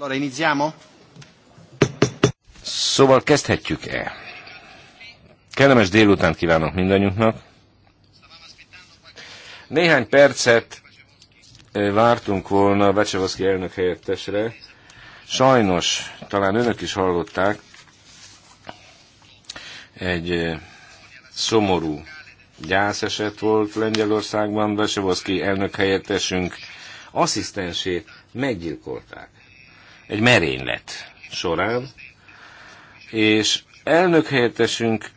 Allora iniziamo? Szóval kezdhetjük-e? Kellemes délután kívánok mindannyiunknak. Néhány percet vártunk volna Becsevaszki elnök helyettesre. Sajnos, talán önök is hallották, egy szomorú gyászeset volt Lengyelországban, Becsevaszki elnök helyettesünk asszisztensét meggyilkolták egy merénylet során, és elnökhelyettesünk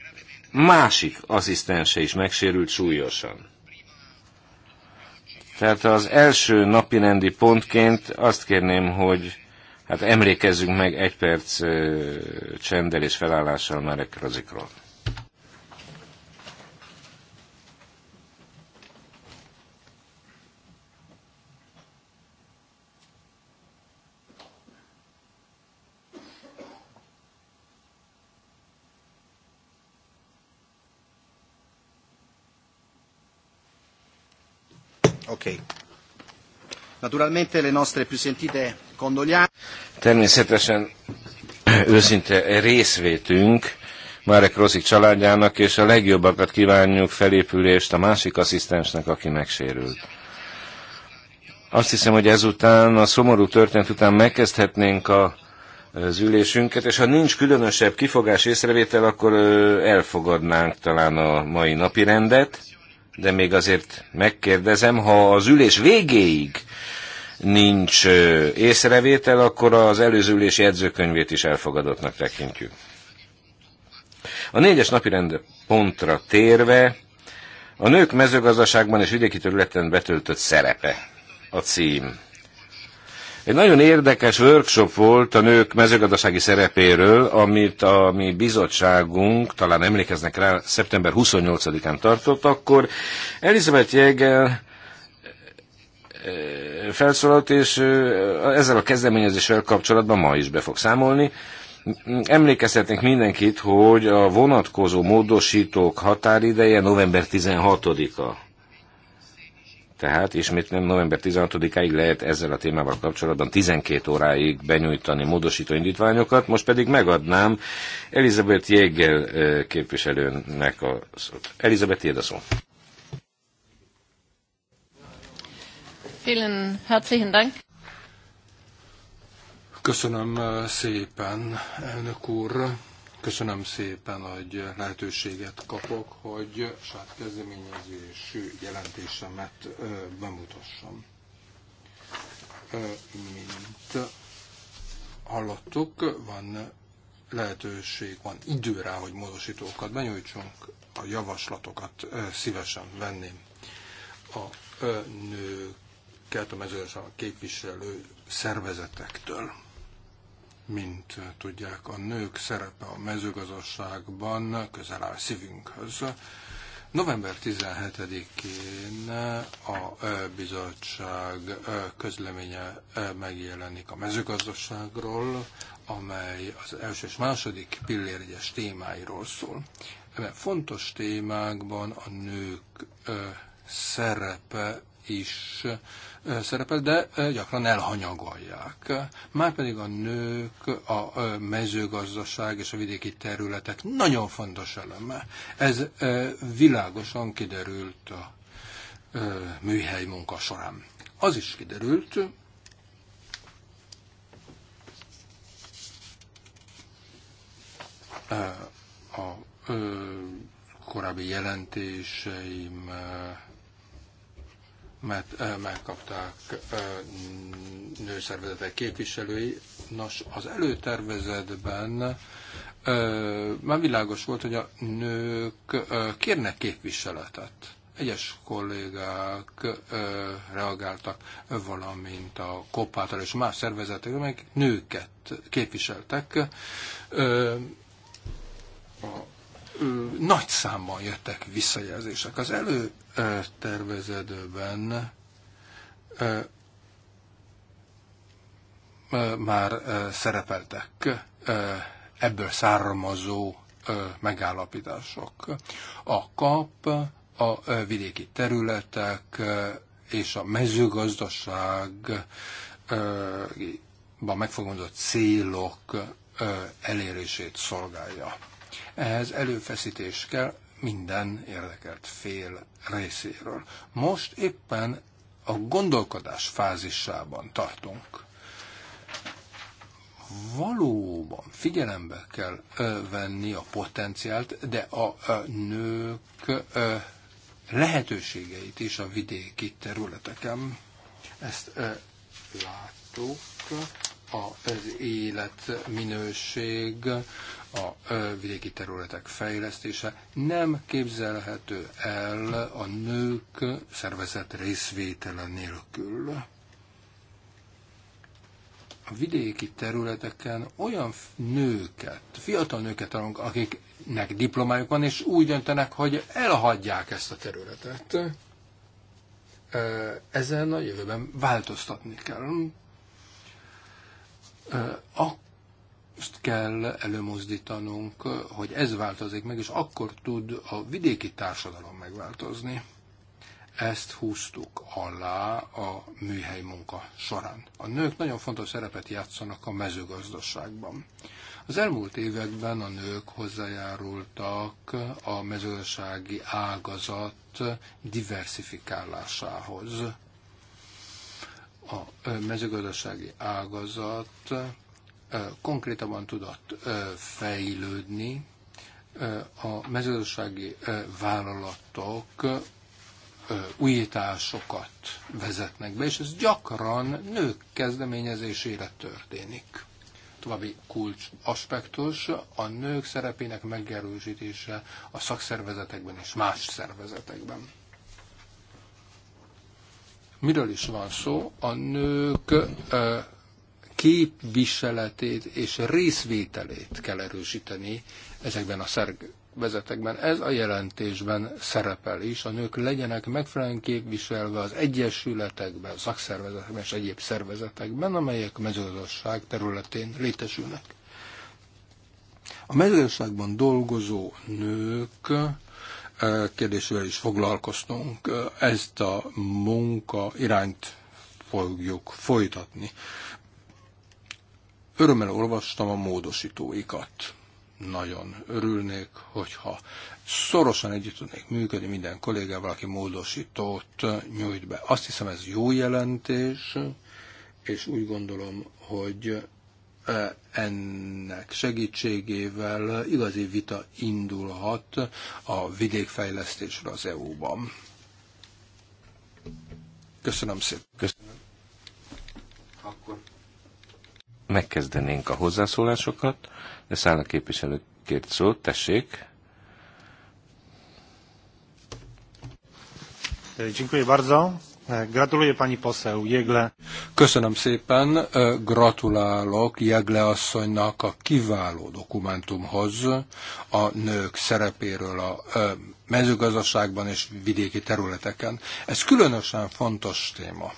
másik asszisztense is megsérült súlyosan. Tehát az első napi rendi pontként azt kérném, hogy hát emlékezzünk meg egy perc csendel és felállással Marek Rozikról. Naturalmente le nostre più sentite condoglianze. Természetesen őszinte részvétünk Marek Roszik családjának, és a legjobbakat kívánjuk felépülést a másik asszisztensnek, aki megsérült. Azt hiszem, hogy ezután, a szomorú történet után megkezdhetnénk a, az ülésünket, és ha nincs különösebb kifogás észrevétel, akkor elfogadnánk talán a mai napi rendet de még azért megkérdezem, ha az ülés végéig nincs észrevétel, akkor az előző ülés jegyzőkönyvét is elfogadottnak tekintjük. A négyes napi rend pontra térve, a nők mezőgazdaságban és vidéki területen betöltött szerepe a cím. Egy nagyon érdekes workshop volt a nők mezőgazdasági szerepéről, amit a mi bizottságunk, talán emlékeznek rá, szeptember 28-án tartott, akkor Elizabeth Jegel eh, felszólalt, és eh, ezzel a kezdeményezéssel kapcsolatban ma is be fog számolni. Emlékeztetnénk mindenkit, hogy a vonatkozó módosítók határideje november 16-a tehát ismétlem, nem november 16-áig lehet ezzel a témával kapcsolatban 12 óráig benyújtani módosító indítványokat, most pedig megadnám Elizabeth Jéggel képviselőnek a szót. Elizabeth Jég a szó. Vielen herzlichen Dank. Köszönöm szépen, elnök úr. Köszönöm szépen, hogy lehetőséget kapok, hogy saját kezdeményezésű jelentésemet bemutassam. Mint hallottuk, van lehetőség, van idő rá, hogy módosítókat benyújtsunk, a javaslatokat szívesen venném. A nőket a mezőgazdaság képviselő szervezetektől mint tudják, a nők szerepe a mezőgazdaságban közel áll szívünkhöz. November 17-én a bizottság közleménye megjelenik a mezőgazdaságról, amely az első és második pillér egyes témáiról szól. Ebben fontos témákban a nők szerepe is szerepel, de gyakran elhanyagolják. Márpedig a nők, a mezőgazdaság és a vidéki területek nagyon fontos eleme. Ez világosan kiderült a műhely munka során. Az is kiderült, a korábbi jelentéseim mert megkapták nőszervezetek képviselői. Nos, az előtervezetben már világos volt, hogy a nők kérnek képviseletet. Egyes kollégák reagáltak, valamint a kopától és más szervezetek, amelyek nőket képviseltek. a ö, nagy számban jöttek visszajelzések. Az előtervezedőben már ö, szerepeltek ö, ebből származó ö, megállapítások. A kap, a ö, vidéki területek ö, és a mezőgazdaság ö, megfogalmazott célok elérését szolgálja. Ehhez előfeszítés kell minden érdekelt fél részéről. Most éppen a gondolkodás fázisában tartunk. Valóban figyelembe kell venni a potenciált, de a nők lehetőségeit is a vidéki területeken. Ezt látok az életminőség, a vidéki területek fejlesztése nem képzelhető el a nők szervezet részvétele nélkül. A vidéki területeken olyan nőket, fiatal nőket tanulunk, akiknek diplomájuk van, és úgy döntenek, hogy elhagyják ezt a területet. Ezen a jövőben változtatni kell azt kell előmozdítanunk, hogy ez változik meg, és akkor tud a vidéki társadalom megváltozni. Ezt húztuk alá a műhely munka során. A nők nagyon fontos szerepet játszanak a mezőgazdaságban. Az elmúlt években a nők hozzájárultak a mezőgazdasági ágazat diversifikálásához a mezőgazdasági ágazat konkrétabban tudott fejlődni, a mezőgazdasági vállalatok újításokat vezetnek be, és ez gyakran nők kezdeményezésére történik. További kulcs aspektus a nők szerepének megerősítése a szakszervezetekben és más szervezetekben. Miről is van szó? A nők képviseletét és részvételét kell erősíteni ezekben a szervezetekben. Ez a jelentésben szerepel is, a nők legyenek megfelelően képviselve az egyesületekben, szakszervezetekben és egyéb szervezetekben, amelyek mezőgazdaság területén létesülnek. A mezőgazdaságban dolgozó nők kérdésével is foglalkoztunk. Ezt a munka irányt fogjuk folytatni. Örömmel olvastam a módosítóikat. Nagyon örülnék, hogyha szorosan együtt tudnék működni minden kollégával, aki módosítót nyújt be. Azt hiszem, ez jó jelentés, és úgy gondolom, hogy E, ennek segítségével igazi vita indulhat a vidékfejlesztésre az EU-ban. Köszönöm szépen. Köszönöm. Akkor megkezdenénk a hozzászólásokat, de szállnak képviselő kért szót, tessék. E, dziękuję bardzo. Gratuluje pani poseł Jegle. Köszönöm szépen, gratulálok Jegle asszonynak a kiváló dokumentumhoz a nők szerepéről a mezőgazdaságban és vidéki területeken. Ez különösen fontos téma.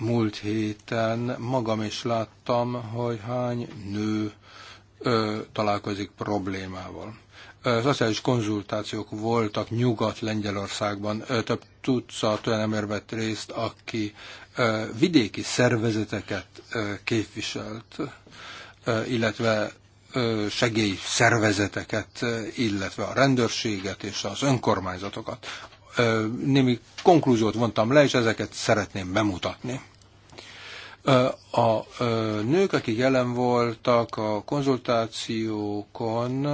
Múlt héten magam is láttam, hogy hány nő találkozik problémával szociális konzultációk voltak Nyugat-Lengyelországban. Több tucat olyan ember vett részt, aki vidéki szervezeteket képviselt, illetve segélyszervezeteket, illetve a rendőrséget és az önkormányzatokat. Némi konklúziót vontam le, és ezeket szeretném bemutatni. A nők, akik jelen voltak a konzultációkon,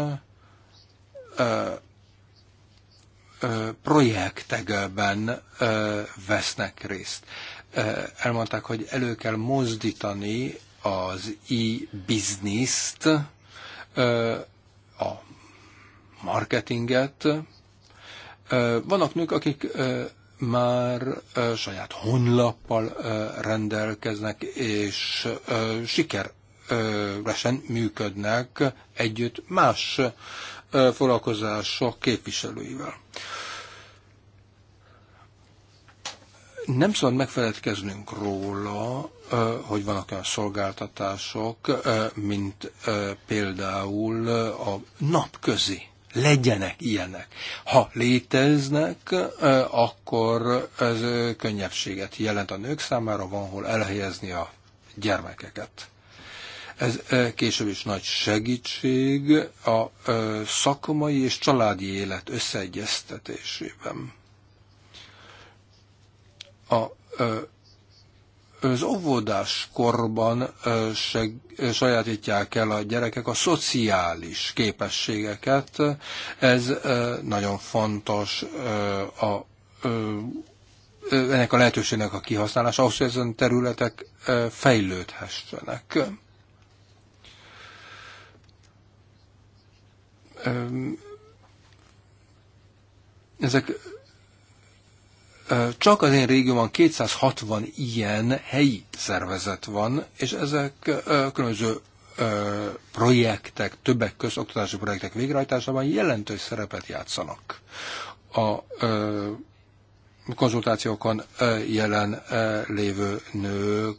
projektekben vesznek részt. Elmondták, hogy elő kell mozdítani az e-bizniszt, a marketinget. Vannak nők, akik már saját honlappal rendelkeznek, és sikeresen működnek együtt más foglalkozások képviselőivel. Nem szabad megfeledkeznünk róla, hogy vannak olyan szolgáltatások, mint például a napközi. Legyenek ilyenek. Ha léteznek, akkor ez könnyebbséget jelent a nők számára, van hol elhelyezni a gyermekeket. Ez később is nagy segítség a szakmai és családi élet összeegyeztetésében. A az óvodás korban seg, sajátítják el a gyerekek a szociális képességeket. Ez nagyon fontos a, ennek a lehetőségnek a kihasználása, ahhoz, hogy ezen területek fejlődhessenek. Ezek csak az én régióban 260 ilyen helyi szervezet van, és ezek különböző projektek, többek között oktatási projektek végrehajtásában jelentős szerepet játszanak. A konzultációkon jelen lévő nők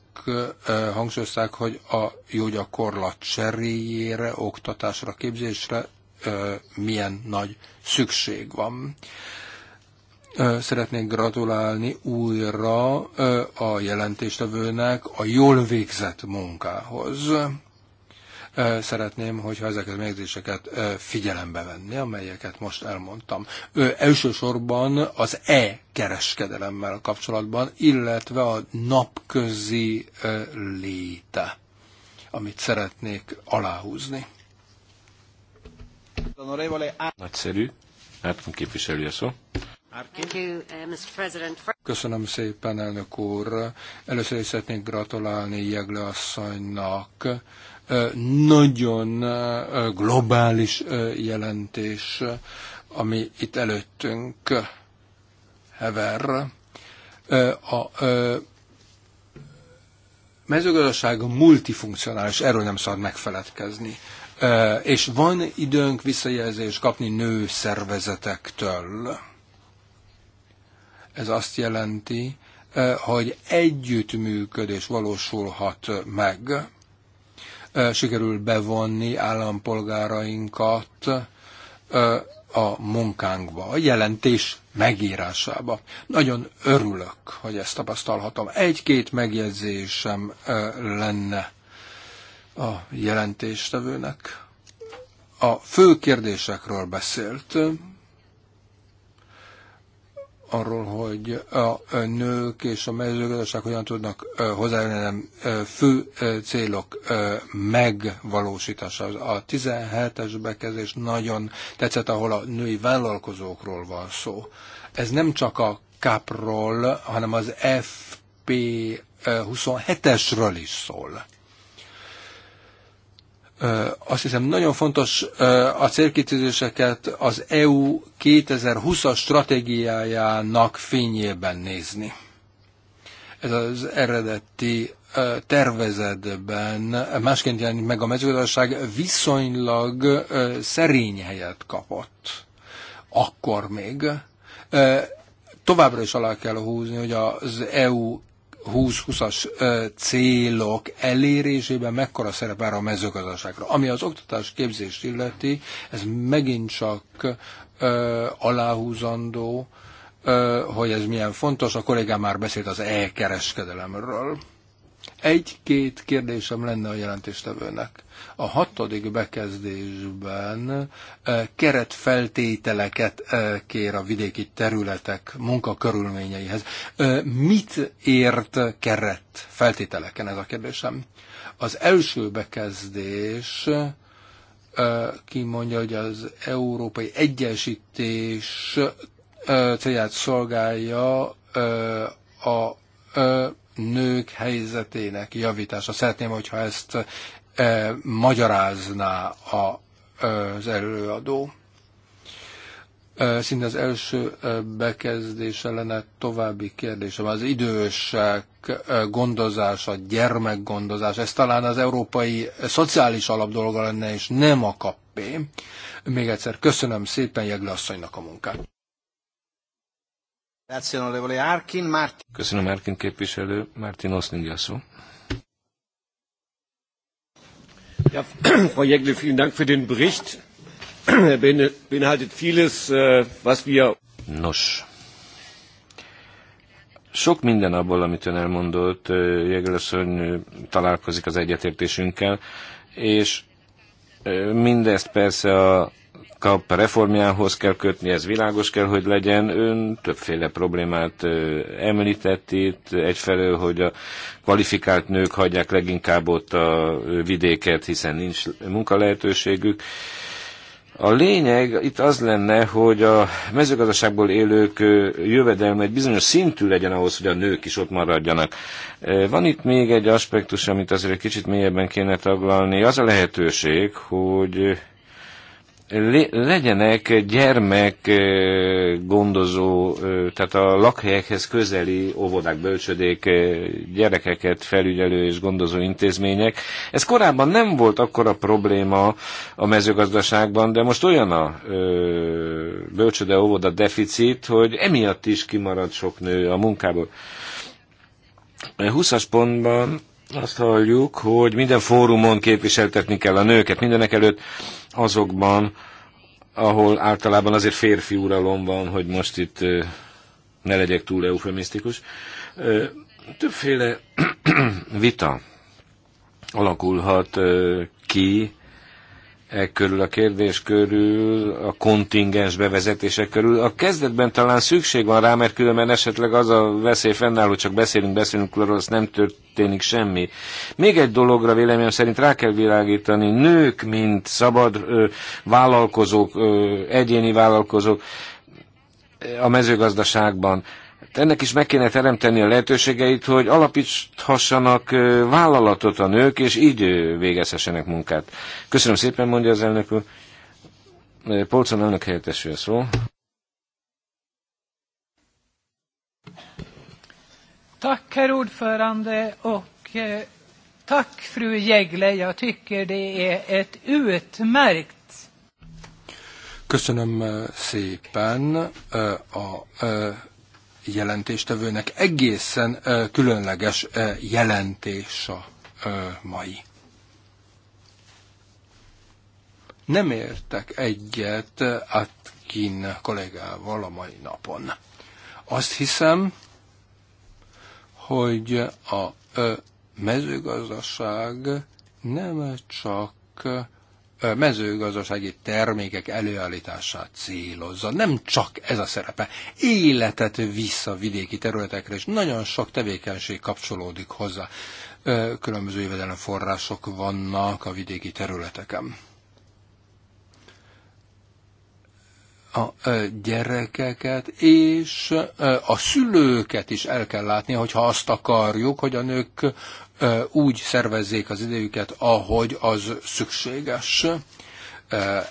hangsúlyozták, hogy a jó gyakorlat cseréjére, oktatásra, képzésre milyen nagy szükség van. Szeretnék gratulálni újra a jelentéstevőnek a jól végzett munkához. Szeretném, hogyha ezeket a megjegyzéseket figyelembe venni, amelyeket most elmondtam. Elsősorban az e-kereskedelemmel kapcsolatban, illetve a napközi léte, amit szeretnék aláhúzni Nagyszerű. Ártunk képviselő a szó. Uh, Köszönöm szépen, elnök úr. Először is szeretnék gratulálni Jegle asszonynak. Nagyon globális jelentés, ami itt előttünk hever. A mezőgazdaság multifunkcionális, erről nem szabad megfeledkezni és van időnk visszajelzés kapni nőszervezetektől. Ez azt jelenti, hogy együttműködés valósulhat meg. Sikerül bevonni állampolgárainkat a munkánkba, a jelentés megírásába. Nagyon örülök, hogy ezt tapasztalhatom. Egy-két megjegyzésem lenne a jelentéstevőnek. A fő kérdésekről beszélt, arról, hogy a nők és a mezőgazdaság hogyan tudnak nem fő célok megvalósítása. A 17-es bekezdés nagyon tetszett, ahol a női vállalkozókról van szó. Ez nem csak a CAP-ról, hanem az FP27-esről is szól azt hiszem nagyon fontos a célkitűzéseket az EU 2020-as stratégiájának fényében nézni. Ez az eredeti tervezetben másként jelenik meg a mezőgazdaság viszonylag szerény helyet kapott. Akkor még továbbra is alá kell húzni, hogy az EU 2020 as célok elérésében mekkora szerep a mezőgazdaságra. Ami az oktatás képzést illeti, ez megint csak aláhúzandó, hogy ez milyen fontos. A kollégám már beszélt az e-kereskedelemről. Egy-két kérdésem lenne a jelentéstevőnek. A hatodik bekezdésben eh, keretfeltételeket eh, kér a vidéki területek munkakörülményeihez. Eh, mit ért keretfeltételeken ez a kérdésem? Az első bekezdés kimondja, hogy az európai egyesítés célját szolgálja a nők helyzetének javítása. Szeretném, hogyha ezt e, magyarázná a, e, az előadó. E, szinte az első e, bekezdése lenne további kérdésem. Az idősek e, gondozása, gyermekgondozás, ez talán az európai szociális alap dolga lenne, és nem a kapé. Még egyszer köszönöm szépen Jegle asszonynak a munkát. Köszönöm, Árkin képviselő. Martin Oszling a szó. Ja, Frau Jegle, vielen Dank für den Bericht. Er beinhaltet vieles, äh, was wir... Nos. Sok minden abból, amit ön elmondott, äh, Jegelöszön találkozik az egyetértésünkkel, és mindezt persze a kap reformjához kell kötni, ez világos kell, hogy legyen. Ön többféle problémát említett itt, egyfelől, hogy a kvalifikált nők hagyják leginkább ott a vidéket, hiszen nincs munkalehetőségük. A lényeg itt az lenne, hogy a mezőgazdaságból élők jövedelme egy bizonyos szintű legyen ahhoz, hogy a nők is ott maradjanak. Van itt még egy aspektus, amit azért egy kicsit mélyebben kéne taglalni. Az a lehetőség, hogy legyenek gyermek gondozó, tehát a lakhelyekhez közeli óvodák, bölcsödék, gyerekeket felügyelő és gondozó intézmények. Ez korábban nem volt akkor a probléma a mezőgazdaságban, de most olyan a bölcsöde óvoda deficit, hogy emiatt is kimarad sok nő a munkából. 20-as pontban azt halljuk, hogy minden fórumon képviseltetni kell a nőket, mindenek előtt azokban, ahol általában azért férfi uralom van, hogy most itt ne legyek túl eufemisztikus. Többféle vita alakulhat ki e körül, a kérdés körül, a kontingens bevezetése körül. A kezdetben talán szükség van rá, mert különben esetleg az a veszély fennáll, hogy csak beszélünk, beszélünk, arról az nem történik semmi. Még egy dologra véleményem szerint rá kell világítani, nők, mint szabad ö, vállalkozók, ö, egyéni vállalkozók, a mezőgazdaságban ennek is meg kéne teremteni a lehetőségeit, hogy alapíthassanak vállalatot a nők, és így végezhessenek munkát. Köszönöm szépen, mondja az elnök úr. Polcon elnök helyettesül szó. Tack, herr ordförande, och eh, tack, fru Jägle. Jag tycker det är ett utmärkt Köszönöm eh, szépen eh, a eh, jelentéstevőnek egészen különleges jelentés a mai. Nem értek egyet Atkin kollégával a mai napon. Azt hiszem, hogy a mezőgazdaság nem csak mezőgazdasági termékek előállítását célozza. Nem csak ez a szerepe. Életet visz a vidéki területekre, és nagyon sok tevékenység kapcsolódik hozzá. Különböző források vannak a vidéki területeken. a gyerekeket, és a szülőket is el kell látni, hogyha azt akarjuk, hogy a nők úgy szervezzék az idejüket, ahogy az szükséges.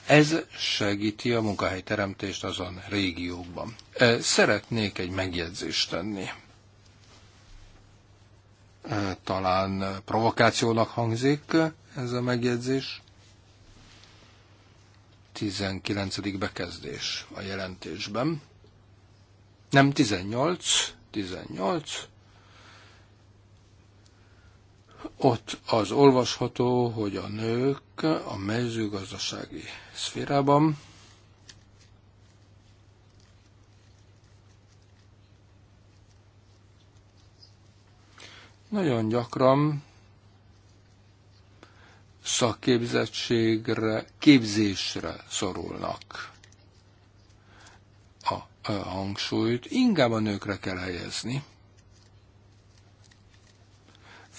Ez segíti a munkahelyteremtést azon régiókban. Szeretnék egy megjegyzést tenni. Talán provokációnak hangzik ez a megjegyzés. 19. bekezdés a jelentésben. Nem 18, 18, ott az olvasható, hogy a nők a mezőgazdasági szférában nagyon gyakran szakképzettségre, képzésre szorulnak. A, a hangsúlyt inkább a nőkre kell helyezni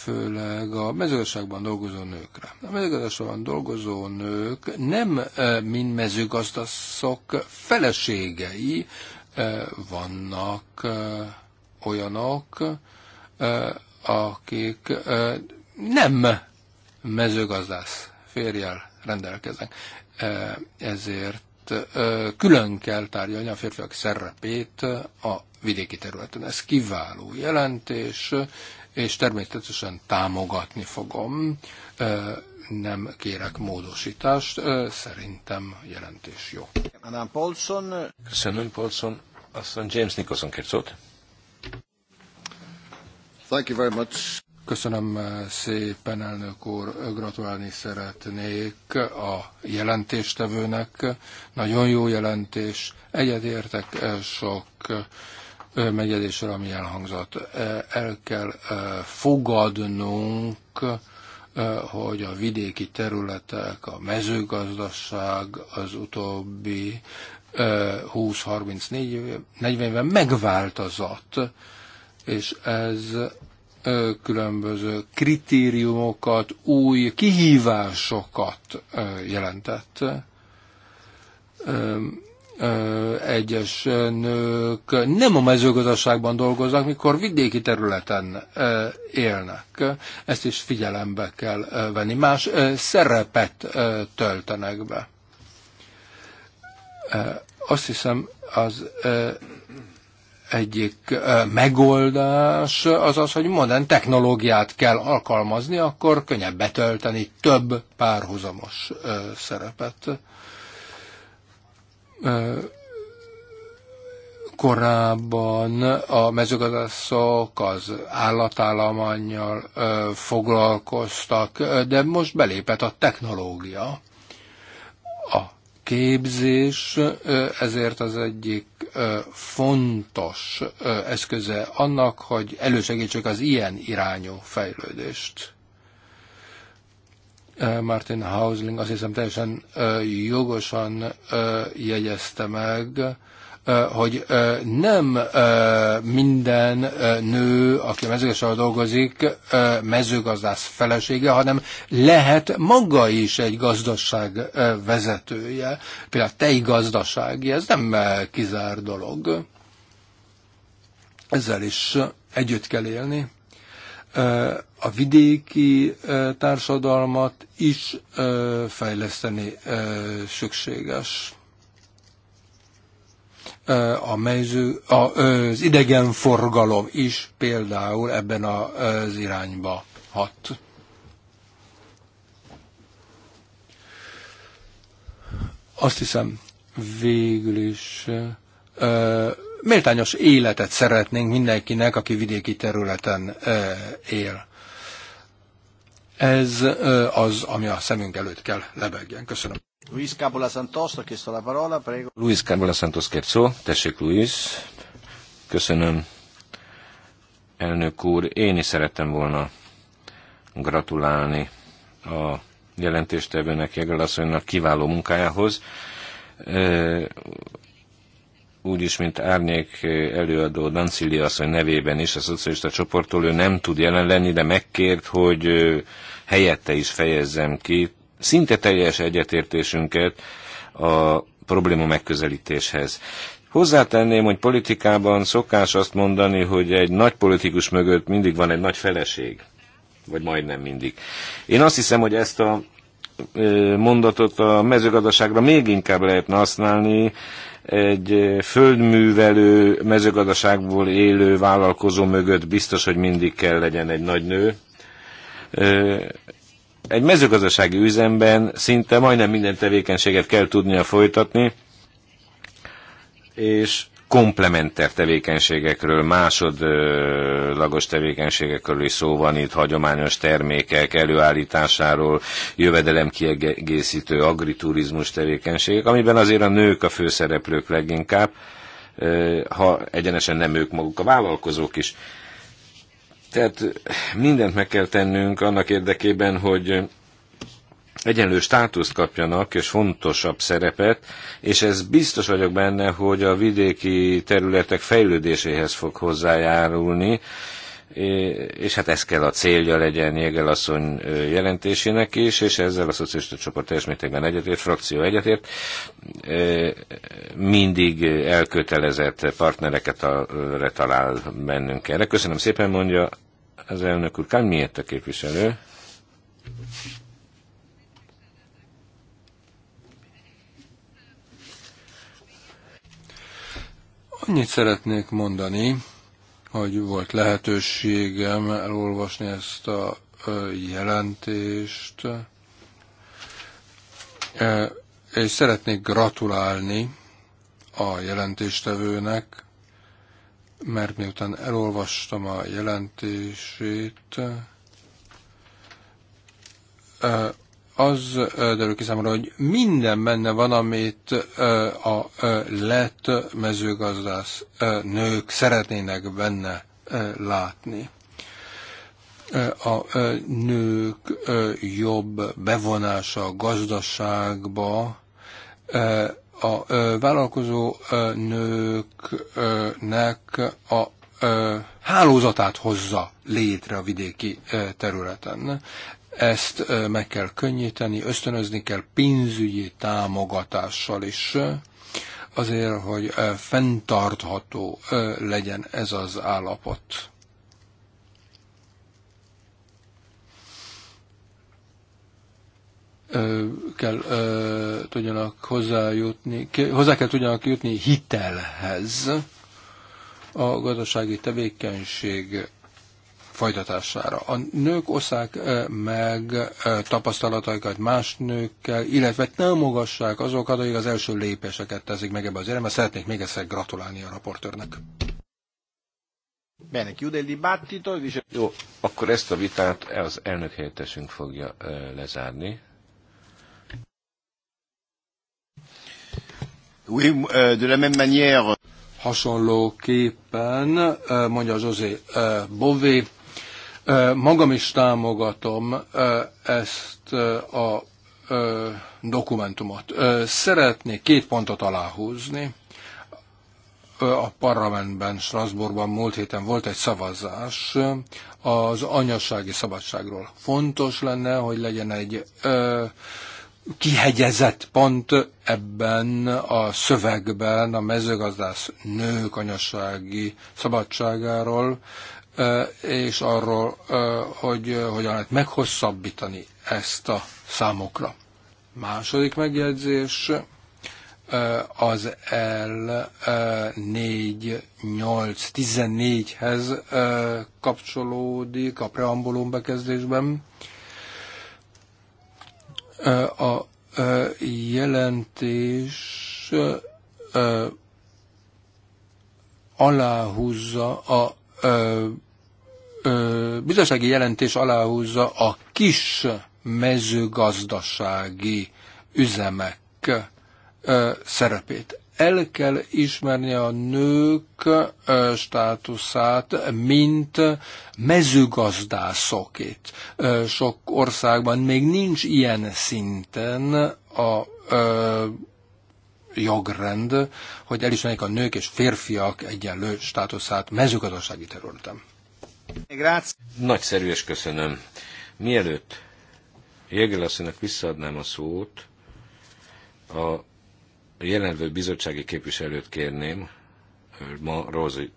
főleg a mezőgazdaságban dolgozó nőkre. A mezőgazdaságban dolgozó nők nem e, mind mezőgazdaszok feleségei e, vannak e, olyanok, akik nem mezőgazdász férjel rendelkeznek. Ezért külön kell tárgyalni a férfiak szerepét a vidéki területen. Ez kiváló jelentés, és természetesen támogatni fogom. Nem kérek módosítást, szerintem jelentés jó. Anán Paulson. Köszönöm, Paulson. Aztán James Nicholson kért szót. Thank you very much. Köszönöm szépen, elnök úr. Gratulálni szeretnék a jelentéstevőnek. Nagyon jó jelentés. Egyetértek sok megjegyzésről, ami elhangzott. El kell fogadnunk, hogy a vidéki területek, a mezőgazdaság az utóbbi 20-34-40 évben megváltozott, és ez különböző kritériumokat, új kihívásokat jelentett egyes nők nem a mezőgazdaságban dolgoznak, mikor vidéki területen élnek. Ezt is figyelembe kell venni. Más szerepet töltenek be. Azt hiszem, az egyik megoldás az az, hogy modern technológiát kell alkalmazni, akkor könnyebb betölteni több párhuzamos szerepet korábban a mezőgazdaszok az állatállományjal foglalkoztak, de most belépett a technológia. A képzés ezért az egyik fontos eszköze annak, hogy elősegítsük az ilyen irányú fejlődést. Eh, Martin Hausling azt hiszem teljesen eh, jogosan eh, jegyezte meg, hogy nem minden nő, aki a mezőgazdaságban dolgozik, mezőgazdász felesége, hanem lehet maga is egy gazdaság vezetője, például tej gazdasági, ez nem kizár dolog. Ezzel is együtt kell élni a vidéki társadalmat is fejleszteni szükséges. A mező, az idegenforgalom is például ebben az irányba hat. Azt hiszem, végül is méltányos életet szeretnénk mindenkinek, aki vidéki területen él. Ez az, ami a szemünk előtt kell lebegjen. Köszönöm. Luis Cabola Santos, a la parola, prego. Luis Cabola Santos kért szó. Tessék, Luis. Köszönöm. Elnök úr, én is szerettem volna gratulálni a jelentéstevőnek, Jegel asszonynak kiváló munkájához úgyis, mint árnyék előadó Dancili asszony nevében is, a szocialista csoporttól ő nem tud jelen lenni, de megkért, hogy helyette is fejezzem ki szinte teljes egyetértésünket a probléma megközelítéshez. Hozzátenném, hogy politikában szokás azt mondani, hogy egy nagy politikus mögött mindig van egy nagy feleség. Vagy majdnem mindig. Én azt hiszem, hogy ezt a mondatot a mezőgazdaságra még inkább lehetne használni, egy földművelő, mezőgazdaságból élő vállalkozó mögött biztos, hogy mindig kell legyen egy nagy nő, egy mezőgazdasági üzemben szinte majdnem minden tevékenységet kell tudnia folytatni, és komplementer tevékenységekről, másodlagos tevékenységekről is szó van itt, hagyományos termékek előállításáról, jövedelemkiegészítő agriturizmus tevékenységek, amiben azért a nők a főszereplők leginkább, ha egyenesen nem ők maguk a vállalkozók is. Tehát mindent meg kell tennünk annak érdekében, hogy egyenlő státuszt kapjanak, és fontosabb szerepet, és ez biztos vagyok benne, hogy a vidéki területek fejlődéséhez fog hozzájárulni, és hát ez kell a célja legyen Jégel asszony jelentésének is, és ezzel a szocialista csoport teljes mértékben egyetért, frakció egyetért, mindig elkötelezett partnereket talál bennünk erre. Köszönöm szépen, mondja az elnök úr. Kán a képviselő? Annyit szeretnék mondani, hogy volt lehetőségem elolvasni ezt a jelentést, és szeretnék gratulálni a jelentéstevőnek, mert miután elolvastam a jelentését, az derül ki számomra, hogy minden benne van, amit a lett mezőgazdász nők szeretnének benne látni. A nők jobb bevonása a gazdaságba, a vállalkozó nőknek a hálózatát hozza létre a vidéki területen. Ezt meg kell könnyíteni, ösztönözni kell pénzügyi támogatással is, azért, hogy fenntartható legyen ez az állapot kell ö, tudjanak hozzájutni, hozzá kell tudjanak jutni hitelhez a gazdasági tevékenység folytatására. A nők oszák meg tapasztalataikat más nőkkel, illetve támogassák azokat, akik az első lépéseket teszik meg ebbe az irányba. Szeretnék még egyszer gratulálni a raportőrnek. Bene, chiude il dibattito. Jó, akkor ezt a vitát az elnök helyettesünk fogja lezárni. Oui, euh, de la même manière. Hasonlóképpen, mondja José Bové, magam is támogatom ezt a dokumentumot. Szeretnék két pontot aláhúzni. A parlamentben, Strasbourgban múlt héten volt egy szavazás az anyassági szabadságról. Fontos lenne, hogy legyen egy kihegyezett pont ebben a szövegben a mezőgazdász nők anyasági szabadságáról, és arról, hogy hogyan lehet meghosszabbítani ezt a számokra. Második megjegyzés az L4-8-14-hez kapcsolódik a preambulum bekezdésben. A jelentés aláhúzza a bizottsági jelentés aláhúzza a kis mezőgazdasági üzemek szerepét el kell ismerni a nők státuszát, mint mezőgazdászokét. Sok országban még nincs ilyen szinten a jogrend, hogy elismerjék a nők és férfiak egyenlő státuszát mezőgazdasági területen. Nagyszerű és köszönöm. Mielőtt Jégelasszonynak visszaadnám a szót, a a jelenlő bizottsági képviselőt kérném, ma Rózi.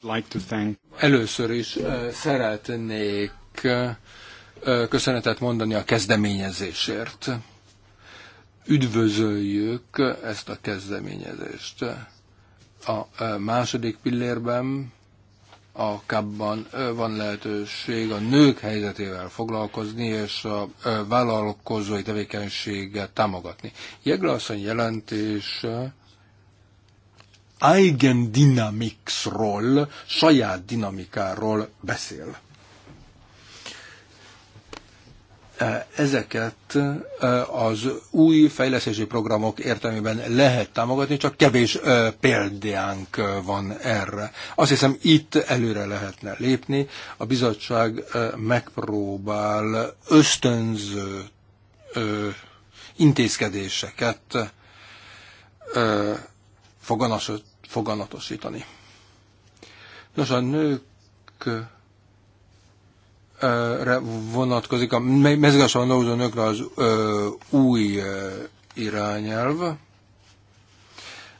Like to thank. Először is szeretnék köszönetet mondani a kezdeményezésért. Üdvözöljük ezt a kezdeményezést. A második pillérben a kapban van lehetőség a nők helyzetével foglalkozni és a vállalkozói tevékenységet támogatni. Jegle eigen dynamics-ról, saját dinamikáról beszél. E, ezeket e, az új fejlesztési programok értelmében lehet támogatni, csak kevés e, példánk van erre. Azt hiszem, itt előre lehetne lépni. A bizottság megpróbál ösztönző intézkedéseket foganatosítani. Nos, a nők vonatkozik a mezőgazdaságban dolgozó nőkre az ö, új ö, irányelv,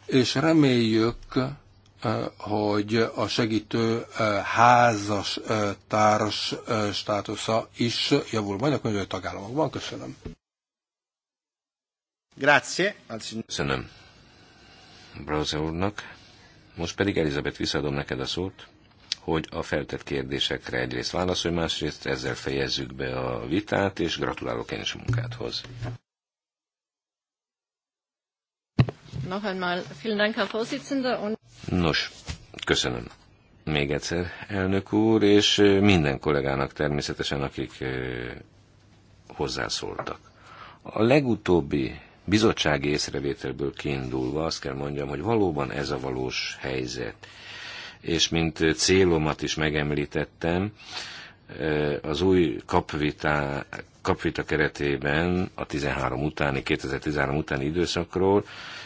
és reméljük, hogy a segítő házas társ státusza is javul majd a könyvő tagállamokban. Köszönöm. Grazie. Köszönöm. Browser úrnak. Most pedig Elizabeth, visszaadom neked a szót hogy a feltett kérdésekre egyrészt válaszol, másrészt ezzel fejezzük be a vitát, és gratulálok én is a munkádhoz. Nos, köszönöm. Még egyszer, elnök úr, és minden kollégának természetesen, akik hozzászóltak. A legutóbbi bizottsági észrevételből kiindulva azt kell mondjam, hogy valóban ez a valós helyzet és mint célomat is megemlítettem, az új kapvita kapvita keretében a 13 utáni, 2013 utáni időszakról,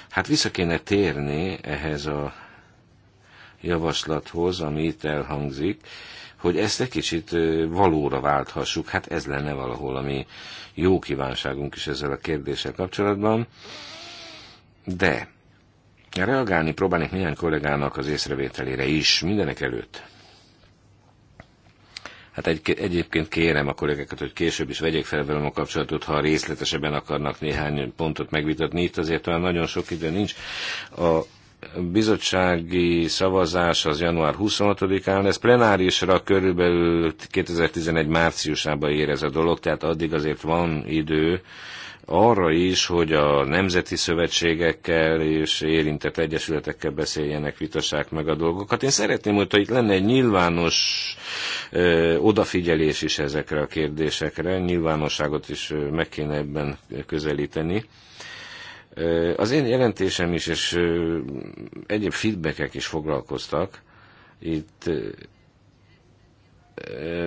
hát vissza kéne térni ehhez a javaslathoz, ami itt elhangzik, hogy ezt egy kicsit valóra válthassuk, hát ez lenne valahol a mi jó kívánságunk is ezzel a kérdéssel kapcsolatban, de Reagálni próbálnék néhány kollégának az észrevételére is, mindenek előtt. Hát egy, egyébként kérem a kollégákat, hogy később is vegyék fel velem a kapcsolatot, ha részletesebben akarnak néhány pontot megvitatni. Itt azért olyan nagyon sok idő nincs. A bizottsági szavazás az január 26-án lesz. Plenárisra körülbelül 2011 márciusában ér ez a dolog, tehát addig azért van idő, arra is, hogy a nemzeti szövetségekkel és érintett egyesületekkel beszéljenek, vitassák meg a dolgokat. Én szeretném, hogy itt lenne egy nyilvános ö, odafigyelés is ezekre a kérdésekre, nyilvánosságot is meg kéne ebben közelíteni. Az én jelentésem is, és egyéb feedbackek is foglalkoztak. Itt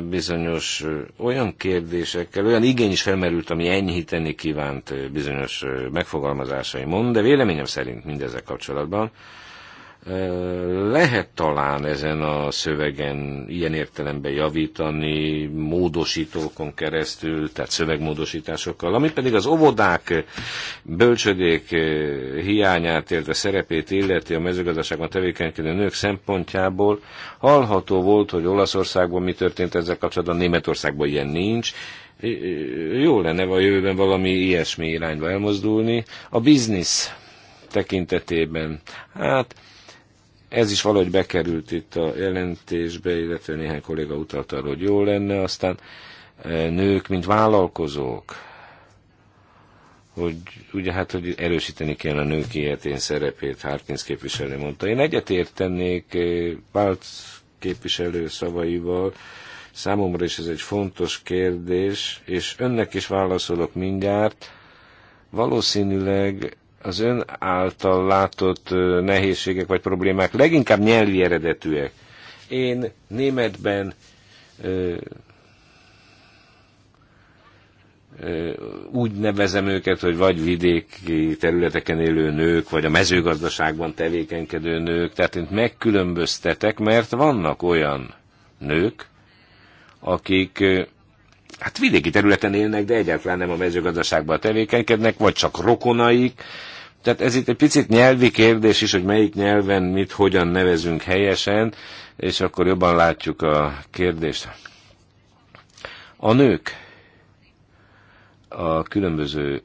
bizonyos olyan kérdésekkel, olyan igény is felmerült, ami enyhíteni kívánt bizonyos megfogalmazásaimon, de véleményem szerint mindezek kapcsolatban lehet talán ezen a szövegen ilyen értelemben javítani, módosítókon keresztül, tehát szövegmódosításokkal, ami pedig az óvodák bölcsödék hiányát, illetve szerepét illeti a mezőgazdaságban tevékenykedő nők szempontjából. Hallható volt, hogy Olaszországban mi történt ezzel kapcsolatban, Németországban ilyen nincs, jó lenne a jövőben valami ilyesmi irányba elmozdulni. A biznisz tekintetében, hát ez is valahogy bekerült itt a jelentésbe, illetve néhány kolléga utalta, arra, hogy jó lenne, aztán e, nők, mint vállalkozók, hogy ugye hát, hogy erősíteni kell a nők ilyetén szerepét, Harkins képviselő mondta. Én egyetértenék e, Bálc képviselő szavaival, számomra is ez egy fontos kérdés, és önnek is válaszolok mindjárt. Valószínűleg az ön által látott nehézségek vagy problémák leginkább nyelvi eredetűek. Én németben ö, úgy nevezem őket, hogy vagy vidéki területeken élő nők, vagy a mezőgazdaságban tevékenykedő nők, tehát én megkülönböztetek, mert vannak olyan nők, akik hát vidéki területen élnek, de egyáltalán nem a mezőgazdaságban tevékenykednek, vagy csak rokonaik, tehát ez itt egy picit nyelvi kérdés is, hogy melyik nyelven mit hogyan nevezünk helyesen, és akkor jobban látjuk a kérdést. A nők a különböző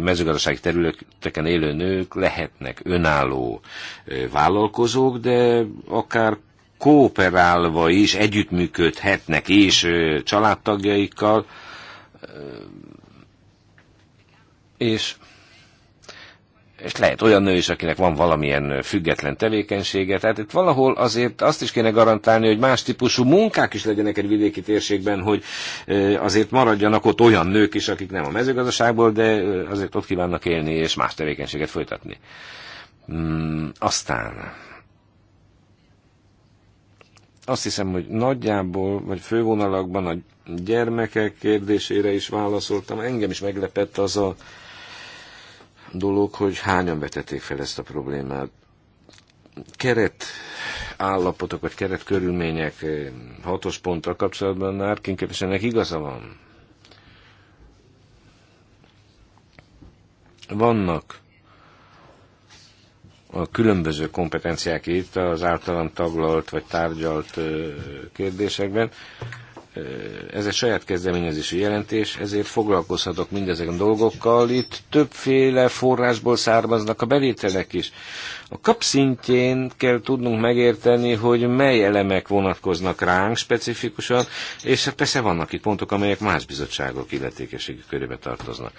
mezőgazdasági területeken élő nők lehetnek önálló vállalkozók, de akár kooperálva is együttműködhetnek és családtagjaikkal, és és lehet olyan nő is, akinek van valamilyen független tevékenysége. Tehát itt valahol azért azt is kéne garantálni, hogy más típusú munkák is legyenek egy vidéki térségben, hogy azért maradjanak ott olyan nők is, akik nem a mezőgazdaságból, de azért ott kívánnak élni és más tevékenységet folytatni. Hmm, aztán azt hiszem, hogy nagyjából, vagy fővonalakban a gyermekek kérdésére is válaszoltam. Engem is meglepett az a dolog, hogy hányan vetették fel ezt a problémát. Keret állapotok, vagy keret körülmények eh, hatos ponttal kapcsolatban már kinképviselnek igaza van. Vannak a különböző kompetenciák itt az általam taglalt vagy tárgyalt eh, kérdésekben ez egy saját kezdeményezésű jelentés, ezért foglalkozhatok mindezeken dolgokkal. Itt többféle forrásból származnak a bevételek is. A kap szintjén kell tudnunk megérteni, hogy mely elemek vonatkoznak ránk specifikusan, és hát persze vannak itt pontok, amelyek más bizottságok illetékeségi körébe tartoznak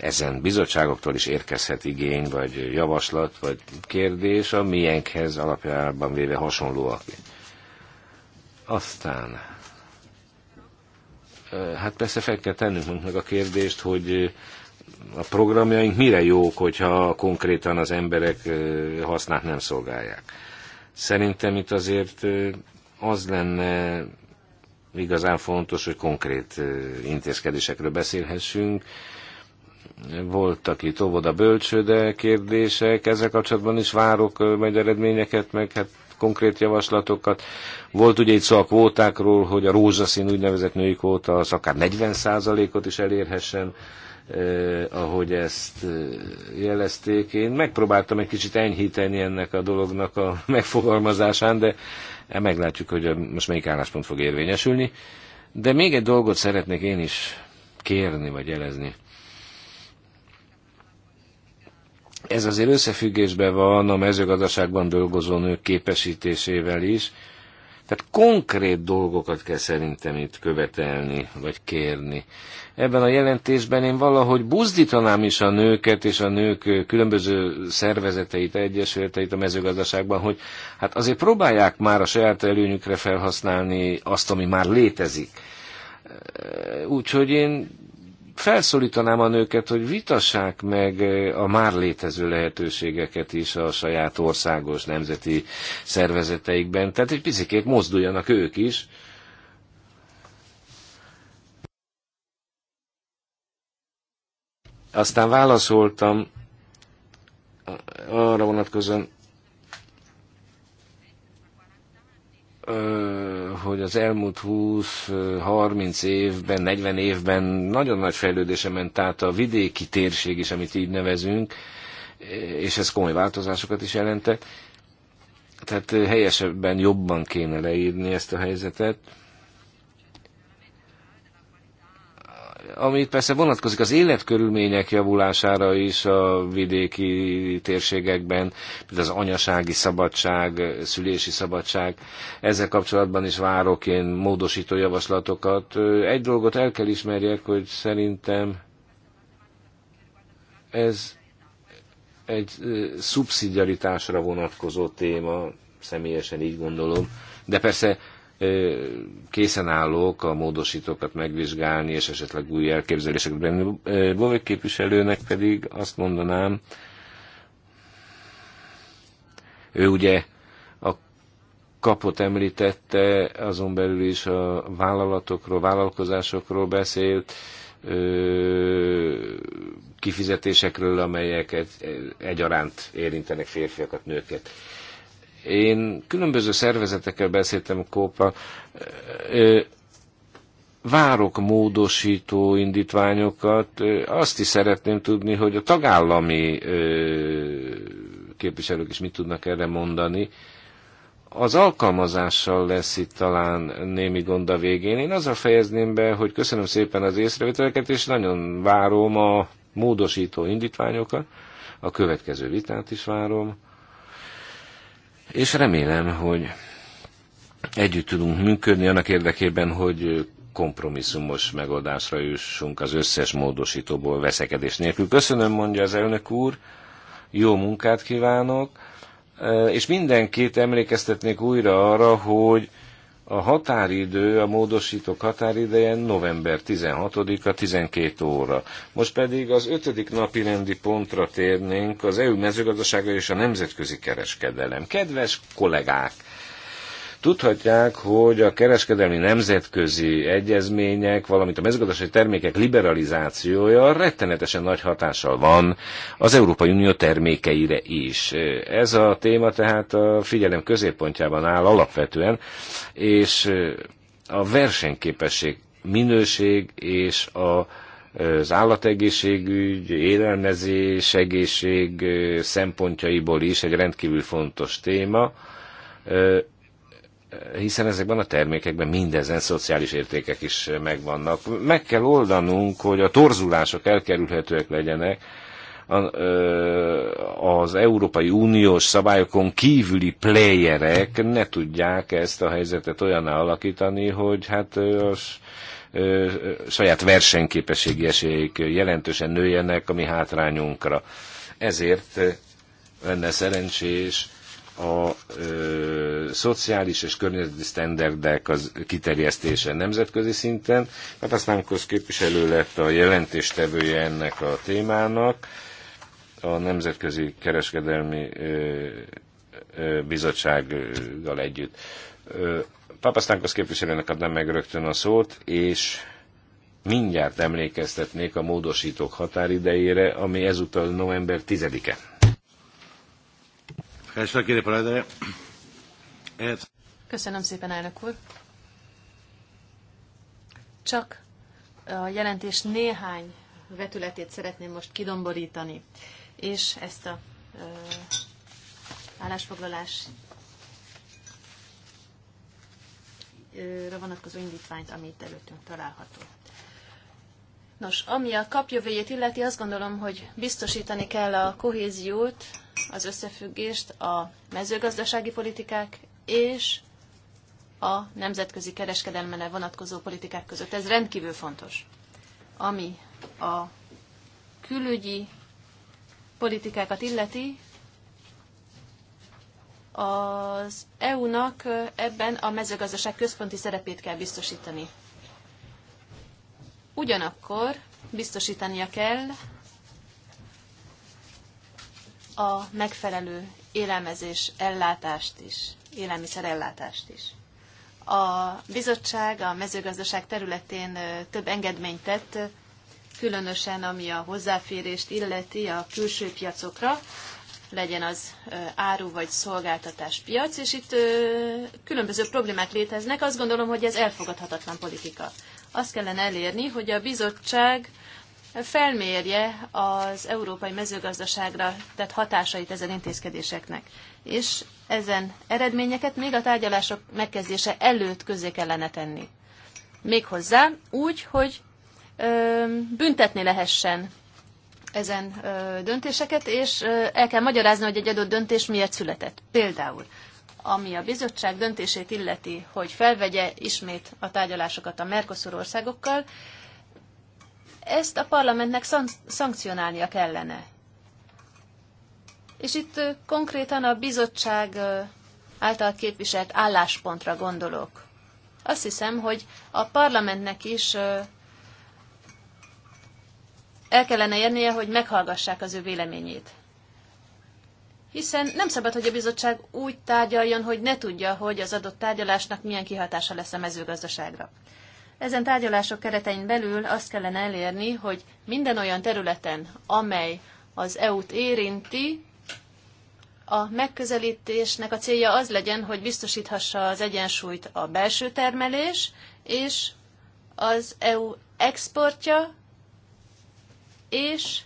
ezen bizottságoktól is érkezhet igény, vagy javaslat, vagy kérdés, a miénkhez alapjában véve hasonlóak. Aztán, hát persze fel kell tennünk meg a kérdést, hogy a programjaink mire jók, hogyha konkrétan az emberek hasznát nem szolgálják. Szerintem itt azért az lenne igazán fontos, hogy konkrét intézkedésekről beszélhessünk. Voltak itt óvoda bölcsőde kérdések, ezzel kapcsolatban is várok majd eredményeket, meg hát konkrét javaslatokat. Volt ugye itt szó a kvótákról, hogy a rózsaszín úgynevezett női kvóta az akár 40%-ot is elérhessen, eh, ahogy ezt eh, jelezték. Én megpróbáltam egy kicsit enyhíteni ennek a dolognak a megfogalmazásán, de e meglátjuk, hogy eh, most melyik álláspont fog érvényesülni. De még egy dolgot szeretnék én is kérni vagy jelezni. Ez azért összefüggésben van a mezőgazdaságban dolgozó nők képesítésével is. Tehát konkrét dolgokat kell szerintem itt követelni, vagy kérni. Ebben a jelentésben én valahogy buzdítanám is a nőket és a nők különböző szervezeteit, egyesületeit a mezőgazdaságban, hogy hát azért próbálják már a saját előnyükre felhasználni azt, ami már létezik. Úgyhogy én felszólítanám a nőket, hogy vitassák meg eh, a már létező lehetőségeket is a saját országos nemzeti szervezeteikben. Tehát egy picit mozduljanak ők is. Aztán válaszoltam arra vonatkozóan, hogy az elmúlt 20-30 évben, 40 évben nagyon nagy fejlődése ment át a vidéki térség is, amit így nevezünk, és ez komoly változásokat is jelentett. Tehát helyesebben jobban kéne leírni ezt a helyzetet. amit persze vonatkozik az életkörülmények javulására is a vidéki térségekben, például az anyasági szabadság, szülési szabadság, ezzel kapcsolatban is várok én módosító javaslatokat. Egy dolgot el kell ismerjek, hogy szerintem ez egy szubszidiaritásra vonatkozó téma, személyesen így gondolom, de persze készen állok a módosítókat megvizsgálni, és esetleg új elképzeléseket benni. Bovek képviselőnek pedig azt mondanám, ő ugye a kapot említette, azon belül is a vállalatokról, vállalkozásokról beszélt, kifizetésekről, amelyeket egyaránt érintenek férfiakat, nőket. Én különböző szervezetekkel beszéltem Kópa, várok módosító indítványokat, azt is szeretném tudni, hogy a tagállami képviselők is mit tudnak erre mondani. Az alkalmazással lesz itt talán némi gond a végén. Én azzal fejezném be, hogy köszönöm szépen az észrevételeket, és nagyon várom a módosító indítványokat. A következő vitát is várom és remélem, hogy együtt tudunk működni annak érdekében, hogy kompromisszumos megoldásra jussunk az összes módosítóból veszekedés nélkül. Köszönöm, mondja az elnök úr, jó munkát kívánok, és mindenkit emlékeztetnék újra arra, hogy a határidő, a módosítók határideje november 16-a 12 óra. Most pedig az ötödik napi rendi pontra térnénk, az EU mezőgazdasága és a nemzetközi kereskedelem. Kedves kollégák! Tudhatják, hogy a kereskedelmi nemzetközi egyezmények, valamint a mezőgazdasági termékek liberalizációja rettenetesen nagy hatással van az Európai Unió termékeire is. Ez a téma tehát a figyelem középpontjában áll alapvetően, és a versenyképesség, minőség és a az állategészségügy, élelmezés, egészség szempontjaiból is egy rendkívül fontos téma hiszen ezekben a termékekben mindezen szociális értékek is megvannak. Meg kell oldanunk, hogy a torzulások elkerülhetőek legyenek, az Európai Uniós szabályokon kívüli playerek ne tudják ezt a helyzetet olyan alakítani, hogy hát a saját versenyképességi esélyek jelentősen nőjenek, mi hátrányunkra. Ezért lenne szerencsés, a ö, szociális és környezeti sztenderdek az kiterjesztése nemzetközi szinten. Hát aztán képviselő lett a jelentéstevője ennek a témának. A Nemzetközi Kereskedelmi ö, ö, Bizottsággal együtt. Papasztánkhoz képviselőnek adnám meg rögtön a szót, és mindjárt emlékeztetnék a módosítók határidejére, ami ezúttal november 10-e. Köszönöm szépen, elnök úr. Csak a jelentés néhány vetületét szeretném most kidomborítani, és ezt a ö, vonatkozó indítványt, amit előttünk található. Nos, ami a kapjövőjét illeti, azt gondolom, hogy biztosítani kell a kohéziót, az összefüggést a mezőgazdasági politikák és a nemzetközi kereskedelmele vonatkozó politikák között. Ez rendkívül fontos. Ami a külügyi politikákat illeti, az EU-nak ebben a mezőgazdaság központi szerepét kell biztosítani. Ugyanakkor biztosítania kell a megfelelő élelmezés ellátást is, élelmiszer ellátást is. A bizottság a mezőgazdaság területén több engedményt tett, különösen ami a hozzáférést illeti a külső piacokra, legyen az áru vagy szolgáltatás piac, és itt különböző problémák léteznek. Azt gondolom, hogy ez elfogadhatatlan politika. Azt kellene elérni, hogy a bizottság felmérje az európai mezőgazdaságra tett hatásait ezen intézkedéseknek. És ezen eredményeket még a tárgyalások megkezdése előtt közé kellene tenni. Méghozzá úgy, hogy ö, büntetni lehessen ezen döntéseket, és el kell magyarázni, hogy egy adott döntés miért született. Például, ami a bizottság döntését illeti, hogy felvegye ismét a tárgyalásokat a Mercosur országokkal, ezt a parlamentnek szank- szankcionálnia kellene. És itt konkrétan a bizottság által képviselt álláspontra gondolok. Azt hiszem, hogy a parlamentnek is el kellene érnie, hogy meghallgassák az ő véleményét. Hiszen nem szabad, hogy a bizottság úgy tárgyaljon, hogy ne tudja, hogy az adott tárgyalásnak milyen kihatása lesz a mezőgazdaságra. Ezen tárgyalások keretein belül azt kellene elérni, hogy minden olyan területen, amely az EU-t érinti, a megközelítésnek a célja az legyen, hogy biztosíthassa az egyensúlyt a belső termelés és az EU exportja és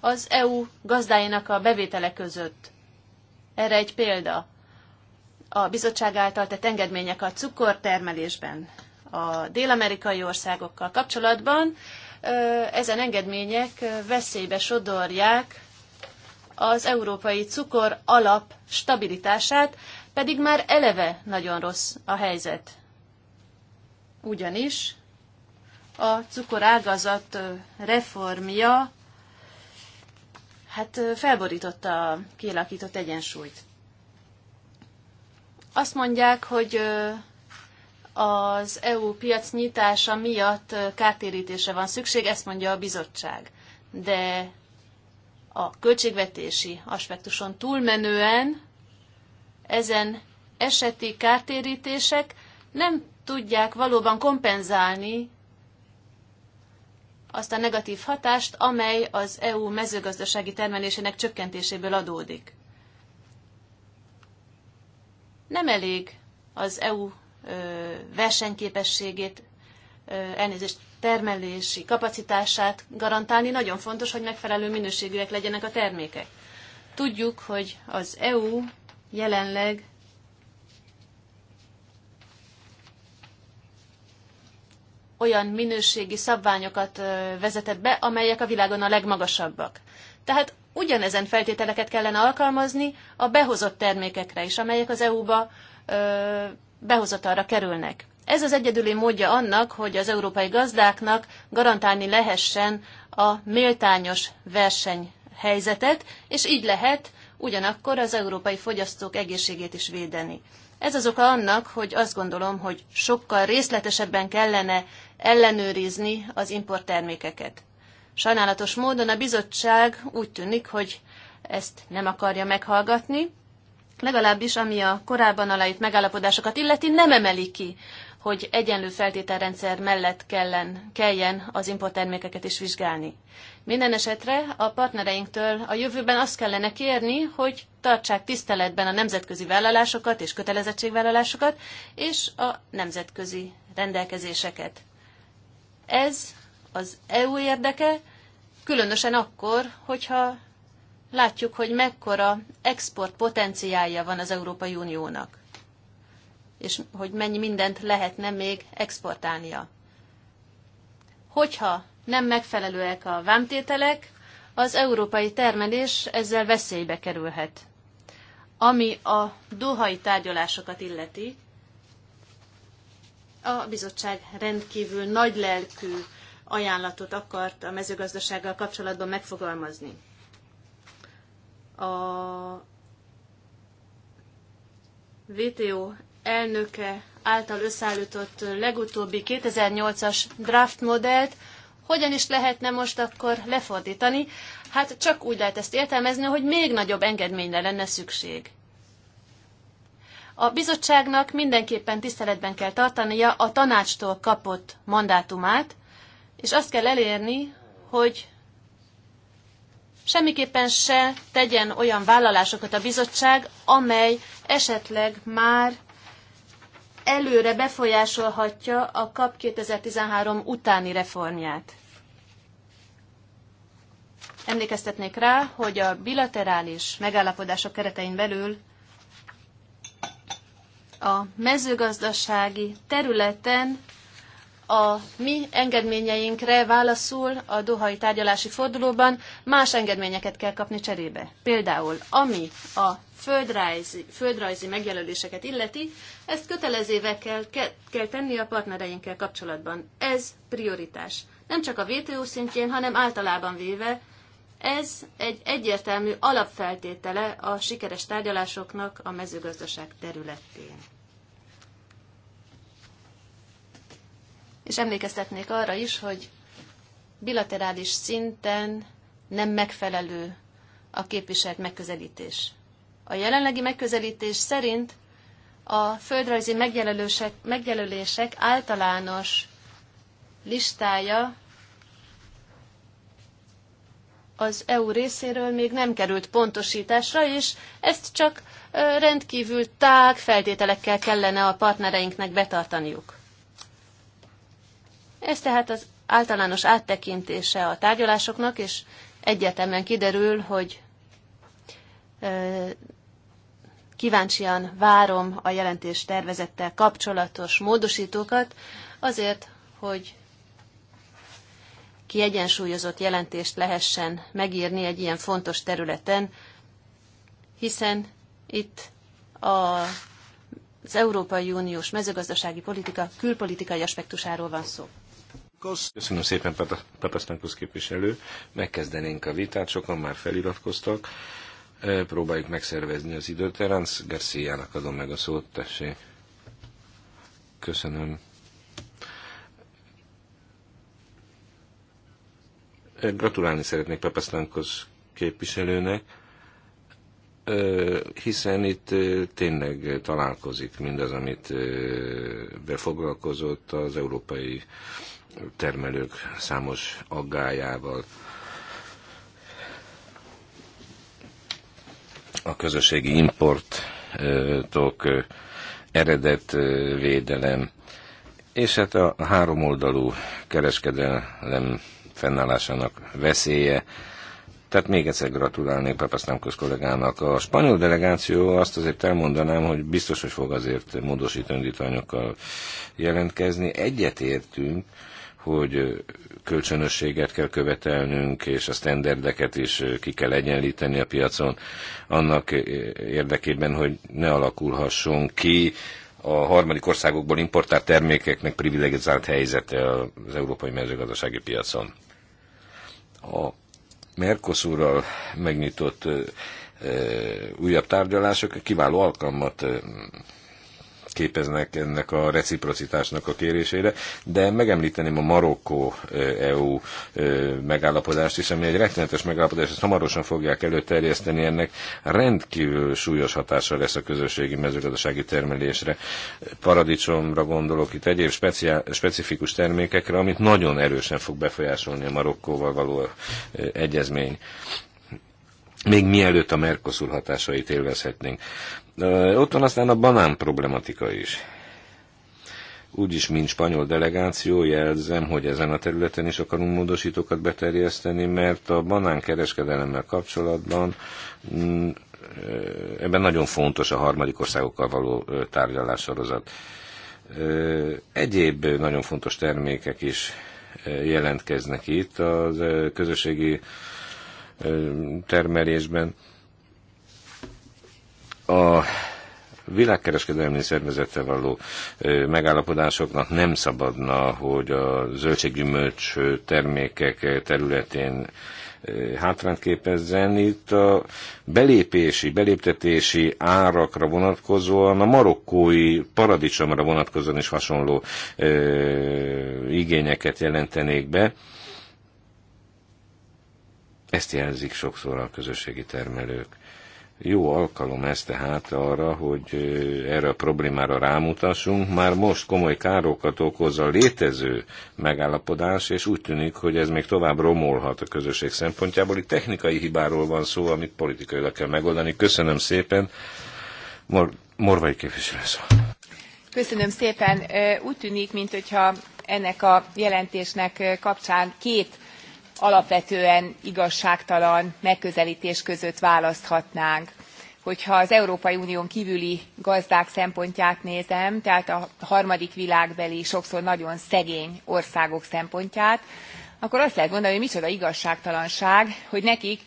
az EU gazdáinak a bevétele között. Erre egy példa. A bizottság által tett engedmények a cukortermelésben a dél-amerikai országokkal kapcsolatban, ezen engedmények veszélybe sodorják az európai cukor alap stabilitását, pedig már eleve nagyon rossz a helyzet. Ugyanis a cukorágazat reformja hát felborította a kialakított egyensúlyt. Azt mondják, hogy az EU piac nyitása miatt kártérítése van szükség, ezt mondja a bizottság. De a költségvetési aspektuson túlmenően ezen eseti kártérítések nem tudják valóban kompenzálni azt a negatív hatást, amely az EU mezőgazdasági termelésének csökkentéséből adódik. Nem elég az EU versenyképességét, elnézést, termelési kapacitását garantálni, nagyon fontos, hogy megfelelő minőségűek legyenek a termékek. Tudjuk, hogy az EU jelenleg olyan minőségi szabványokat vezetett be, amelyek a világon a legmagasabbak. Tehát ugyanezen feltételeket kellene alkalmazni a behozott termékekre is, amelyek az EU-ba arra kerülnek. Ez az egyedüli módja annak, hogy az európai gazdáknak garantálni lehessen a méltányos versenyhelyzetet, és így lehet ugyanakkor az európai fogyasztók egészségét is védeni. Ez az oka annak, hogy azt gondolom, hogy sokkal részletesebben kellene ellenőrizni az importtermékeket. Sajnálatos módon a bizottság úgy tűnik, hogy ezt nem akarja meghallgatni, legalábbis ami a korábban aláírt megállapodásokat illeti, nem emeli ki, hogy egyenlő feltételrendszer mellett kellen, kelljen az importtermékeket is vizsgálni. Minden esetre a partnereinktől a jövőben azt kellene kérni, hogy tartsák tiszteletben a nemzetközi vállalásokat és kötelezettségvállalásokat, és a nemzetközi rendelkezéseket. Ez az EU érdeke, különösen akkor, hogyha látjuk, hogy mekkora export potenciálja van az Európai Uniónak, és hogy mennyi mindent lehetne még exportálnia. Hogyha nem megfelelőek a vámtételek, az európai termelés ezzel veszélybe kerülhet. Ami a dohai tárgyalásokat illeti, a bizottság rendkívül nagy lelkű ajánlatot akart a mezőgazdasággal kapcsolatban megfogalmazni. A VTO elnöke által összeállított legutóbbi 2008-as draft modellt hogyan is lehetne most akkor lefordítani? Hát csak úgy lehet ezt értelmezni, hogy még nagyobb engedményre lenne szükség. A bizottságnak mindenképpen tiszteletben kell tartania a tanácstól kapott mandátumát, és azt kell elérni, hogy semmiképpen se tegyen olyan vállalásokat a bizottság, amely esetleg már előre befolyásolhatja a KAP 2013 utáni reformját. Emlékeztetnék rá, hogy a bilaterális megállapodások keretein belül a mezőgazdasági területen a mi engedményeinkre válaszul a dohai tárgyalási fordulóban más engedményeket kell kapni cserébe. Például, ami a földrajzi, földrajzi megjelöléseket illeti, ezt kötelezével kell, kell tenni a partnereinkkel kapcsolatban. Ez prioritás. Nem csak a VTO szintjén, hanem általában véve ez egy egyértelmű alapfeltétele a sikeres tárgyalásoknak a mezőgazdaság területén. És emlékeztetnék arra is, hogy bilaterális szinten nem megfelelő a képviselt megközelítés. A jelenlegi megközelítés szerint a földrajzi megjelölések, általános listája az EU részéről még nem került pontosításra, és ezt csak rendkívül tág feltételekkel kellene a partnereinknek betartaniuk. Ez tehát az általános áttekintése a tárgyalásoknak, és egyetemen kiderül, hogy kíváncsian várom a jelentés tervezettel kapcsolatos módosítókat, azért, hogy kiegyensúlyozott jelentést lehessen megírni egy ilyen fontos területen, hiszen itt a, az Európai Uniós mezőgazdasági politika külpolitikai aspektusáról van szó. Köszönöm szépen, Papasztánkusz képviselő. Megkezdenénk a vitát, sokan már feliratkoztak. E, próbáljuk megszervezni az időt. Terence Garciának adom meg a szót, tessék. Köszönöm Gratulálni szeretnék Pepesztánkhoz képviselőnek, hiszen itt tényleg találkozik mindaz, amit befoglalkozott az európai termelők számos aggájával. A közösségi importok eredet védelem, és hát a háromoldalú kereskedelem fennállásának veszélye. Tehát még egyszer gratulálnék Stamkos kollégának. A spanyol delegáció azt azért elmondanám, hogy biztos, hogy fog azért módosító indítványokkal jelentkezni. Egyetértünk, hogy kölcsönösséget kell követelnünk, és a standardeket is ki kell egyenlíteni a piacon, annak érdekében, hogy ne alakulhasson ki a harmadik országokból importált termékeknek privilegizált helyzete az európai mezőgazdasági piacon a Mercosurral megnyitott újabb tárgyalások kiváló alkalmat képeznek ennek a reciprocitásnak a kérésére, de megemlíteném a Marokkó-EU megállapodást is, ami egy rettenetes megállapodás, ezt hamarosan fogják előterjeszteni, ennek rendkívül súlyos hatása lesz a közösségi mezőgazdasági termelésre. Paradicsomra gondolok itt egyéb speciál, specifikus termékekre, amit nagyon erősen fog befolyásolni a Marokkóval való egyezmény még mielőtt a Mercosur hatásait élvezhetnénk. Ott van aztán a banán problematika is. Úgyis, mint spanyol delegáció, jelzem, hogy ezen a területen is akarunk módosítókat beterjeszteni, mert a banán kereskedelemmel kapcsolatban mm, ebben nagyon fontos a harmadik országokkal való tárgyalássorozat. Egyéb nagyon fontos termékek is jelentkeznek itt. A közösségi termelésben. A világkereskedelmi szervezettel való megállapodásoknak nem szabadna, hogy a zöldséggyümölcs termékek területén hátrányt képezzen. Itt a belépési, beléptetési árakra vonatkozóan, a marokkói paradicsomra vonatkozóan is hasonló igényeket jelentenék be ezt jelzik sokszor a közösségi termelők. Jó alkalom ez tehát arra, hogy erre a problémára rámutassunk. Már most komoly károkat okoz a létező megállapodás, és úgy tűnik, hogy ez még tovább romolhat a közösség szempontjából. Itt technikai hibáról van szó, amit politikailag kell megoldani. Köszönöm szépen. Mor- Morvai képviselő szó. Köszönöm szépen. Úgy tűnik, mintha ennek a jelentésnek kapcsán két alapvetően igazságtalan megközelítés között választhatnánk. Hogyha az Európai Unión kívüli gazdák szempontját nézem, tehát a harmadik világbeli, sokszor nagyon szegény országok szempontját, akkor azt lehet mondani, hogy micsoda igazságtalanság, hogy nekik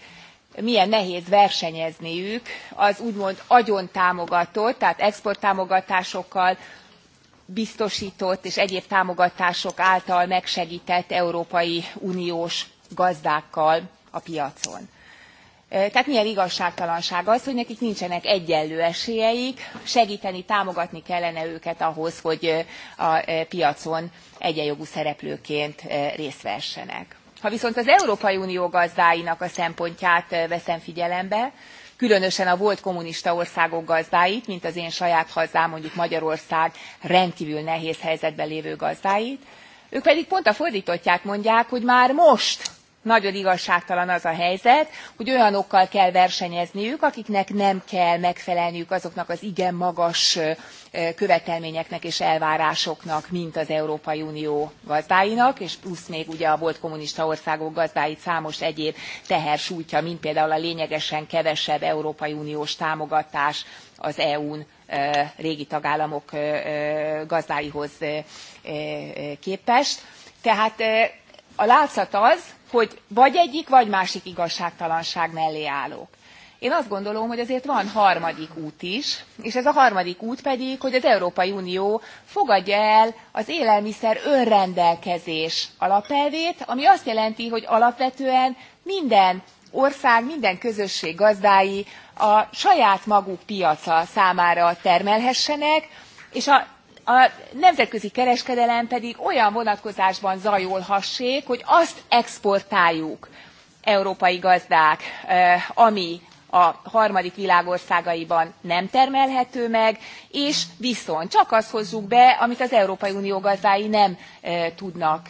milyen nehéz versenyezniük az úgymond agyon támogatott, tehát exporttámogatásokkal biztostott és egyéb támogatások által megsegtett európai uniós gazdákkal a piacon. Tehát milyen igazságtalanság az, hogy nekik nincsenek egyenlő esélyeik, segíteni, támogatni kellene őket ahhoz, hogy a piacon egyenjogú szereplőként részt vessenek. Ha viszont az Európai Unió gazdáinak a szempontját veszem figyelembe, különösen a volt kommunista országok gazdáit, mint az én saját hazám, mondjuk Magyarország rendkívül nehéz helyzetben lévő gazdáit, ők pedig pont a fordítottját mondják, hogy már most nagyon igazságtalan az a helyzet hogy olyanokkal kell versenyezniük akiknek nem kell megfelelniük azoknak az igen magas követelményeknek és elvárásoknak mint az európai unió gazdáinak és plusz még ugye a volt kommunista országok gazdáit számos egyéb teher sújtja mint például a lényegesen kevesebb európai uniós támogatás az eu n régi tagállamok gazdáihoz képest. tehát a látszat az hogy vagy egyik, vagy másik igazságtalanság mellé állok. Én azt gondolom, hogy azért van harmadik út is, és ez a harmadik út pedig, hogy az Európai Unió fogadja el az élelmiszer önrendelkezés alapelvét, ami azt jelenti, hogy alapvetően minden ország, minden közösség gazdái a saját maguk piaca számára termelhessenek, és a a nemzetközi kereskedelem pedig olyan vonatkozásban zajolhassék, hogy azt exportáljuk európai gazdák, ami a harmadik világ országaiban nem termelhető meg és viszont csak azt hozzuk be amit az európai unió gazdái nem tudnak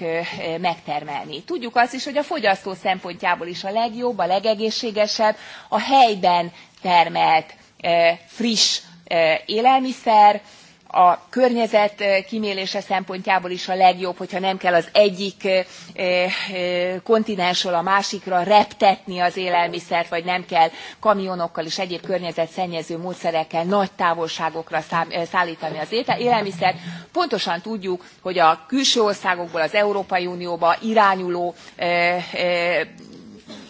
megtermelni. tudjuk azt is hogy a fogyasztó szempontjából is a legjobb a legegészségesebb a helyben termelt friss élelmiszer a környezet eh, kmélése szempontjából is a legjobb hogyha nem kell az egyik eh, eh, kontinensről a másikra reptetni az élelmiszert vagy nem kell kamionokkal és egyéb környezetszennyező módszerekkel nagy távolságokra szálltani az élelmiszert. pontosan tudjuk hogy a külső országokból az európai unióba irányuló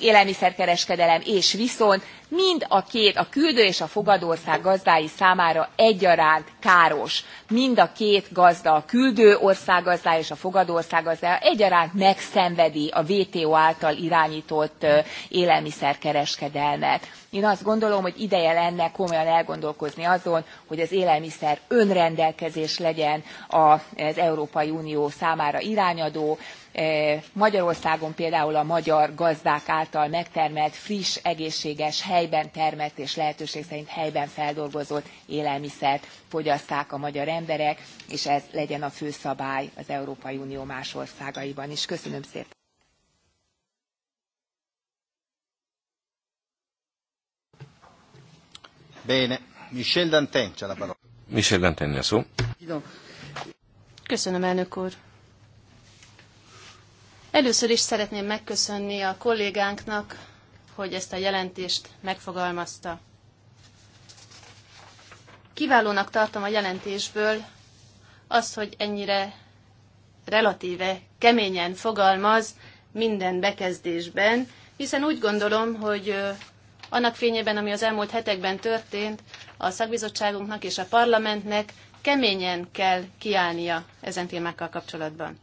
élelmiszerkereskedelem és viszont mind a két a küldő és a fogadó ország gazdái számára egyaránt káros mind a két gazda a küldő ország gazdája és a fogadó ország gazdája egyaránt megszenvedi a wto által iránytott élelmiszerkereskedelmet. én azt gondolom hogy ideje lenne komolyan elgondolkozni azon hogy az élelmiszer önrendelkezés legyen az európai unió számára irányadó E, magyarországon például a magyar gazdák által megtermelt friss egészséges helyben termelt és lehetőség szerint helyben feldolgozott élelmiszert fogyasszák a magyar emberek és ez legyen a fő szabály az európai unió más országaiban is. köszönöm szépen! Bene. Michel Dantin, c'è la parola. Michel Dantin, szó. Köszönöm, elnök úr. Először is szeretném megköszönni a kollégánknak, hogy ezt a jelentést megfogalmazta. Kiválónak tartom a jelentésből azt, hogy ennyire relatíve keményen fogalmaz minden bekezdésben, hiszen úgy gondolom, hogy annak fényében, ami az elmúlt hetekben történt, a szakbizottságunknak és a parlamentnek keményen kell kiállnia ezen témákkal kapcsolatban.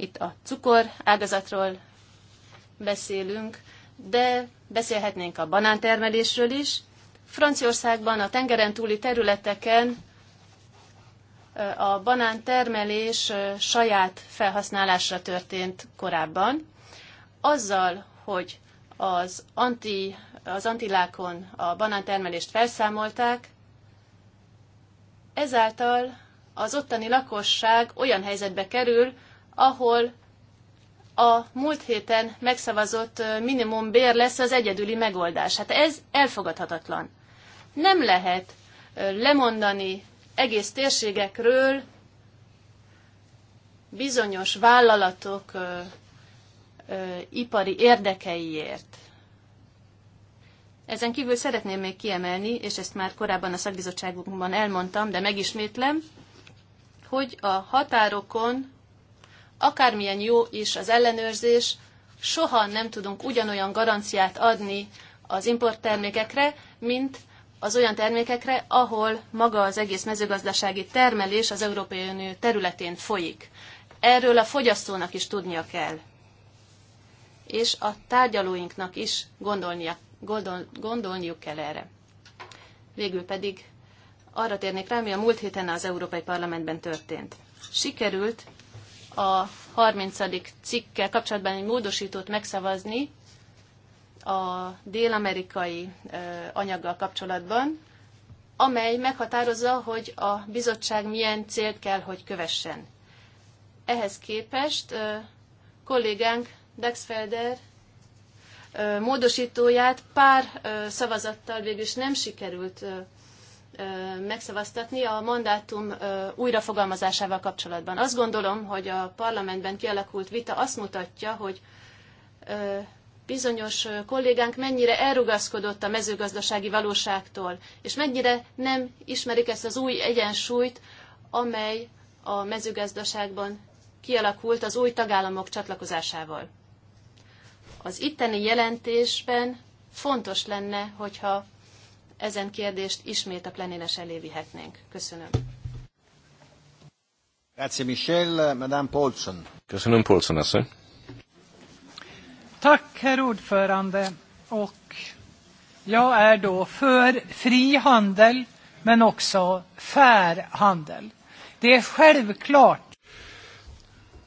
Itt a cukor ágazatról beszélünk, de beszélhetnénk a banántermelésről is. Franciaországban a tengeren túli területeken a banántermelés saját felhasználásra történt korábban. Azzal, hogy az, anti, az antilákon a banántermelést felszámolták, ezáltal az ottani lakosság olyan helyzetbe kerül, ahol a múlt héten megszavazott minimum bér lesz az egyedüli megoldás. Hát ez elfogadhatatlan. Nem lehet lemondani egész térségekről bizonyos vállalatok ö, ö, ipari érdekeiért. Ezen kívül szeretném még kiemelni, és ezt már korábban a szakbizottságunkban elmondtam, de megismétlem, hogy a határokon akármilyen jó is az ellenőrzés, soha nem tudunk ugyanolyan garanciát adni az importtermékekre, mint az olyan termékekre, ahol maga az egész mezőgazdasági termelés az Európai Unió területén folyik. Erről a fogyasztónak is tudnia kell. És a tárgyalóinknak is gondolnia, gondol, gondolniuk kell erre. Végül pedig arra térnék rá, ami a múlt héten az Európai Parlamentben történt. Sikerült a 30. cikkkel kapcsolatban egy módosítót megszavazni a dél-amerikai anyaggal kapcsolatban, amely meghatározza, hogy a bizottság milyen célt kell, hogy kövessen. Ehhez képest kollégánk Dexfelder módosítóját pár szavazattal végül is nem sikerült megszavaztatni a mandátum újrafogalmazásával kapcsolatban. Azt gondolom, hogy a parlamentben kialakult vita azt mutatja, hogy bizonyos kollégánk mennyire elrugaszkodott a mezőgazdasági valóságtól, és mennyire nem ismerik ezt az új egyensúlyt, amely a mezőgazdaságban kialakult az új tagállamok csatlakozásával. Az itteni jelentésben fontos lenne, hogyha ezen kérdést ismét a plenéres elé vihetnénk. Köszönöm. Grazie Michel, Madame Paulson. Köszönöm, Paulson asszony. Tack, herr ordförande. Och jag är då för fri handel, men också fair handel. Det är självklart.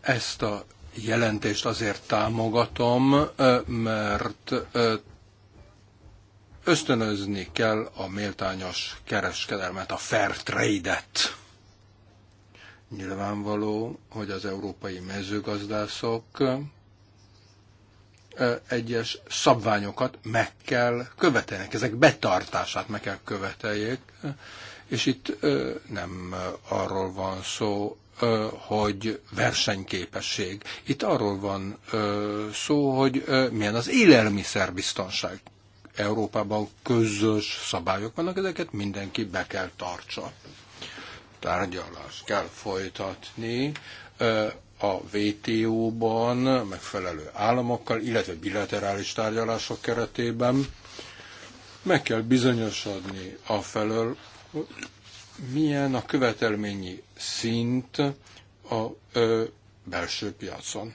Ezt a jelentést azért támogatom, mert Ösztönözni kell a méltányos kereskedelmet, a fair trade-et. Nyilvánvaló, hogy az európai mezőgazdászok egyes szabványokat meg kell követeljenek, ezek betartását meg kell követeljék, és itt nem arról van szó, hogy versenyképesség. Itt arról van szó, hogy milyen az élelmiszerbiztonság. Európában közös szabályok vannak, ezeket mindenki be kell tartsa. Tárgyalást kell folytatni a WTO-ban megfelelő államokkal, illetve bilaterális tárgyalások keretében. Meg kell bizonyosodni afelől, milyen a követelményi szint a ö, belső piacon.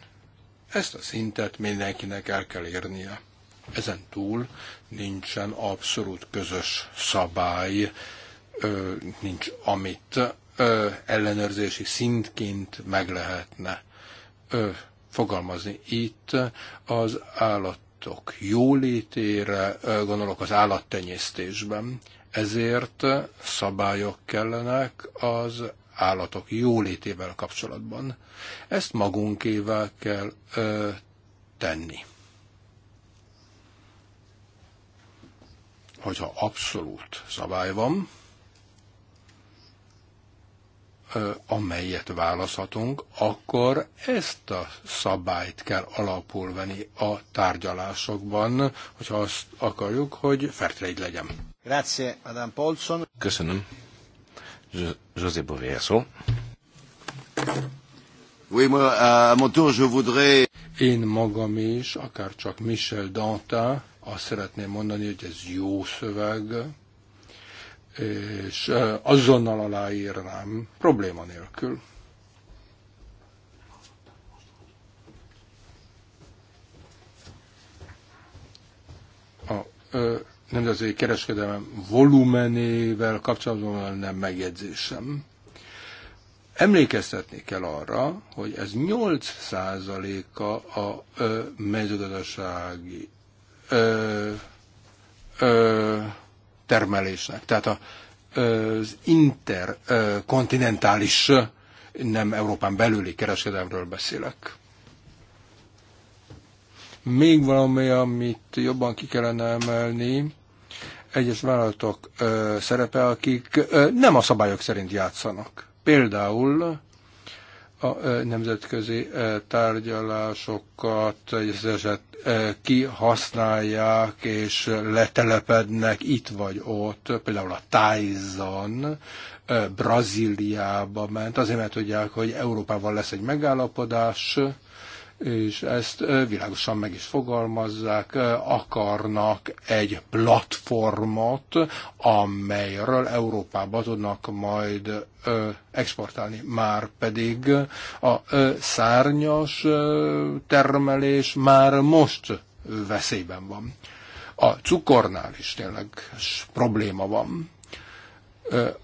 Ezt a szintet mindenkinek el kell érnie. Ezen túl nincsen abszolút közös szabály, nincs amit ellenőrzési szintként meg lehetne fogalmazni. Itt az állatok jólétére gondolok az állattenyésztésben, ezért szabályok kellenek az állatok jólétével kapcsolatban. Ezt magunkével kell ö, tenni. hogyha abszolút szabály van, amelyet választhatunk, akkor ezt a szabályt kell alapul venni a tárgyalásokban, hogyha azt akarjuk, hogy fertreid legyen. Grazie, Adam Paulson. Köszönöm. José Bové szó. Oui, moi, à mon tour, je voudrais... Én magam is, akár csak Michel Dantin, azt szeretném mondani, hogy ez jó szöveg, és azonnal aláírnám, probléma nélkül. A nemzetközi kereskedelem volumenével kapcsolatban nem megjegyzésem. Emlékeztetni kell arra, hogy ez 8%-a a mezőgazdasági ö, ö, termelésnek. Tehát a, az interkontinentális, nem Európán belüli kereskedelmről beszélek. Még valami, amit jobban ki kellene emelni, egyes vállalatok ö, szerepe, akik ö, nem a szabályok szerint játszanak. Például a nemzetközi tárgyalásokat kihasználják és letelepednek itt vagy ott, például a Tyson Brazíliába ment, azért mert tudják, hogy Európával lesz egy megállapodás, és ezt világosan meg is fogalmazzák, akarnak egy platformot, amelyről Európába tudnak majd exportálni. Már pedig a szárnyas termelés már most veszélyben van. A cukornál is tényleg probléma van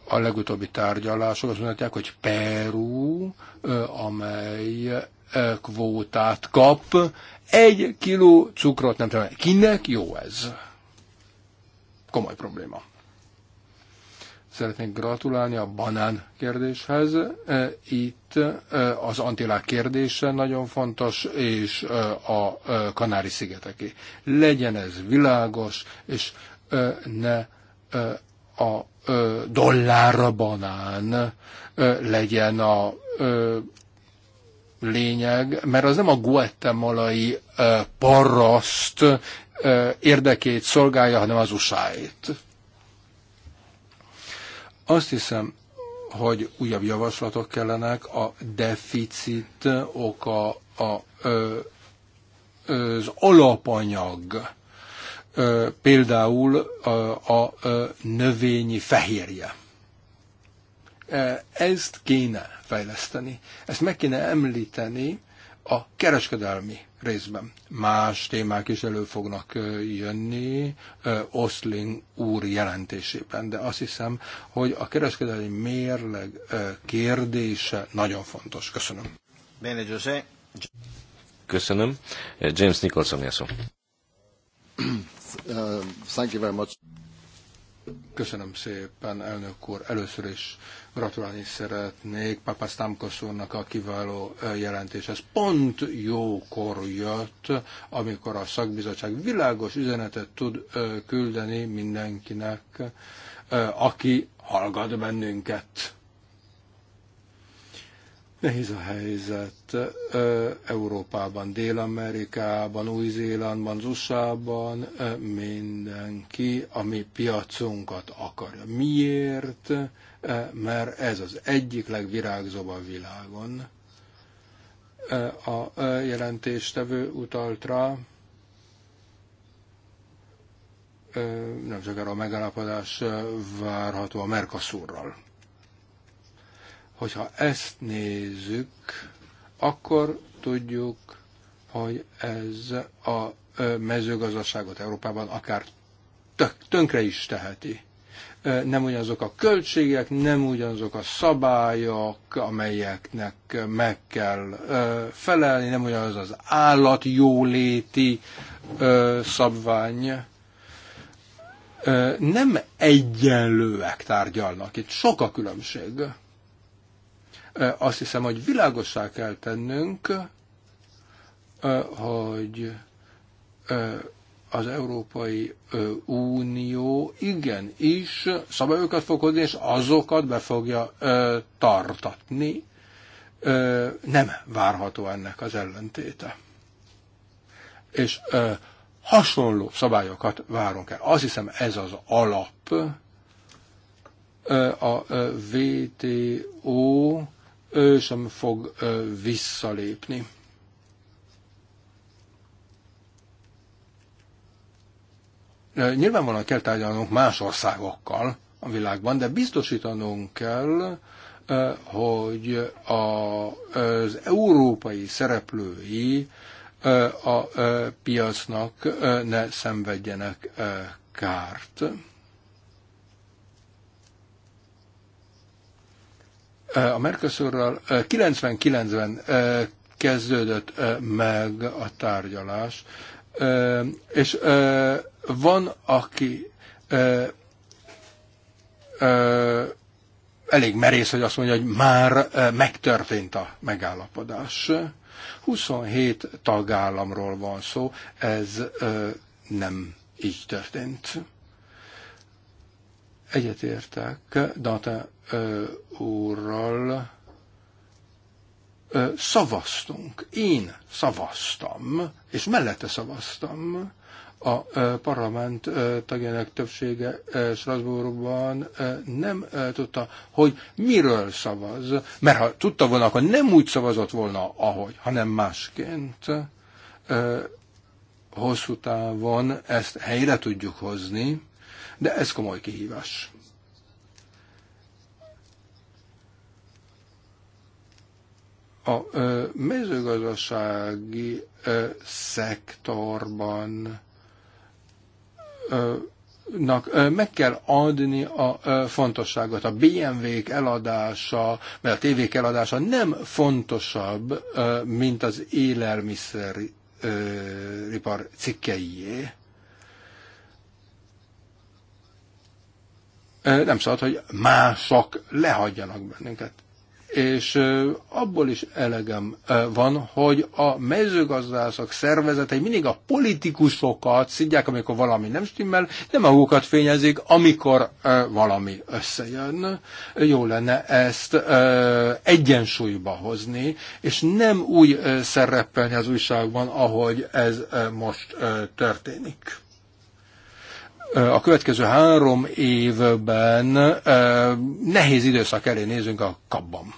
a legutóbbi tárgyalások azt mondhatják, hogy Peru, amely kvótát kap. Egy kiló cukrot nem tudom. Kinek jó ez? Komoly probléma. Szeretnék gratulálni a banán kérdéshez. E, itt e, az antilák kérdése nagyon fontos, és e, a Kanári-szigeteké. Legyen ez világos, és ne a dollárra banán legyen a lényeg, mert az nem a guatemalai paraszt érdekét szolgálja, hanem az usáit. Azt hiszem, hogy újabb javaslatok kellenek, a deficit oka a, ö, az alapanyag, például a, a növényi fehérje. Ezt kéne fejleszteni. Ezt meg kéne említeni a kereskedelmi részben. Más témák is elő fognak jönni Oszling úr jelentésében, de azt hiszem, hogy a kereskedelmi mérleg kérdése nagyon fontos. Köszönöm. Bene, José. Köszönöm. James Nicholson, szó. Uh, thank you very much. Köszönöm szépen, elnök úr. Először is gratulálni szeretnék Papasztámkosz úrnak a kiváló jelentéshez. Pont jókor jött, amikor a szakbizottság világos üzenetet tud küldeni mindenkinek, aki hallgat bennünket. Nehéz a helyzet Európában, Dél-Amerikában, Új-Zélandban, az USA-ban mindenki, ami piacunkat akarja. Miért? Mert ez az egyik legvirágzóbb a világon. A jelentéstevő utalt rá, nem csak erre a megállapodás várható a Mercosurral. Hogyha ezt nézzük, akkor tudjuk, hogy ez a mezőgazdaságot Európában akár tönkre is teheti. Nem ugyanazok a költségek, nem ugyanazok a szabályok, amelyeknek meg kell felelni, nem ugyanaz az állatjóléti szabvány. Nem egyenlőek tárgyalnak, itt sok a különbség azt hiszem, hogy világossá kell tennünk, hogy az Európai Unió igenis szabályokat fog hozni, és azokat be fogja tartatni. Nem várható ennek az ellentéte. És hasonló szabályokat várunk el. Azt hiszem ez az alap a VTO ő sem fog visszalépni. Nyilvánvalóan kell tárgyalnunk más országokkal a világban, de biztosítanunk kell, hogy az európai szereplői a piacnak ne szenvedjenek kárt. A Mercosurral 99-ben kezdődött meg a tárgyalás, és van, aki elég merész, hogy azt mondja, hogy már megtörtént a megállapodás. 27 tagállamról van szó, ez nem így történt. Egyetértek a úrral szavaztunk. Én szavaztam, és mellette szavaztam a parlament tagjának többsége Strasbourgban nem tudta, hogy miről szavaz, mert ha tudta volna, akkor nem úgy szavazott volna, ahogy, hanem másként hosszú távon ezt helyre tudjuk hozni, de ez komoly kihívás. A mezőgazdasági szektorban meg kell adni a fontosságot. A BMW-k eladása, mert a tévék eladása nem fontosabb, mint az élelmiszeripar cikkeié. Nem szabad, hogy mások lehagyjanak bennünket és abból is elegem van, hogy a mezőgazdászok szervezetei mindig a politikusokat szidják, amikor valami nem stimmel, de magukat fényezik, amikor valami összejön. Jó lenne ezt egyensúlyba hozni, és nem úgy szerepelni az újságban, ahogy ez most történik a következő három évben nehéz időszak elé nézünk a kabban.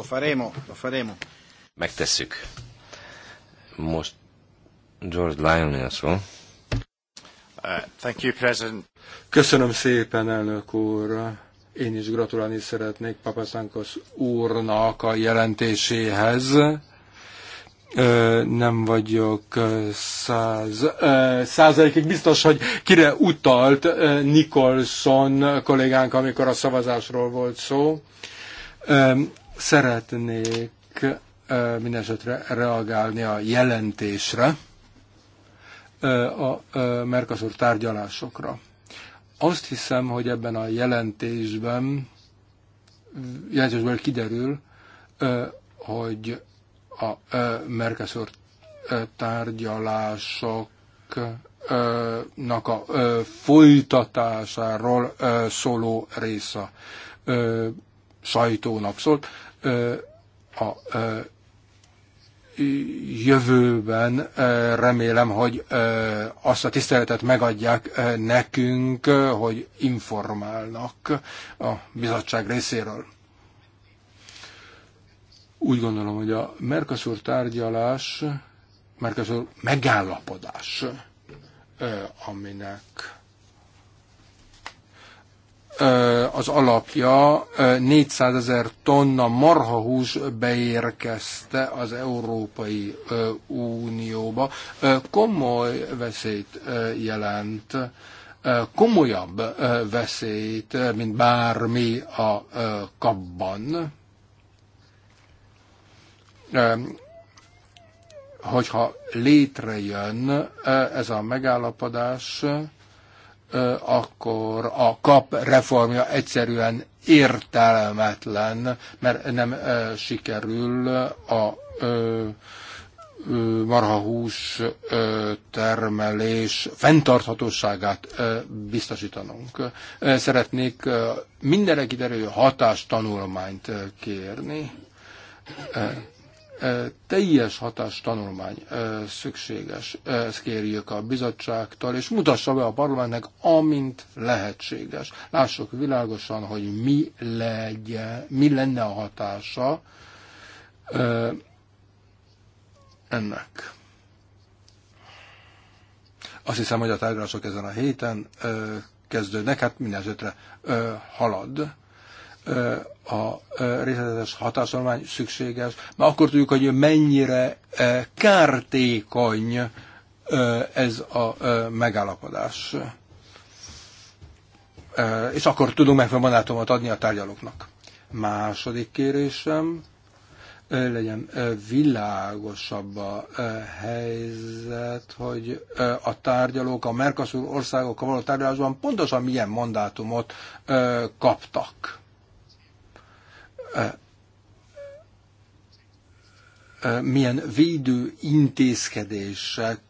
Lo faremo, lo faremo. Megtesszük. Most George Lyon szó. Uh, thank you, President. Köszönöm szépen, elnök úr. Én is gratulálni szeretnék Papaszánkos úrnak a jelentéséhez. nem vagyok száz, százalékig biztos, hogy kire utalt Nicholson kollégánk, amikor a szavazásról volt szó. Szeretnék mindesetre reagálni a jelentésre, a Mercosur tárgyalásokra. Azt hiszem, hogy ebben a jelentésben, jelentésből kiderül, hogy a Mercosur tárgyalásoknak a folytatásáról szóló része sajtónak szólt a jövőben remélem, hogy azt a tiszteletet megadják nekünk, hogy informálnak a bizottság részéről. Úgy gondolom, hogy a Mercosur tárgyalás, Mercosur megállapodás, aminek az alapja 400 ezer tonna marhahús beérkezte az Európai Unióba. Komoly veszélyt jelent, komolyabb veszélyt, mint bármi a kabban. Hogyha létrejön ez a megállapodás, akkor a kap reformja egyszerűen értelmetlen, mert nem sikerül a marhahús termelés fenntarthatóságát biztosítanunk. Szeretnék mindenre kiderülő hatástanulmányt kérni teljes tanulmány szükséges. Ezt kérjük a bizottságtól, és mutassa be a parlamentnek, amint lehetséges. Lássuk világosan, hogy mi, legyen, mi lenne a hatása ennek. Azt hiszem, hogy a tárgyalások ezen a héten kezdődnek, hát minden esetre halad a részletes hatásolmány szükséges, mert akkor tudjuk, hogy mennyire e, kártékony e, ez a e, megállapodás. És akkor tudunk megfelelő mandátumot adni a tárgyalóknak. Második kérésem, legyen világosabb a helyzet, hogy a tárgyalók a Mercosur országokkal való tárgyalásban pontosan milyen mandátumot kaptak milyen védő intézkedések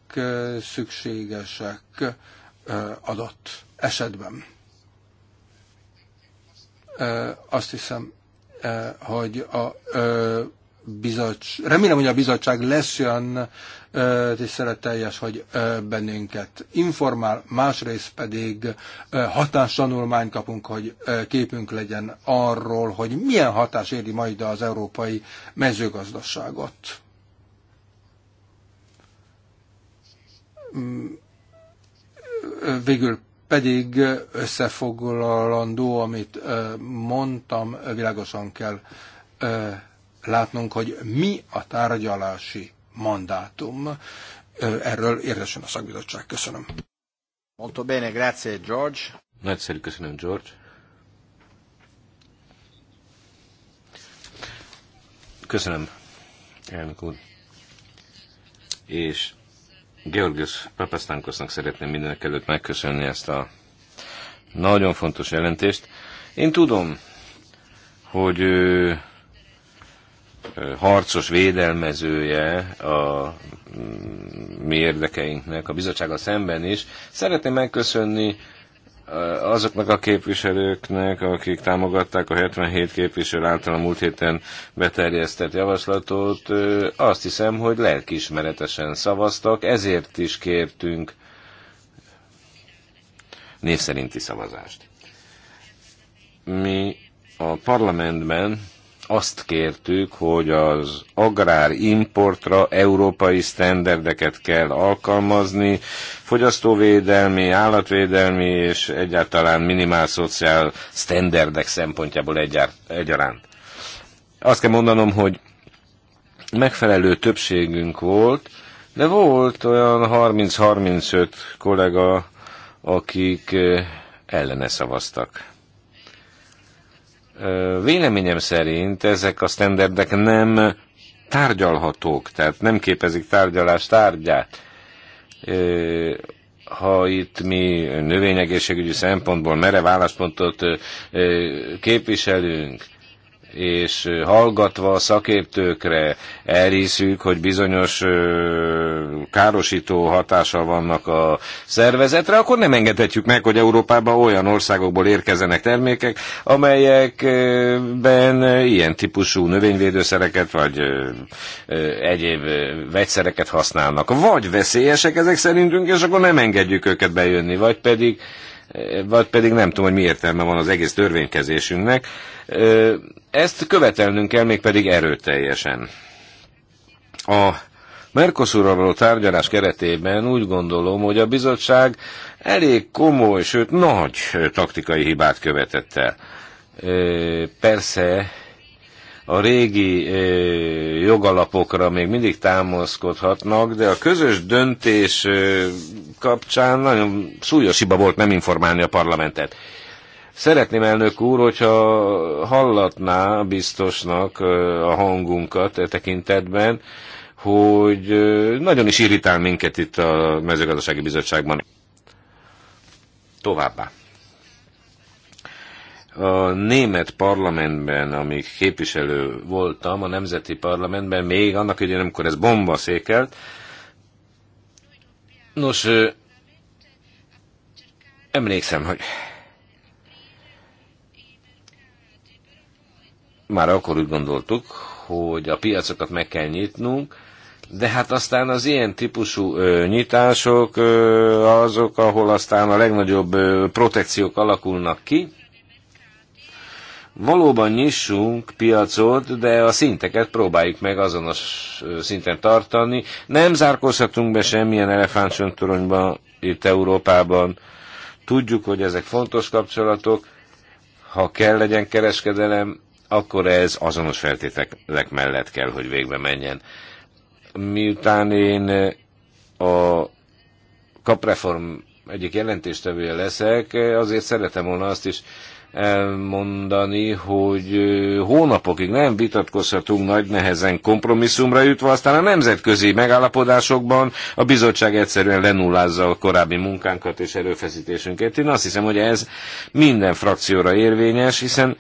szükségesek adott esetben. Azt hiszem, hogy a bizottság, remélem, hogy a bizottság lesz olyan tiszteleteljes, hogy ö, bennünket informál, másrészt pedig ö, hatástanulmányt kapunk, hogy ö, képünk legyen arról, hogy milyen hatás éri majd az európai mezőgazdaságot. Mm, végül pedig összefoglalandó, amit mondtam, világosan kell látnunk, hogy mi a tárgyalási mandátum. Erről érdesen a szakbizottság. Köszönöm. Molto bene, grazie George. Nagyszerű, köszönöm George. Köszönöm, elnök úr. És Georgios Papasztánkosznak szeretném mindenek előtt megköszönni ezt a nagyon fontos jelentést. Én tudom, hogy ő harcos védelmezője a mm, mi érdekeinknek, a bizottsággal szemben is. Szeretném megköszönni azoknak a képviselőknek, akik támogatták a 77 képviselő által a múlt héten beterjesztett javaslatot, azt hiszem, hogy lelkismeretesen szavaztak, ezért is kértünk név szerinti szavazást. Mi a parlamentben azt kértük, hogy az agrár importra európai sztenderdeket kell alkalmazni, fogyasztóvédelmi, állatvédelmi és egyáltalán minimál szociál sztenderdek szempontjából egyár, egyaránt. Azt kell mondanom, hogy megfelelő többségünk volt, de volt olyan 30-35 kollega, akik eh, ellene szavaztak. Véleményem szerint ezek a standardek nem tárgyalhatók, tehát nem képezik tárgyalás tárgyát. Ha itt mi növényegészségügyi szempontból merev álláspontot képviselünk, és hallgatva a szakértőkre elhiszük, hogy bizonyos károsító hatása vannak a szervezetre, akkor nem engedhetjük meg, hogy Európába olyan országokból érkezenek termékek, amelyekben ilyen típusú növényvédőszereket vagy egyéb vegyszereket használnak. Vagy veszélyesek ezek szerintünk, és akkor nem engedjük őket bejönni, vagy pedig vagy pedig nem tudom, hogy mi értelme van az egész törvénykezésünknek. Ezt követelnünk kell mégpedig erőteljesen. A Mercosurral való tárgyalás keretében úgy gondolom, hogy a bizottság elég komoly, sőt nagy taktikai hibát követett el. Persze a régi jogalapokra még mindig támaszkodhatnak, de a közös döntés kapcsán nagyon súlyos hiba volt nem informálni a parlamentet. Szeretném, elnök úr, hogyha hallatná biztosnak a hangunkat e tekintetben, hogy nagyon is irritál minket itt a mezőgazdasági bizottságban. Továbbá a német parlamentben, amíg képviselő voltam, a nemzeti parlamentben, még annak idején, amikor ez bomba székelt, nos, emlékszem, hogy már akkor úgy gondoltuk, hogy a piacokat meg kell nyitnunk, de hát aztán az ilyen típusú ö, nyitások ö, azok, ahol aztán a legnagyobb ö, protekciók alakulnak ki, valóban nyissunk piacot, de a szinteket próbáljuk meg azonos szinten tartani. Nem zárkózhatunk be semmilyen elefántsöntoronyba itt Európában. Tudjuk, hogy ezek fontos kapcsolatok. Ha kell legyen kereskedelem, akkor ez azonos feltételek mellett kell, hogy végbe menjen. Miután én a kapreform egyik jelentéstevője leszek, azért szeretem volna azt is elmondani, hogy hónapokig nem vitatkozhatunk nagy nehezen kompromisszumra jutva, aztán a nemzetközi megállapodásokban a bizottság egyszerűen lenullázza a korábbi munkánkat és erőfeszítésünket. Én azt hiszem, hogy ez minden frakcióra érvényes, hiszen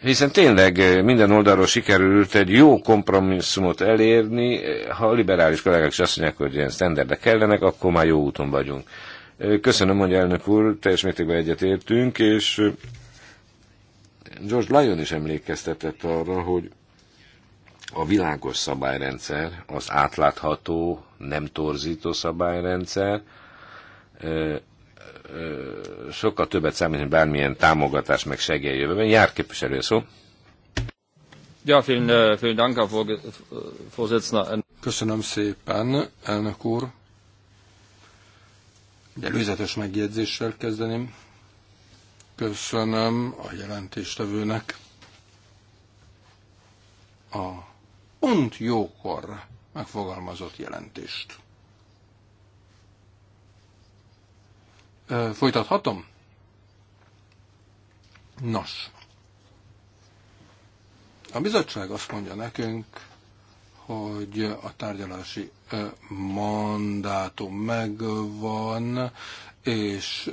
hiszen tényleg minden oldalról sikerült egy jó kompromisszumot elérni, ha a liberális kollégák is azt mondják, hogy ilyen sztenderdek kellenek, akkor már jó úton vagyunk. Köszönöm, hogy elnök úr, teljes mértékben egyetértünk, és George Lyon is emlékeztetett arra, hogy a világos szabályrendszer, az átlátható, nem torzító szabályrendszer sokkal többet számít, mint bármilyen támogatás meg segély jövőben. Jár képviselő szó. Ja, vielen, vielen Dank, Herr Vorsitzender. Köszönöm szépen, elnök úr. Egy előzetes megjegyzéssel kezdeném. Köszönöm a jelentéstevőnek a pont jókor megfogalmazott jelentést. Folytathatom? Nos, a bizottság azt mondja nekünk, hogy a tárgyalási mandátum megvan, és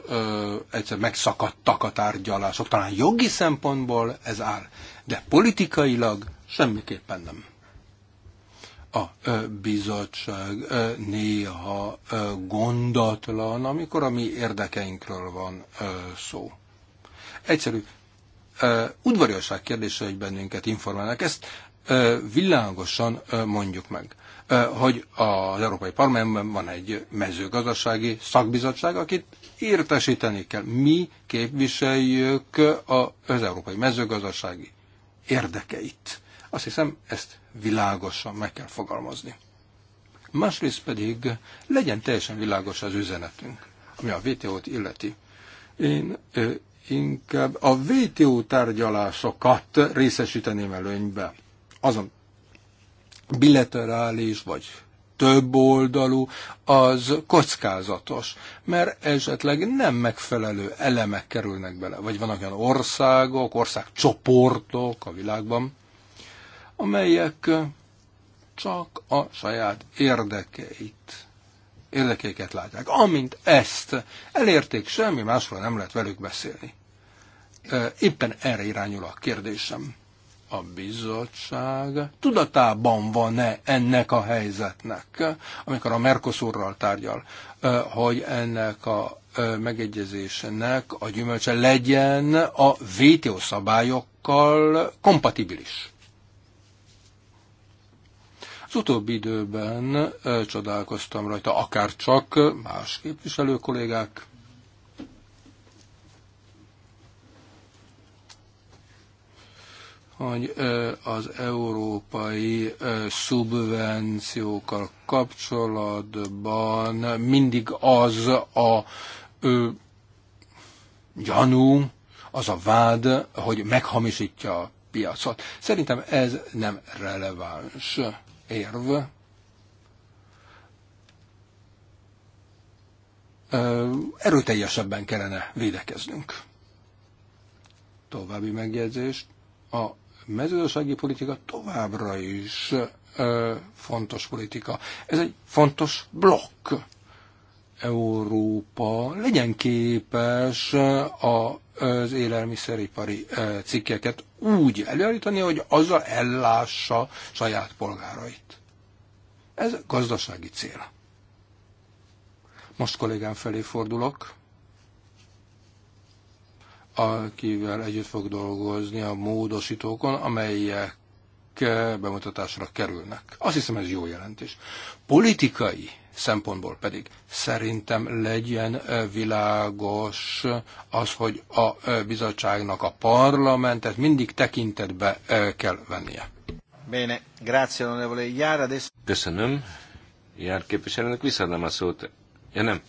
egyszer megszakadtak a tárgyalások. Talán jogi szempontból ez áll, de politikailag semmiképpen nem. A ö, bizottság néha gondatlan, amikor a mi érdekeinkről van szó. Egyszerű, ö, udvariasság kérdése, hogy bennünket informálnak. Ezt világosan mondjuk meg, hogy az Európai Parlamentben van egy mezőgazdasági szakbizottság, akit értesíteni kell. Mi képviseljük az európai mezőgazdasági érdekeit. Azt hiszem, ezt világosan meg kell fogalmazni. Másrészt pedig legyen teljesen világos az üzenetünk, ami a VTO-t illeti. Én inkább a VTO tárgyalásokat részesíteném előnybe azon bilaterális vagy több oldalú, az kockázatos, mert esetleg nem megfelelő elemek kerülnek bele, vagy vannak olyan országok, országcsoportok a világban, amelyek csak a saját érdekeit, érdekeiket látják. Amint ezt elérték, semmi másról nem lehet velük beszélni. Éppen erre irányul a kérdésem a bizottság tudatában van-e ennek a helyzetnek, amikor a Mercosurral tárgyal, hogy ennek a megegyezésnek a gyümölcse legyen a VTO szabályokkal kompatibilis. Az utóbbi időben csodálkoztam rajta, akár csak más képviselő kollégák hogy az európai szubvenciókkal kapcsolatban mindig az a gyanú, az a vád, hogy meghamisítja a piacot. Szerintem ez nem releváns érv. erőteljesebben kellene védekeznünk. További megjegyzést. A mezőgazdasági politika továbbra is fontos politika. Ez egy fontos blokk. Európa legyen képes a az élelmiszeripari cikkeket úgy előállítani, hogy azzal ellássa saját polgárait. Ez gazdasági cél. Most kollégám felé fordulok akivel együtt fog dolgozni a módosítókon, amelyek eh, bemutatásra kerülnek. Azt hiszem ez jó jelentés. Politikai szempontból pedig szerintem legyen eh, világos az, hogy a eh, bizottságnak a parlamentet mindig tekintetbe kell vennie. Bene, grazie, onorevole Jár. Köszönöm. Jár képviselőnek visszaadom a szót. Ja nem,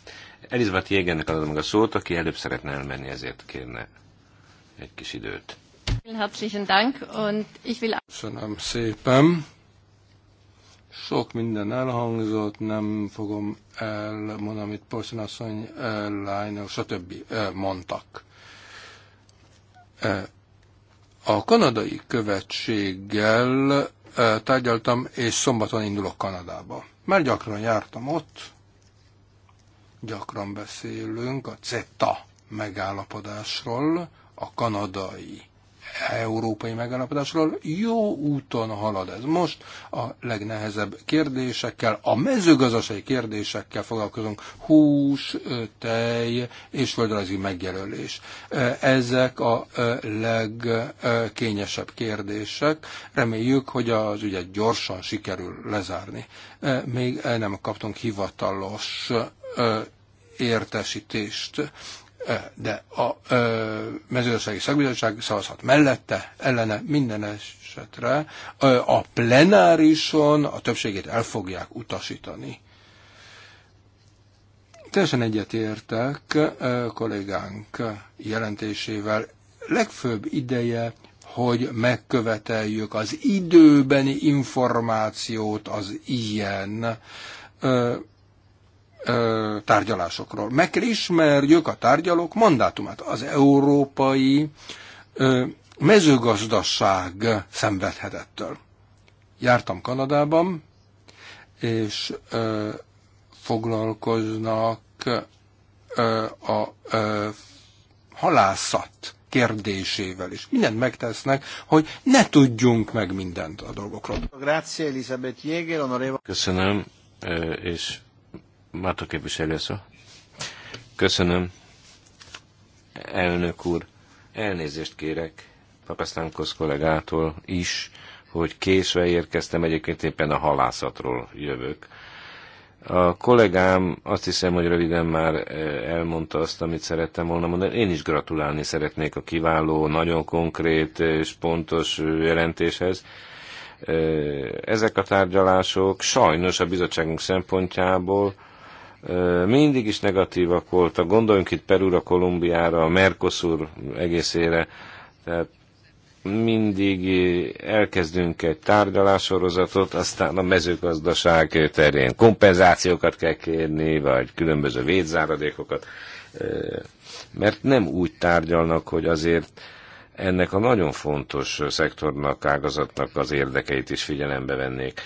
Elizabeth Jégennek adom meg a szót, aki előbb szeretne elmenni, ezért kérne egy kis időt. Köszönöm szépen. Sok minden elhangzott, nem fogom elmondani, amit Polszon asszony, eh, Lányok, stb. Eh, mondtak. Eh, a kanadai követséggel tárgyaltam, és szombaton indulok Kanadába. Már gyakran jártam ott, Gyakran beszélünk a CETA megállapodásról, a kanadai európai megállapodásról. Jó úton halad ez. Most a legnehezebb kérdésekkel, a mezőgazdasági kérdésekkel foglalkozunk. Hús, tej és földrajzi megjelölés. Ezek a legkényesebb kérdések. Reméljük, hogy az ügyet gyorsan sikerül lezárni. Még nem kaptunk hivatalos értesítést, de a mezőgazdasági szakbizottság szavazhat mellette, ellene minden esetre a plenárison a többségét el fogják utasítani. Teljesen egyetértek kollégánk jelentésével. Legfőbb ideje, hogy megköveteljük az időbeni információt az ilyen ö, tárgyalásokról. Meg kell ismerjük a tárgyalók mandátumát. Az európai ö, mezőgazdaság szenvedhetettől. Jártam Kanadában, és ö, foglalkoznak ö, a ö, halászat kérdésével is. Mindent megtesznek, hogy ne tudjunk meg mindent a dolgokról. Köszönöm, és Mátó képviselő szó. Köszönöm. Elnök úr, elnézést kérek Papasztánkosz kollégától is, hogy késve érkeztem, egyébként éppen a halászatról jövök. A kollégám azt hiszem, hogy röviden már e, elmondta azt, amit szerettem volna mondani. Én is gratulálni szeretnék a kiváló, nagyon konkrét és pontos jelentéshez. E, ezek a tárgyalások sajnos a bizottságunk szempontjából mindig is negatívak voltak. Gondoljunk itt Perúra, Kolumbiára, a Mercosur egészére. Tehát mindig elkezdünk egy tárgyalássorozatot, aztán a mezőgazdaság terén kompenzációkat kell kérni, vagy különböző védzáradékokat, mert nem úgy tárgyalnak, hogy azért ennek a nagyon fontos szektornak, ágazatnak az érdekeit is figyelembe vennék.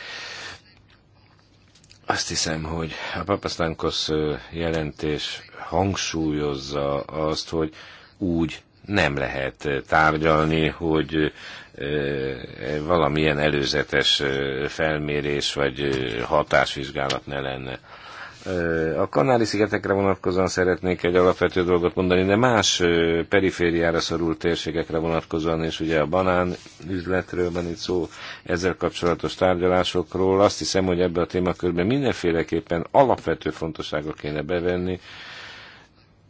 Azt hiszem, hogy a papasztánkos jelentés hangsúlyozza azt, hogy úgy nem lehet tárgyalni, hogy valamilyen előzetes felmérés vagy hatásvizsgálat ne lenne. A Kanári-szigetekre vonatkozóan szeretnék egy alapvető dolgot mondani, de más perifériára szorult térségekre vonatkozóan, és ugye a banán üzletről van itt szó, ezzel kapcsolatos tárgyalásokról. Azt hiszem, hogy ebbe a témakörben mindenféleképpen alapvető fontosságot kéne bevenni,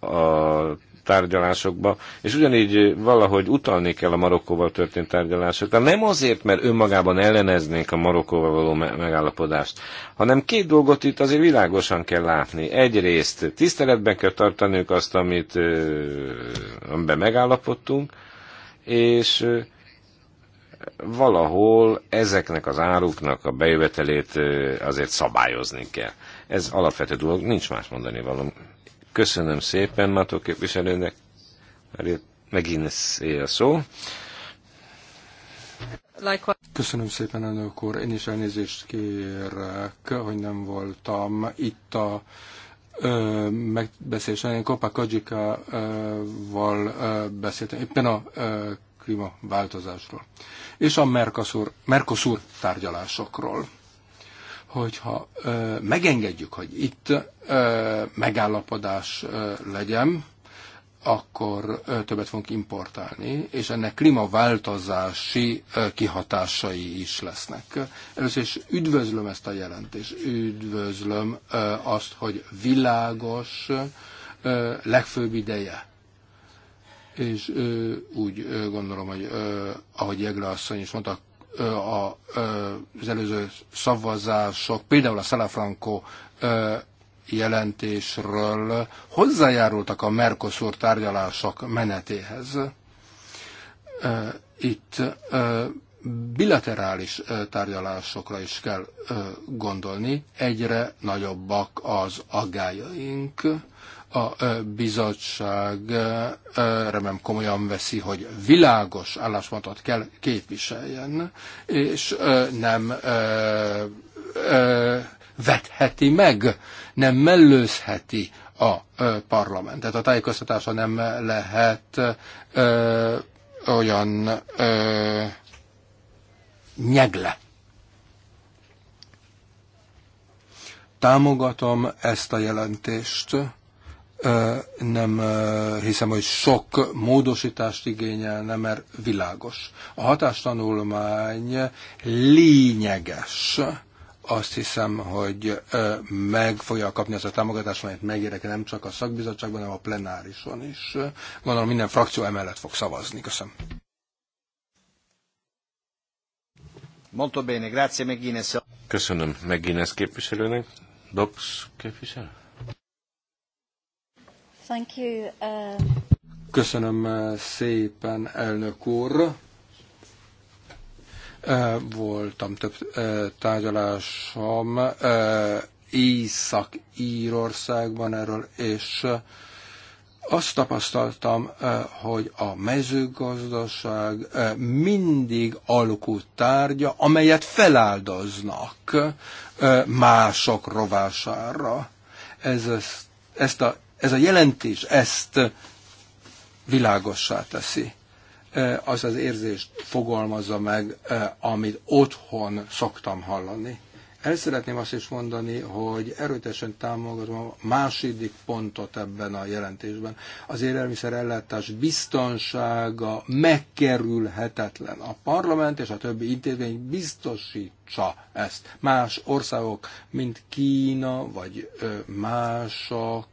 a tárgyalásokba, és ugyanígy valahogy utalni kell a Marokkóval történt tárgyalásokra. Nem azért, mert önmagában elleneznénk a Marokkóval való megállapodást, hanem két dolgot itt azért világosan kell látni. Egyrészt tiszteletben kell tartaniuk azt, amit amiben megállapodtunk, és valahol ezeknek az áruknak a bejövetelét azért szabályozni kell. Ez alapvető dolog, nincs más mondani való. Köszönöm szépen Mató képviselőnek, Megint szél a szó. Köszönöm szépen, elnök úr. Én is elnézést kérek, hogy nem voltam itt a megbeszélésen. Én Kopa Kajika-val beszéltem éppen a klímaváltozásról. És a Mercosur, Mercosur tárgyalásokról hogyha ö, megengedjük, hogy itt ö, megállapodás ö, legyen, akkor ö, többet fogunk importálni, és ennek klímaváltozási ö, kihatásai is lesznek. Először is üdvözlöm ezt a jelentést, üdvözlöm ö, azt, hogy világos ö, legfőbb ideje és ö, úgy ö, gondolom, hogy ö, ahogy Jegle asszony is mondta, a, az előző szavazások, például a Salafranco jelentésről hozzájárultak a Mercosur tárgyalások menetéhez. Itt bilaterális tárgyalásokra is kell gondolni. Egyre nagyobbak az aggájaink a bizottság remélem komolyan veszi, hogy világos álláspontot kell képviseljen, és nem vetheti meg, nem mellőzheti a parlamentet. A tájékoztatása nem lehet olyan nyegle. Támogatom ezt a jelentést nem hiszem, hogy sok módosítást igényelne, mert világos. A hatástanulmány lényeges. Azt hiszem, hogy meg fogja kapni azt a támogatást, amelyet megérek nem csak a szakbizottságban, hanem a plenárison is. Gondolom minden frakció emellett fog szavazni. Köszönöm. Molto bene, grazie Megines. Köszönöm Megines képviselőnek. Dox képviselő? Thank you. Uh... Köszönöm uh, szépen, elnök úr. Uh, voltam több uh, tárgyalásom Észak-Írországban erről, és azt tapasztaltam, hogy a mezőgazdaság mindig alkú tárgya, amelyet feláldoznak mások rovására. Ez, ezt a ez a jelentés ezt világossá teszi. Az az érzést fogalmazza meg, amit otthon szoktam hallani. El szeretném azt is mondani, hogy erőteljesen támogatom a második pontot ebben a jelentésben. Az élelmiszer ellátás biztonsága megkerülhetetlen. A parlament és a többi intézmény biztosítsa ezt. Más országok, mint Kína vagy mások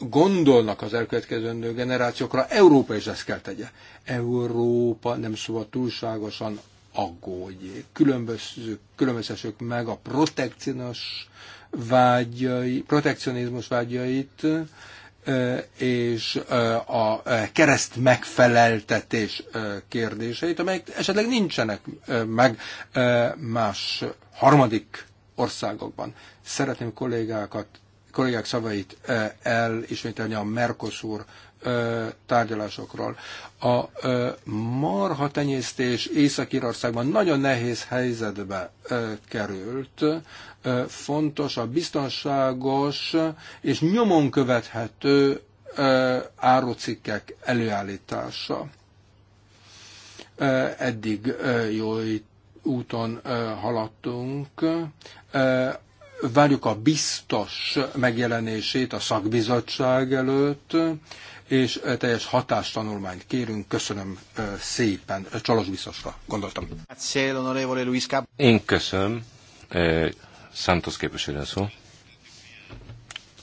gondolnak az elkövetkező generációkra, Európa is ezt kell tegye. Európa nem szabad túlságosan aggódj. Különböző, különböztessük meg a protekcionos vágyai, protekcionizmus vágyait, és a kereszt megfeleltetés kérdéseit, amelyek esetleg nincsenek meg más harmadik országokban. Szeretném kollégákat, kollégák szavait elismételni a Mercosur tárgyalásokról. A marha tenyésztés Észak-Írországban nagyon nehéz helyzetbe került. Fontos a biztonságos és nyomon követhető árucikkek előállítása. Eddig jó úton haladtunk várjuk a biztos megjelenését a szakbizottság előtt, és teljes hatástanulmányt kérünk. Köszönöm szépen. Csalos biztosra gondoltam. Én köszönöm. Santos képviselő szó.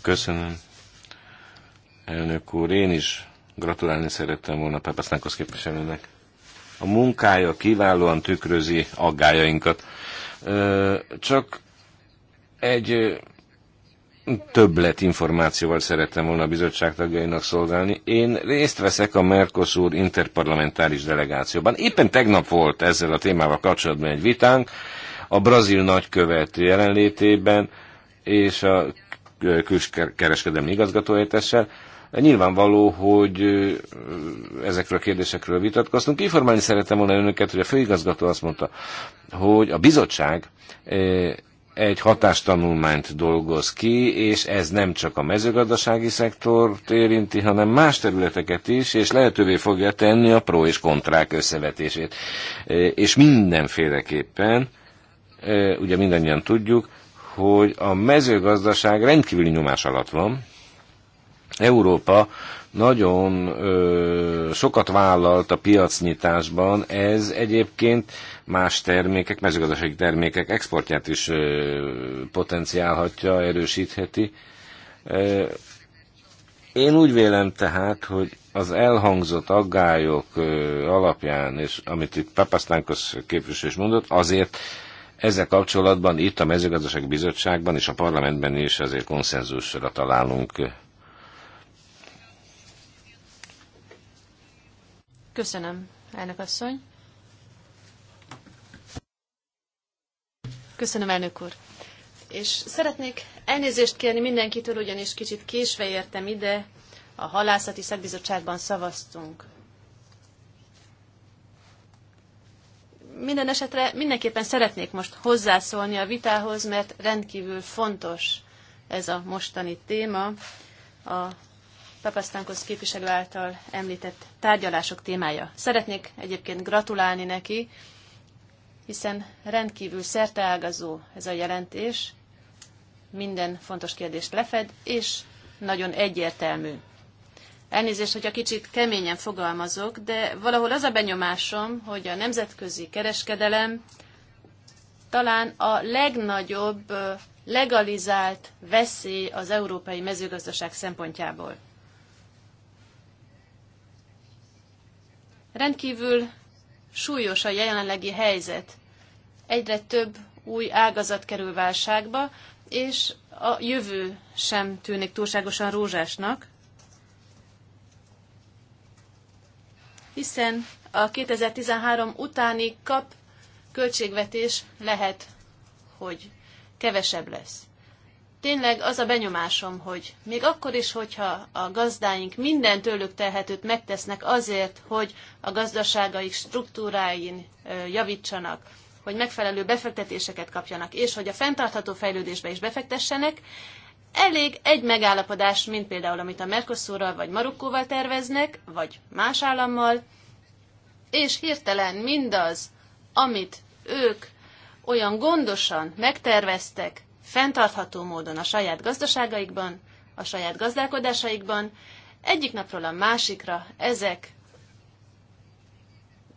Köszönöm. Elnök úr, én is gratulálni szerettem volna Pepesznákhoz képviselőnek. A munkája kiválóan tükrözi aggájainkat. Csak egy többlet információval szerettem volna a bizottság tagjainak szolgálni. Én részt veszek a Mercosur interparlamentáris delegációban. Éppen tegnap volt ezzel a témával kapcsolatban egy vitánk, a brazil nagykövet jelenlétében, és a külkereskedelmi igazgatóhelyettessel. Nyilvánvaló, hogy ezekről a kérdésekről vitatkoztunk. Informálni szerettem volna önöket, hogy a főigazgató azt mondta, hogy a bizottság egy hatástanulmányt dolgoz ki, és ez nem csak a mezőgazdasági szektort érinti, hanem más területeket is, és lehetővé fogja tenni a pro és kontrák összevetését. E, és mindenféleképpen, e, ugye mindannyian tudjuk, hogy a mezőgazdaság rendkívüli nyomás alatt van. Európa nagyon ö, sokat vállalt a piacnyitásban, ez egyébként más termékek, mezőgazdasági termékek exportját is ö, potenciálhatja, erősítheti. Ö, én úgy vélem tehát, hogy az elhangzott aggályok ö, alapján, és amit itt Papasztánkos képviselő is mondott, azért ezzel kapcsolatban itt a mezőgazdasági bizottságban és a parlamentben is azért konszenzusra találunk Köszönöm, elnök asszony. Köszönöm, elnök úr. És szeretnék elnézést kérni mindenkitől, ugyanis kicsit késve értem ide, a halászati szakbizottságban szavaztunk. Minden esetre mindenképpen szeretnék most hozzászólni a vitához, mert rendkívül fontos ez a mostani téma, a Papasztánkosz képviselő által említett tárgyalások témája. Szeretnék egyébként gratulálni neki, hiszen rendkívül szerteágazó ez a jelentés, minden fontos kérdést lefed, és nagyon egyértelmű. Elnézést, hogyha kicsit keményen fogalmazok, de valahol az a benyomásom, hogy a nemzetközi kereskedelem talán a legnagyobb legalizált veszély az európai mezőgazdaság szempontjából. Rendkívül súlyos a jelenlegi helyzet. Egyre több új ágazat kerül válságba, és a jövő sem tűnik túlságosan rózsásnak, hiszen a 2013 utáni kap költségvetés lehet, hogy kevesebb lesz tényleg az a benyomásom, hogy még akkor is, hogyha a gazdáink minden tőlük telhetőt megtesznek azért, hogy a gazdaságaik struktúráin javítsanak, hogy megfelelő befektetéseket kapjanak, és hogy a fenntartható fejlődésbe is befektessenek, elég egy megállapodás, mint például amit a Mercosurral vagy Marokkóval terveznek, vagy más állammal, és hirtelen mindaz, amit ők olyan gondosan megterveztek, fenntartható módon a saját gazdaságaikban, a saját gazdálkodásaikban, egyik napról a másikra ezek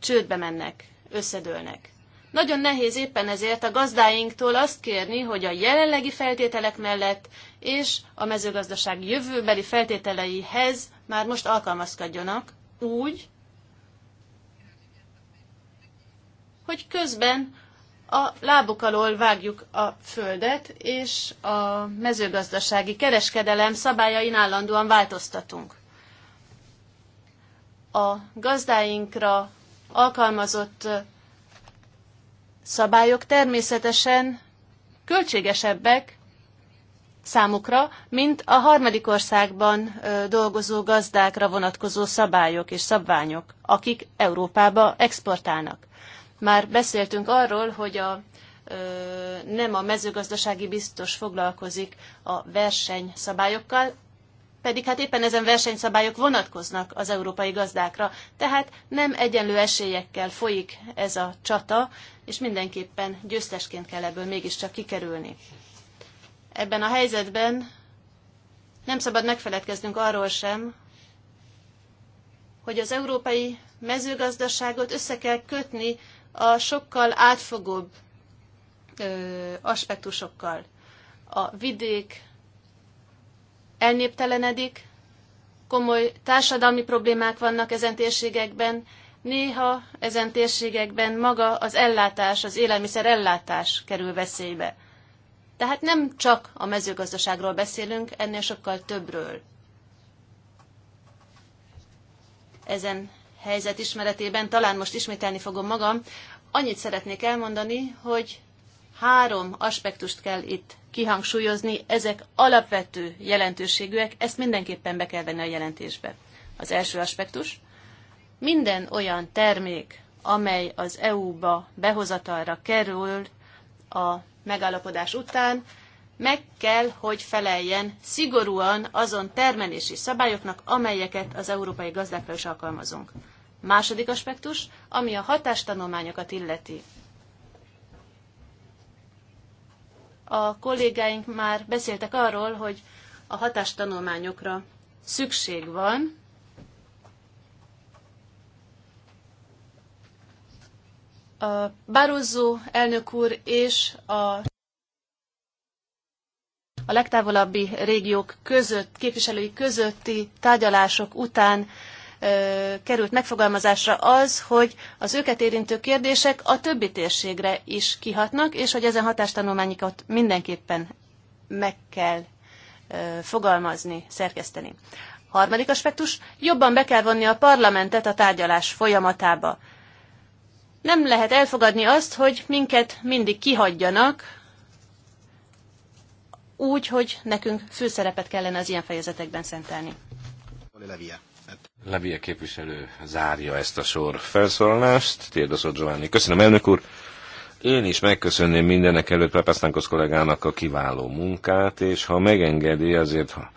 csődbe mennek, összedőlnek. Nagyon nehéz éppen ezért a gazdáinktól azt kérni, hogy a jelenlegi feltételek mellett és a mezőgazdaság jövőbeli feltételeihez már most alkalmazkodjanak úgy, hogy közben a lábuk alól vágjuk a földet, és a mezőgazdasági kereskedelem szabályain állandóan változtatunk. A gazdáinkra alkalmazott szabályok természetesen költségesebbek számukra, mint a harmadik országban dolgozó gazdákra vonatkozó szabályok és szabványok, akik Európába exportálnak. Már beszéltünk arról, hogy a nem a mezőgazdasági biztos foglalkozik a versenyszabályokkal, pedig hát éppen ezen versenyszabályok vonatkoznak az európai gazdákra, tehát nem egyenlő esélyekkel folyik ez a csata, és mindenképpen győztesként kell ebből mégiscsak kikerülni. Ebben a helyzetben nem szabad megfeledkeznünk arról sem, hogy az európai mezőgazdaságot össze kell kötni a sokkal átfogóbb aspektusokkal. A vidék elnéptelenedik, komoly társadalmi problémák vannak ezen térségekben, néha ezen térségekben maga az ellátás, az élelmiszer ellátás kerül veszélybe. Tehát nem csak a mezőgazdaságról beszélünk, ennél sokkal többről. Ezen helyzet ismeretében, talán most ismételni fogom magam, annyit szeretnék elmondani, hogy három aspektust kell itt kihangsúlyozni, ezek alapvető jelentőségűek, ezt mindenképpen be kell venni a jelentésbe. Az első aspektus, minden olyan termék, amely az EU-ba behozatalra kerül a megállapodás után, meg kell, hogy feleljen szigorúan azon termelési szabályoknak, amelyeket az európai gazdákra is alkalmazunk. Második aspektus, ami a hatástanulmányokat illeti. A kollégáink már beszéltek arról, hogy a hatástanulmányokra szükség van, a Barroso elnök úr és a, a legtávolabbi régiók között, képviselői közötti tárgyalások után került megfogalmazásra az, hogy az őket érintő kérdések a többi térségre is kihatnak, és hogy ezen hatástanulmányokat mindenképpen meg kell fogalmazni, szerkeszteni. Harmadik aspektus, jobban be kell vonni a parlamentet a tárgyalás folyamatába. Nem lehet elfogadni azt, hogy minket mindig kihagyjanak, úgy, hogy nekünk főszerepet kellene az ilyen fejezetekben szentelni. Levia képviselő zárja ezt a sor felszólalást. Térdaszó Giovanni. Köszönöm, elnök úr. Én is megköszönném mindenek előtt Pepesztánkosz kollégának a kiváló munkát, és ha megengedi, azért ha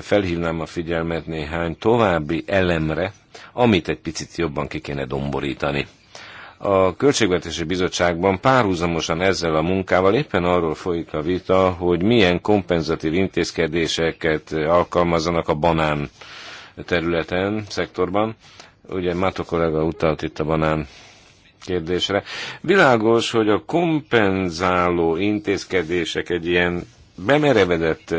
felhívnám a figyelmet néhány további elemre, amit egy picit jobban ki kéne domborítani. A Költségvetési Bizottságban párhuzamosan ezzel a munkával éppen arról folyik a vita, hogy milyen kompenzatív intézkedéseket alkalmazzanak a banán területen, szektorban. Ugye Mato kollega utalt itt a banán kérdésre. Világos, hogy a kompenzáló intézkedések egy ilyen bemerevedett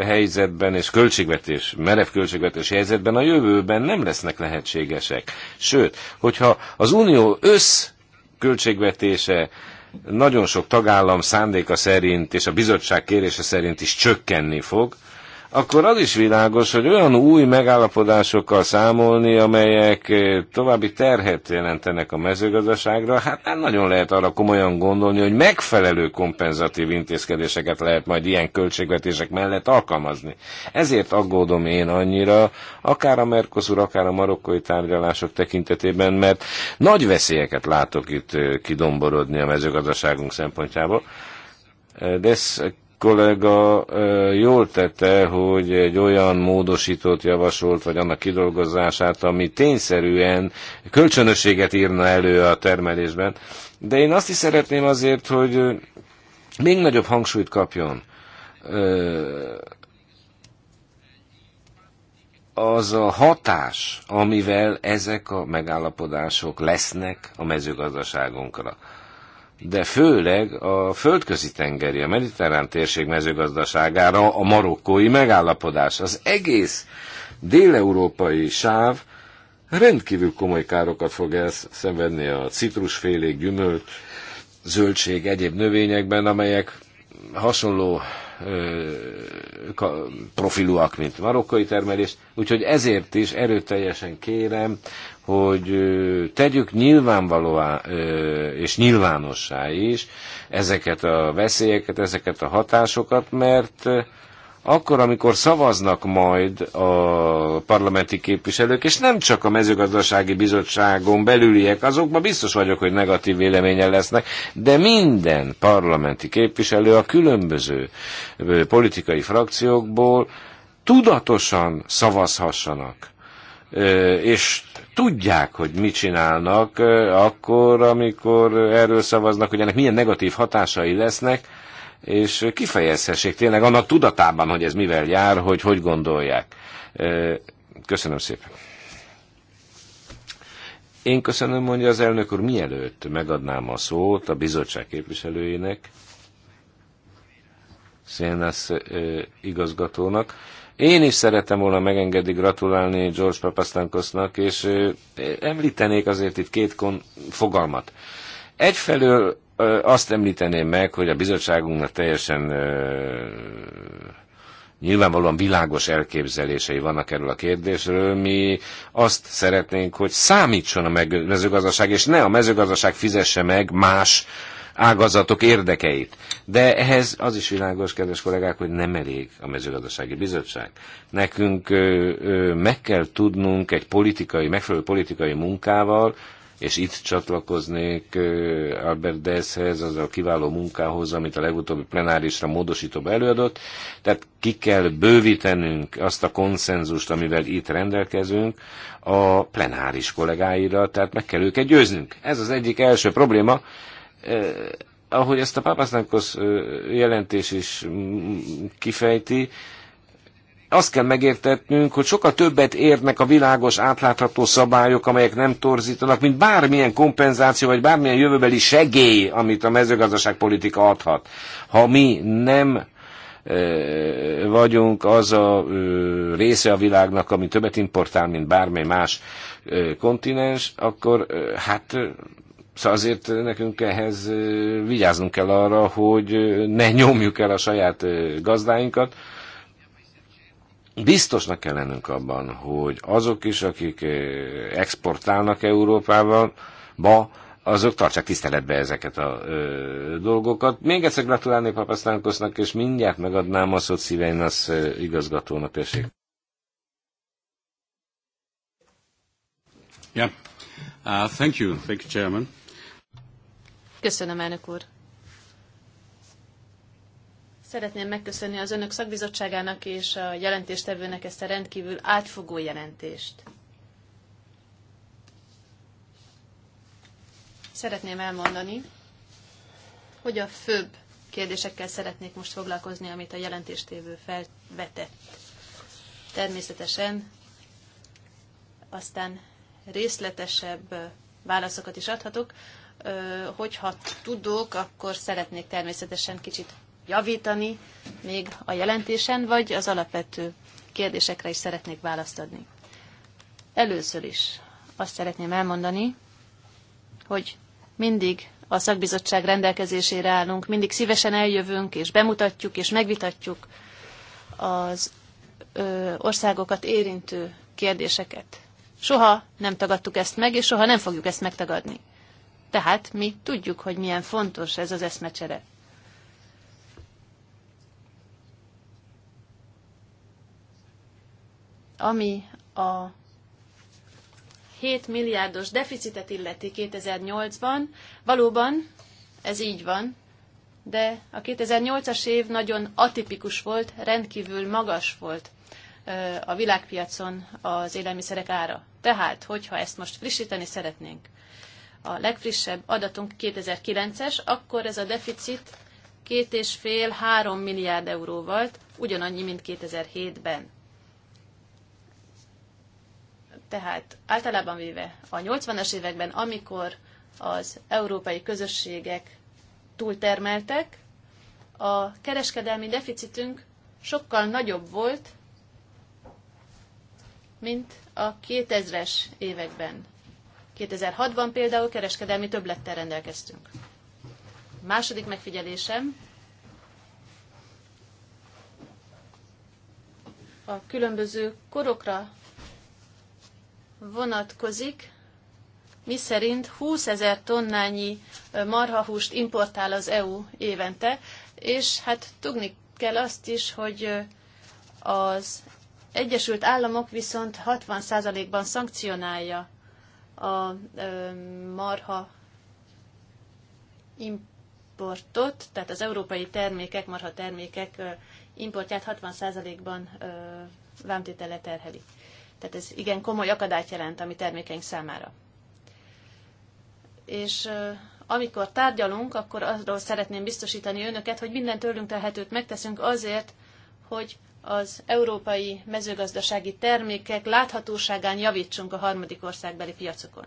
helyzetben és költségvetés, merev költségvetés helyzetben a jövőben nem lesznek lehetségesek. Sőt, hogyha az unió össz költségvetése nagyon sok tagállam szándéka szerint és a bizottság kérése szerint is csökkenni fog, akkor az is világos, hogy olyan új megállapodásokkal számolni, amelyek eh, további terhet jelentenek a mezőgazdaságra, hát nem nagyon lehet arra komolyan gondolni, hogy megfelelő kompenzatív intézkedéseket lehet majd ilyen költségvetések mellett alkalmazni. Ezért aggódom én annyira, akár a Mercosur, akár a marokkói tárgyalások tekintetében, mert nagy veszélyeket látok itt eh, kidomborodni a mezőgazdaságunk szempontjából. Eh, de ez kollega jól tette, hogy egy olyan módosítót javasolt, vagy annak kidolgozását, ami tényszerűen kölcsönösséget írna elő a termelésben. De én azt is szeretném azért, hogy még nagyobb hangsúlyt kapjon az a hatás, amivel ezek a megállapodások lesznek a mezőgazdaságunkra de főleg a földközi tengeri, a mediterrán térség mezőgazdaságára a marokkói megállapodás. Az egész déleurópai sáv rendkívül komoly károkat fog elszenvedni a citrusfélék, gyümölcs, zöldség, egyéb növényekben, amelyek hasonló ö, profilúak, mint marokkai termelés. Úgyhogy ezért is erőteljesen kérem, hogy tegyük nyilvánvalóá és nyilvánossá is ezeket a veszélyeket, ezeket a hatásokat, mert akkor, amikor szavaznak majd a parlamenti képviselők, és nem csak a mezőgazdasági bizottságon belüliek, azokban biztos vagyok, hogy negatív véleményen lesznek, de minden parlamenti képviselő a különböző politikai frakciókból tudatosan szavazhassanak és tudják, hogy mit csinálnak, akkor, amikor erről szavaznak, hogy ennek milyen negatív hatásai lesznek, és kifejezhessék tényleg annak tudatában, hogy ez mivel jár, hogy hogy gondolják. Köszönöm szépen. Én köszönöm, mondja az elnök úr, mielőtt megadnám a szót a bizottság képviselőjének, Szénász igazgatónak én is szeretem volna megengedni gratulálni George Papasztankosznak, és említenék azért itt két kon- fogalmat. Egyfelől azt említeném meg, hogy a bizottságunknak teljesen nyilvánvalóan világos elképzelései vannak erről a kérdésről. Mi azt szeretnénk, hogy számítson a mezőgazdaság, és ne a mezőgazdaság fizesse meg más ágazatok érdekeit. De ehhez az is világos, kedves kollégák, hogy nem elég a mezőgazdasági bizottság. Nekünk ö, ö, meg kell tudnunk egy politikai, megfelelő politikai munkával, és itt csatlakoznék Albert Desshez, az a kiváló munkához, amit a legutóbbi plenárisra módosítóba előadott. Tehát ki kell bővítenünk azt a konszenzust, amivel itt rendelkezünk, a plenáris kollégáira, tehát meg kell őket győznünk. Ez az egyik első probléma, ahogy ezt a Papasztánkosz jelentés is kifejti, azt kell megértetnünk, hogy sokkal többet érnek a világos, átlátható szabályok, amelyek nem torzítanak, mint bármilyen kompenzáció, vagy bármilyen jövőbeli segély, amit a mezőgazdaságpolitika adhat. Ha mi nem vagyunk az a része a világnak, ami többet importál, mint bármely más kontinens, akkor hát Szóval azért nekünk ehhez vigyáznunk kell arra, hogy ne nyomjuk el a saját gazdáinkat. Biztosnak kell lennünk abban, hogy azok is, akik exportálnak Európában, ma azok tartsák tiszteletbe ezeket a ö, dolgokat. Még egyszer gratulálnék Papasztánkosznak, és mindjárt megadnám a szót az igazgatónak, tessék. Yeah. Uh, thank you, thank you, Chairman. Köszönöm, elnök úr. Szeretném megköszönni az önök szakbizottságának és a jelentéstevőnek ezt a rendkívül átfogó jelentést. Szeretném elmondani, hogy a főbb kérdésekkel szeretnék most foglalkozni, amit a jelentéstévő felvetett. Természetesen aztán részletesebb válaszokat is adhatok, hogyha tudok, akkor szeretnék természetesen kicsit javítani még a jelentésen, vagy az alapvető kérdésekre is szeretnék választ adni. Először is azt szeretném elmondani, hogy mindig a szakbizottság rendelkezésére állunk, mindig szívesen eljövünk, és bemutatjuk, és megvitatjuk az ö, országokat érintő kérdéseket. Soha nem tagadtuk ezt meg, és soha nem fogjuk ezt megtagadni. Tehát mi tudjuk, hogy milyen fontos ez az eszmecsere. Ami a 7 milliárdos deficitet illeti 2008-ban, valóban ez így van, de a 2008-as év nagyon atipikus volt, rendkívül magas volt a világpiacon az élelmiszerek ára. Tehát, hogyha ezt most frissíteni szeretnénk, a legfrissebb adatunk 2009-es, akkor ez a deficit 2,5-3 milliárd euró volt, ugyanannyi, mint 2007-ben. Tehát általában véve a 80-as években, amikor az európai közösségek túltermeltek, a kereskedelmi deficitünk sokkal nagyobb volt, mint a 2000-es években. 2006-ban például kereskedelmi többlettel rendelkeztünk. A második megfigyelésem, a különböző korokra vonatkozik, mi szerint 20 ezer tonnányi marhahúst importál az EU évente, és hát tudni kell azt is, hogy az Egyesült Államok viszont 60%-ban szankcionálja a marha importot, tehát az európai termékek, marha termékek importját 60%-ban vámtétele terheli. Tehát ez igen komoly akadályt jelent a mi termékeink számára. És amikor tárgyalunk, akkor arról szeretném biztosítani önöket, hogy minden tőlünk telhetőt megteszünk azért, hogy az európai mezőgazdasági termékek láthatóságán javítsunk a harmadik országbeli piacokon.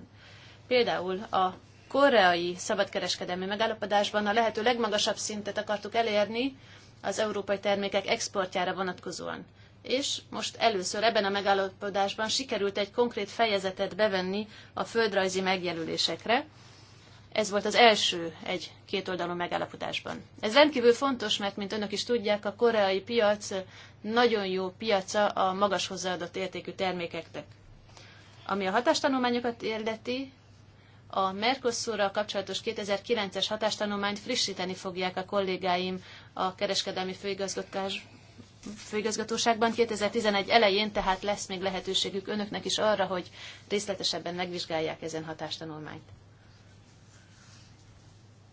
Például a koreai szabadkereskedelmi megállapodásban a lehető legmagasabb szintet akartuk elérni az európai termékek exportjára vonatkozóan. És most először ebben a megállapodásban sikerült egy konkrét fejezetet bevenni a földrajzi megjelölésekre, ez volt az első egy kétoldalú megállapodásban. Ez rendkívül fontos, mert mint önök is tudják, a koreai piac nagyon jó piaca a magas hozzáadott értékű termékeknek. Ami a hatástanulmányokat érdeti, a Mercosurra kapcsolatos 2009-es hatástanulmányt frissíteni fogják a kollégáim a kereskedelmi főigazgatás, főigazgatóságban 2011 elején, tehát lesz még lehetőségük önöknek is arra, hogy részletesebben megvizsgálják ezen hatástanulmányt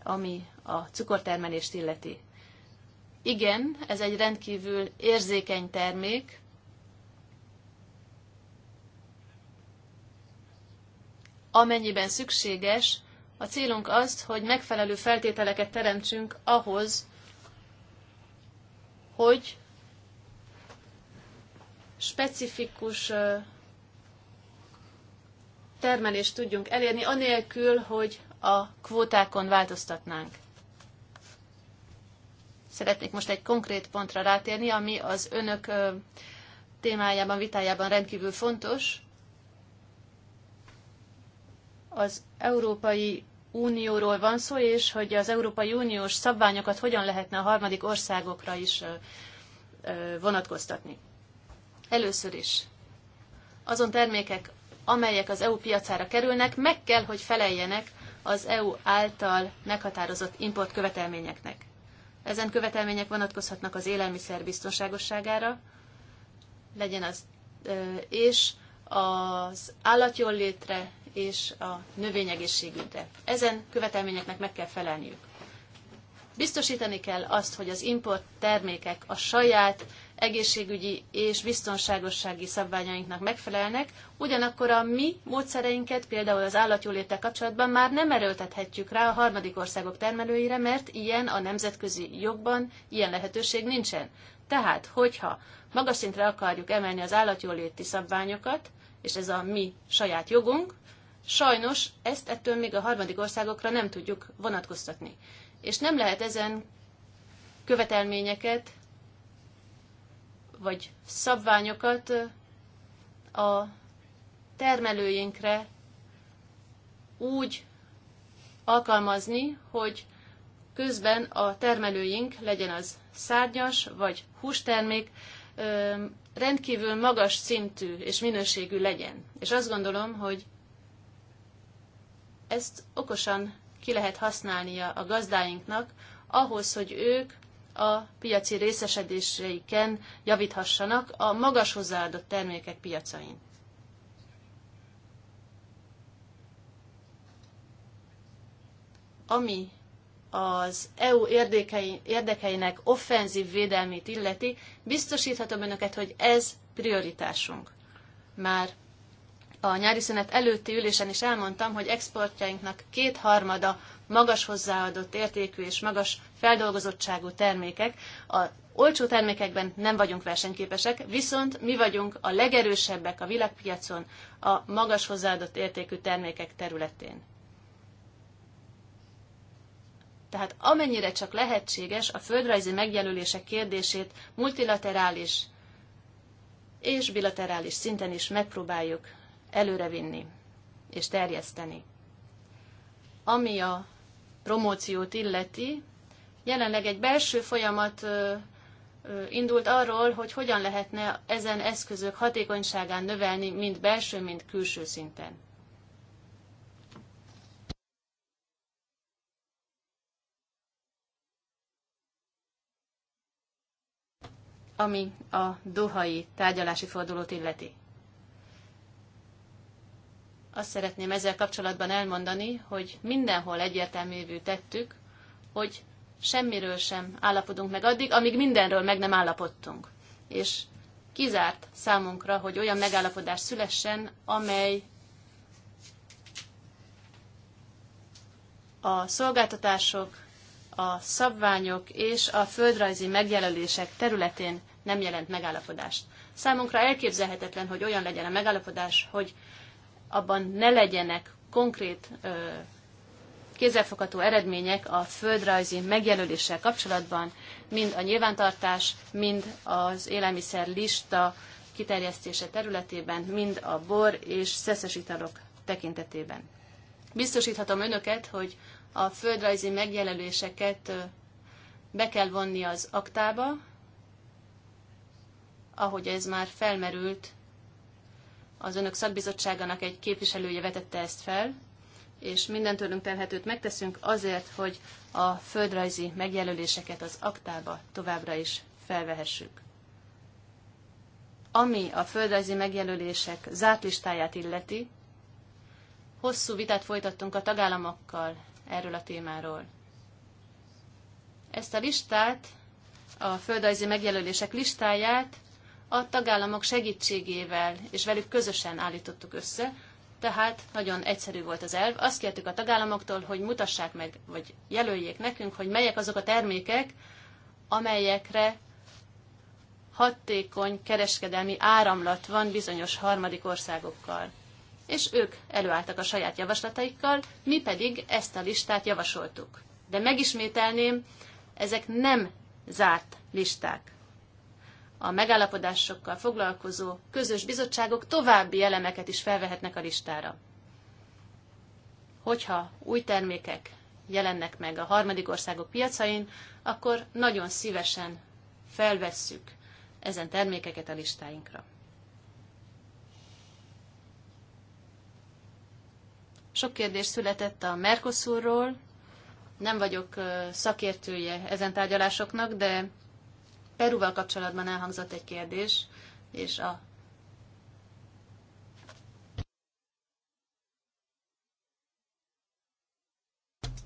ami a cukortermelést illeti. Igen, ez egy rendkívül érzékeny termék, amennyiben szükséges, a célunk az, hogy megfelelő feltételeket teremtsünk ahhoz, hogy specifikus termelést tudjunk elérni, anélkül, hogy a kvótákon változtatnánk. Szeretnék most egy konkrét pontra rátérni, ami az önök témájában, vitájában rendkívül fontos. Az Európai Unióról van szó, és hogy az Európai Uniós szabványokat hogyan lehetne a harmadik országokra is vonatkoztatni. Először is azon termékek, amelyek az EU piacára kerülnek, meg kell, hogy feleljenek az EU által meghatározott import követelményeknek. Ezen követelmények vonatkozhatnak az élelmiszer biztonságosságára, legyen az és az állatjólétre és a növényegészségügyre. Ezen követelményeknek meg kell felelniük. Biztosítani kell azt, hogy az import termékek a saját egészségügyi és biztonságossági szabványainknak megfelelnek, ugyanakkor a mi módszereinket, például az állatjóléttel kapcsolatban már nem erőltethetjük rá a harmadik országok termelőire, mert ilyen a nemzetközi jogban ilyen lehetőség nincsen. Tehát, hogyha magas szintre akarjuk emelni az állatjóléti szabványokat, és ez a mi saját jogunk, sajnos ezt ettől még a harmadik országokra nem tudjuk vonatkoztatni. És nem lehet ezen követelményeket vagy szabványokat a termelőinkre úgy alkalmazni, hogy közben a termelőink, legyen az szárnyas vagy hústermék, rendkívül magas szintű és minőségű legyen. És azt gondolom, hogy ezt okosan ki lehet használnia a gazdáinknak ahhoz, hogy ők a piaci részesedéseiken javíthassanak a magas hozzáadott termékek piacain. Ami az EU érdekei, érdekeinek offenzív védelmét illeti, biztosíthatom önöket, hogy ez prioritásunk. Már a nyári szünet előtti ülésen is elmondtam, hogy exportjainknak kétharmada magas hozzáadott értékű és magas feldolgozottságú termékek. A olcsó termékekben nem vagyunk versenyképesek, viszont mi vagyunk a legerősebbek a világpiacon a magas hozzáadott értékű termékek területén. Tehát amennyire csak lehetséges, a földrajzi megjelölések kérdését multilaterális és bilaterális szinten is megpróbáljuk előrevinni és terjeszteni. Ami a promóciót illeti, Jelenleg egy belső folyamat indult arról, hogy hogyan lehetne ezen eszközök hatékonyságán növelni, mind belső, mind külső szinten. ami a dohai tárgyalási fordulót illeti. Azt szeretném ezzel kapcsolatban elmondani, hogy mindenhol egyértelművű tettük, hogy semmiről sem állapodunk meg addig, amíg mindenről meg nem állapodtunk. És kizárt számunkra, hogy olyan megállapodás szülessen, amely a szolgáltatások, a szabványok és a földrajzi megjelölések területén nem jelent megállapodást. Számunkra elképzelhetetlen, hogy olyan legyen a megállapodás, hogy abban ne legyenek konkrét ö, kézzelfogható eredmények a földrajzi megjelöléssel kapcsolatban, mind a nyilvántartás, mind az élelmiszer lista kiterjesztése területében, mind a bor és szeszes italok tekintetében. Biztosíthatom önöket, hogy a földrajzi megjelöléseket be kell vonni az aktába, ahogy ez már felmerült, az önök szakbizottságának egy képviselője vetette ezt fel, és minden tőlünk telhetőt megteszünk azért, hogy a földrajzi megjelöléseket az aktába továbbra is felvehessük. Ami a földrajzi megjelölések zárt listáját illeti, hosszú vitát folytattunk a tagállamokkal erről a témáról. Ezt a listát, a földrajzi megjelölések listáját a tagállamok segítségével és velük közösen állítottuk össze, tehát nagyon egyszerű volt az elv. Azt kértük a tagállamoktól, hogy mutassák meg, vagy jelöljék nekünk, hogy melyek azok a termékek, amelyekre hatékony kereskedelmi áramlat van bizonyos harmadik országokkal. És ők előálltak a saját javaslataikkal, mi pedig ezt a listát javasoltuk. De megismételném, ezek nem zárt listák a megállapodásokkal foglalkozó közös bizottságok további elemeket is felvehetnek a listára. Hogyha új termékek jelennek meg a harmadik országok piacain, akkor nagyon szívesen felvesszük ezen termékeket a listáinkra. Sok kérdés született a Mercosurról. Nem vagyok szakértője ezen tárgyalásoknak, de Perúval kapcsolatban elhangzott egy kérdés, és a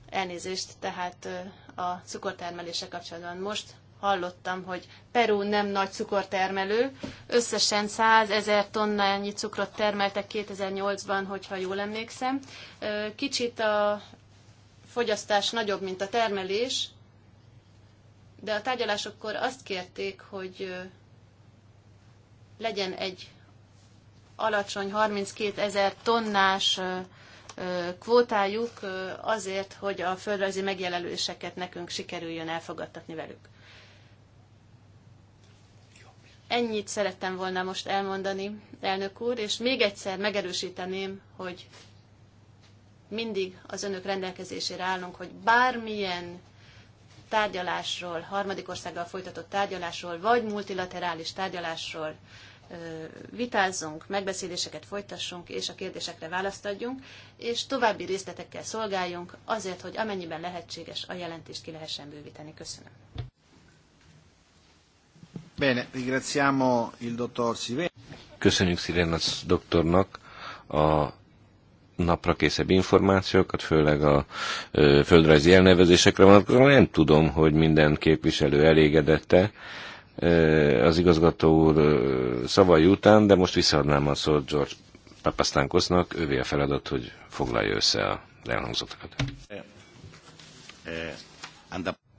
elnézést, tehát a cukortermelése kapcsolatban most hallottam, hogy Peru nem nagy cukortermelő, összesen 100 ezer ennyi cukrot termeltek 2008-ban, hogyha jól emlékszem. Kicsit a fogyasztás nagyobb, mint a termelés, de a tárgyalásokkor azt kérték, hogy legyen egy alacsony 32 ezer tonnás kvótájuk azért, hogy a földrajzi megjelöléseket nekünk sikerüljön elfogadtatni velük. Ennyit szerettem volna most elmondani, elnök úr, és még egyszer megerősíteném, hogy mindig az önök rendelkezésére állunk, hogy bármilyen tárgyalásról, harmadik országgal folytatott tárgyalásról, vagy multilaterális tárgyalásról vitázzunk, megbeszéléseket folytassunk, és a kérdésekre választ adjunk, és további részletekkel szolgáljunk, azért, hogy amennyiben lehetséges, a jelentést ki lehessen bővíteni. Köszönöm. Bene, ringraziamo il dottor Köszönjük Sirénac doktornak a napra készebb információkat, főleg a ö, földrajzi elnevezésekre vonatkozóan. Nem tudom, hogy minden képviselő elégedette az igazgató úr szavai után, de most visszaadnám a szót George Papasztánkosznak, ővé a feladat, hogy foglalja össze a elhangzottakat.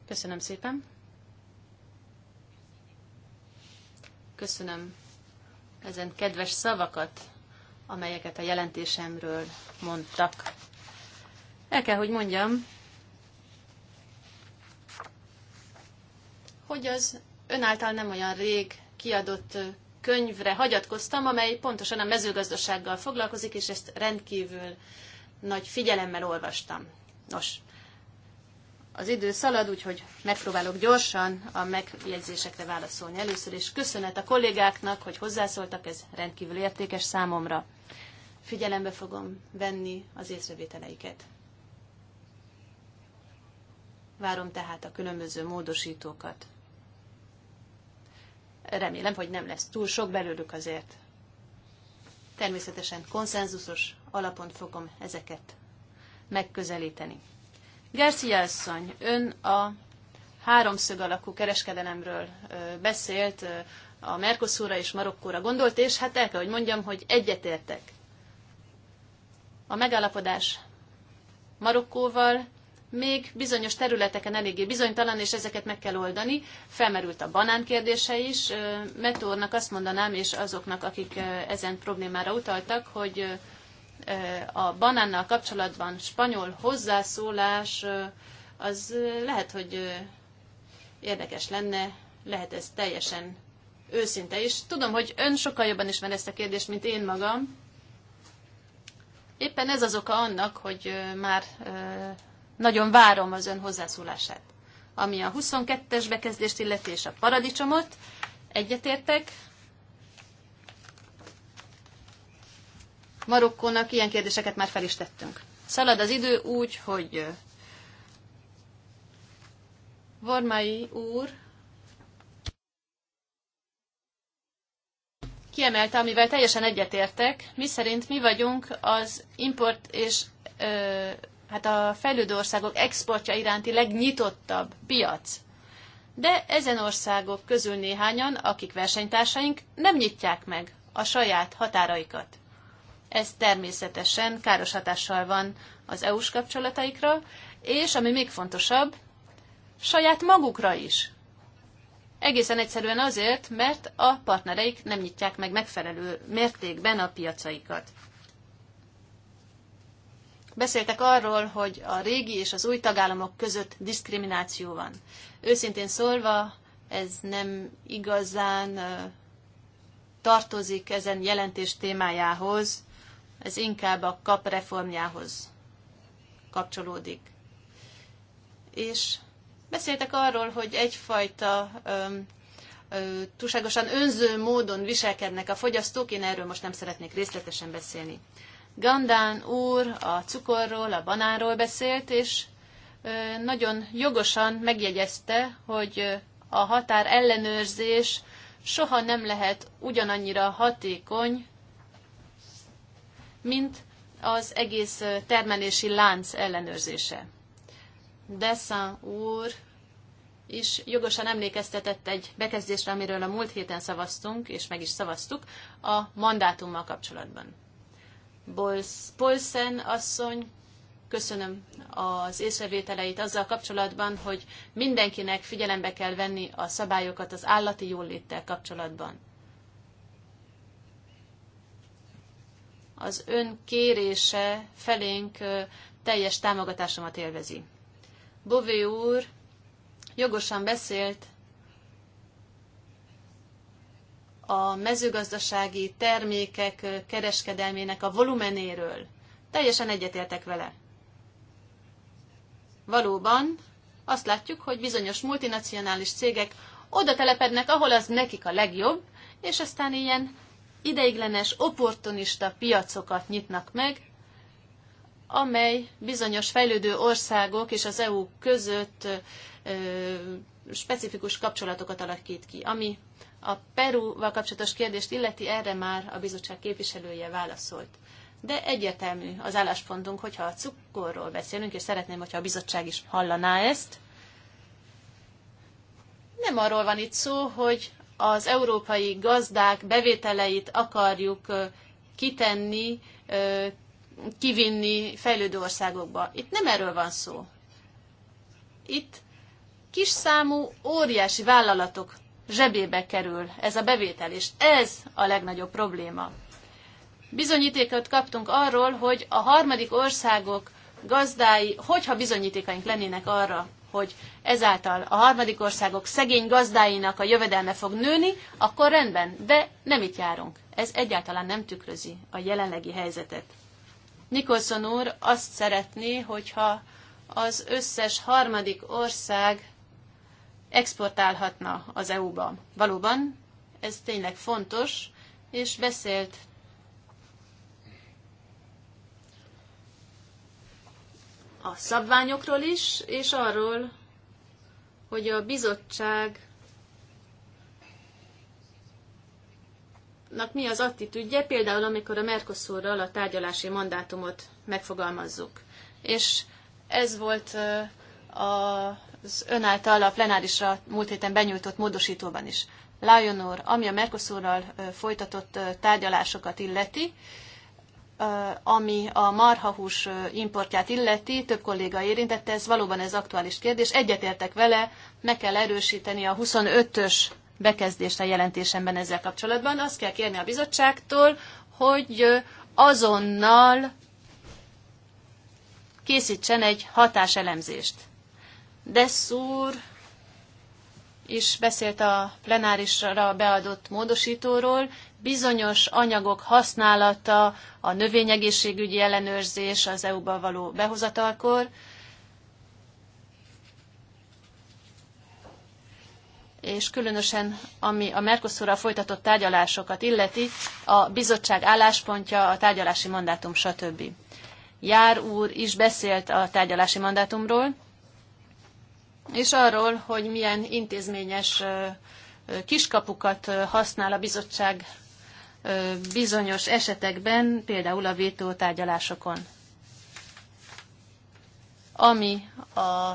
Köszönöm szépen. Köszönöm ezen kedves szavakat amelyeket a jelentésemről mondtak. El kell, hogy mondjam, hogy az ön által nem olyan rég kiadott könyvre hagyatkoztam, amely pontosan a mezőgazdasággal foglalkozik, és ezt rendkívül nagy figyelemmel olvastam. Nos, az idő szalad, úgyhogy megpróbálok gyorsan a megjegyzésekre válaszolni először, és köszönet a kollégáknak, hogy hozzászóltak, ez rendkívül értékes számomra. Figyelembe fogom venni az észrevételeiket. Várom tehát a különböző módosítókat. Remélem, hogy nem lesz túl sok belőlük azért. Természetesen konszenzusos alapon fogom ezeket megközelíteni. Garcia asszony, ön a háromszög alakú kereskedelemről beszélt, a Mercosurra és Marokkóra gondolt, és hát el kell, hogy mondjam, hogy egyetértek. A megállapodás Marokkóval még bizonyos területeken eléggé bizonytalan, és ezeket meg kell oldani. Felmerült a banán kérdése is. Metórnak azt mondanám, és azoknak, akik ezen problémára utaltak, hogy a banánnal kapcsolatban spanyol hozzászólás, az lehet, hogy érdekes lenne, lehet ez teljesen őszinte is. Tudom, hogy ön sokkal jobban ismer ezt a kérdést, mint én magam. Éppen ez az oka annak, hogy már nagyon várom az ön hozzászólását. Ami a 22-es bekezdést illeti és a paradicsomot, egyetértek, Marokkónak ilyen kérdéseket már fel is tettünk. Szalad az idő úgy, hogy Vormai úr kiemelte, amivel teljesen egyetértek, mi szerint mi vagyunk az import és ö, hát a fejlődő országok exportja iránti legnyitottabb piac. De ezen országok közül néhányan, akik versenytársaink, nem nyitják meg a saját határaikat ez természetesen káros hatással van az EU-s kapcsolataikra, és ami még fontosabb, saját magukra is. Egészen egyszerűen azért, mert a partnereik nem nyitják meg megfelelő mértékben a piacaikat. Beszéltek arról, hogy a régi és az új tagállamok között diszkrimináció van. Őszintén szólva, ez nem igazán tartozik ezen jelentés témájához, ez inkább a kap reformjához kapcsolódik. És beszéltek arról, hogy egyfajta öm, ö, túlságosan önző módon viselkednek a fogyasztók, én erről most nem szeretnék részletesen beszélni. Gandán úr a cukorról, a banánról beszélt, és ö, nagyon jogosan megjegyezte, hogy a határ ellenőrzés soha nem lehet ugyanannyira hatékony, mint az egész termelési lánc ellenőrzése. Dessin úr is jogosan emlékeztetett egy bekezdésre, amiről a múlt héten szavaztunk, és meg is szavaztuk, a mandátummal kapcsolatban. Polsen asszony, köszönöm az észrevételeit azzal kapcsolatban, hogy mindenkinek figyelembe kell venni a szabályokat az állati jóléttel kapcsolatban. az ön kérése felénk teljes támogatásomat élvezi. Bové úr jogosan beszélt a mezőgazdasági termékek kereskedelmének a volumenéről. Teljesen egyetértek vele. Valóban azt látjuk, hogy bizonyos multinacionális cégek oda telepednek, ahol az nekik a legjobb, és aztán ilyen ideiglenes, opportunista piacokat nyitnak meg, amely bizonyos fejlődő országok és az EU között ö, specifikus kapcsolatokat alakít ki. Ami a Perúval kapcsolatos kérdést illeti, erre már a bizottság képviselője válaszolt. De egyértelmű az álláspontunk, hogyha a cukorról beszélünk, és szeretném, hogyha a bizottság is hallaná ezt, nem arról van itt szó, hogy az európai gazdák bevételeit akarjuk kitenni, kivinni fejlődő országokba. Itt nem erről van szó. Itt kis számú, óriási vállalatok zsebébe kerül ez a bevétel, és ez a legnagyobb probléma. Bizonyítékot kaptunk arról, hogy a harmadik országok gazdái, hogyha bizonyítékaink lennének arra, hogy ezáltal a harmadik országok szegény gazdáinak a jövedelme fog nőni, akkor rendben, de nem itt járunk. Ez egyáltalán nem tükrözi a jelenlegi helyzetet. Nikolson úr azt szeretné, hogyha az összes harmadik ország exportálhatna az EU-ba. Valóban, ez tényleg fontos, és beszélt a szabványokról is, és arról, hogy a bizottság mi az attitűdje, például amikor a Mercosurral a tárgyalási mandátumot megfogalmazzuk. És ez volt az ön által a plenárisra múlt héten benyújtott módosítóban is. Lionor, ami a Mercosurral folytatott tárgyalásokat illeti, ami a marhahús importját illeti, több kolléga érintette, ez valóban ez aktuális kérdés. Egyetértek vele, meg kell erősíteni a 25-ös bekezdést a jelentésemben ezzel kapcsolatban. Azt kell kérni a bizottságtól, hogy azonnal készítsen egy hatáselemzést. Dessúr is beszélt a plenárisra beadott módosítóról, bizonyos anyagok használata, a növényegészségügyi ellenőrzés az EU-ba való behozatalkor, és különösen ami a Mercosurral folytatott tárgyalásokat illeti, a bizottság álláspontja, a tárgyalási mandátum, stb. Jár úr is beszélt a tárgyalási mandátumról, és arról, hogy milyen intézményes kiskapukat használ a bizottság bizonyos esetekben, például a vétó tárgyalásokon. Ami a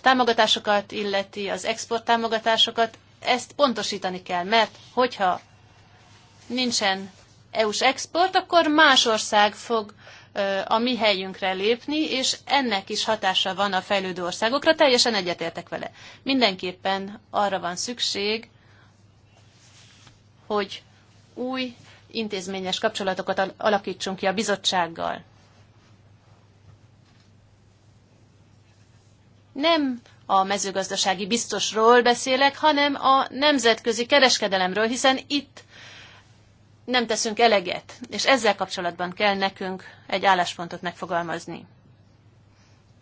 támogatásokat illeti, az export támogatásokat, ezt pontosítani kell, mert hogyha nincsen EU-s export, akkor más ország fog a mi helyünkre lépni, és ennek is hatása van a fejlődő országokra, teljesen egyetértek vele. Mindenképpen arra van szükség, hogy új intézményes kapcsolatokat alakítsunk ki a bizottsággal. Nem a mezőgazdasági biztosról beszélek, hanem a nemzetközi kereskedelemről, hiszen itt nem teszünk eleget, és ezzel kapcsolatban kell nekünk egy álláspontot megfogalmazni.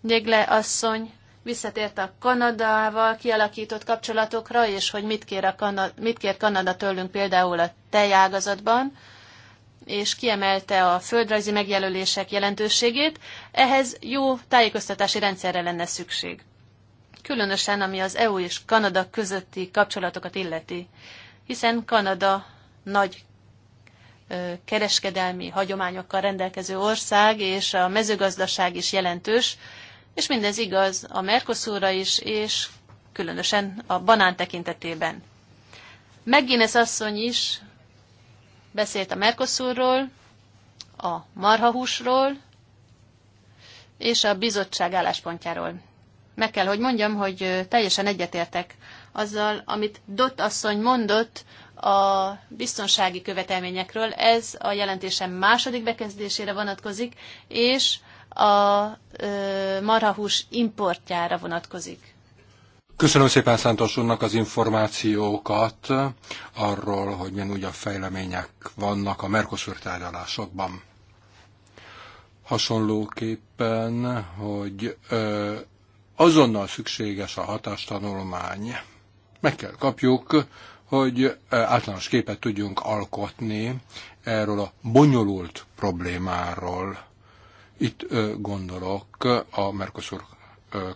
Jégle asszony visszatért a Kanadával kialakított kapcsolatokra, és hogy mit kér, a Kanada, mit kér Kanada tőlünk például a tejágazatban, és kiemelte a földrajzi megjelölések jelentőségét, ehhez jó tájékoztatási rendszerre lenne szükség. Különösen, ami az EU és Kanada közötti kapcsolatokat illeti, hiszen Kanada nagy kereskedelmi hagyományokkal rendelkező ország, és a mezőgazdaság is jelentős, és mindez igaz a Mercosurra is, és különösen a banán tekintetében. Meggines asszony is beszélt a Mercosurról, a marhahúsról, és a bizottság álláspontjáról. Meg kell, hogy mondjam, hogy teljesen egyetértek azzal, amit Dott asszony mondott a biztonsági követelményekről. Ez a jelentésem második bekezdésére vonatkozik, és a marhahús importjára vonatkozik. Köszönöm szépen Szántos úrnak az információkat arról, hogy milyen a fejlemények vannak a Mercosur tárgyalásokban. Hasonlóképpen, hogy ö, azonnal szükséges a hatástanulmány. Meg kell kapjuk, hogy általános képet tudjunk alkotni erről a bonyolult problémáról itt gondolok a Mercosur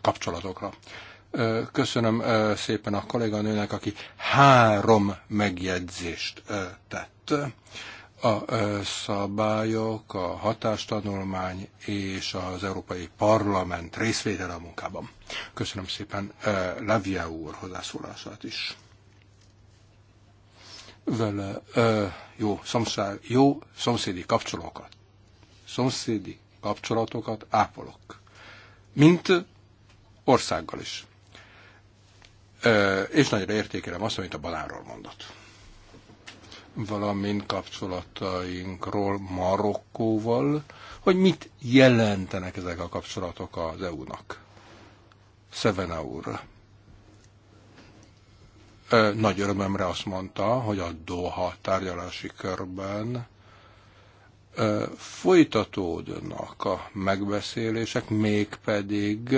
kapcsolatokra. Köszönöm szépen a kolléganőnek, aki három megjegyzést tett. A szabályok, a hatástanulmány és az Európai Parlament részvétele a munkában. Köszönöm szépen Levia úr hozzászólását is vele ö, jó, szomszá, jó szomszédi kapcsolókat, szomszédi kapcsolatokat ápolok. Mint országgal is. És nagyra értékelem azt, amit a Balánról mondott. Valamint kapcsolatainkról Marokkóval, hogy mit jelentenek ezek a kapcsolatok az EU-nak. Szevena úr nagy örömömre azt mondta, hogy a Doha tárgyalási körben folytatódnak a megbeszélések, mégpedig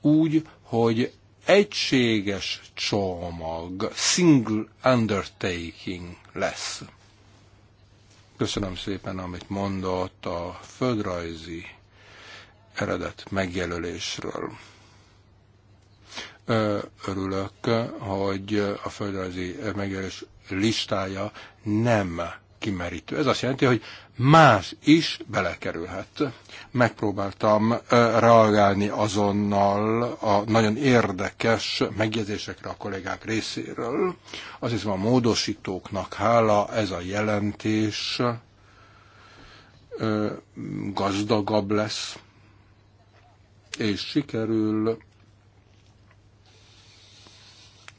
úgy, hogy egységes csomag, single undertaking lesz. Köszönöm szépen, amit mondott a földrajzi eredet megjelölésről. Örülök, hogy a földrajzi megjelölés listája nem kimerítő. Ez azt jelenti, hogy más is belekerülhet. Megpróbáltam reagálni azonnal a nagyon érdekes megjegyzésekre a kollégák részéről. is, hiszem a módosítóknak hála ez a jelentés gazdagabb lesz, és sikerül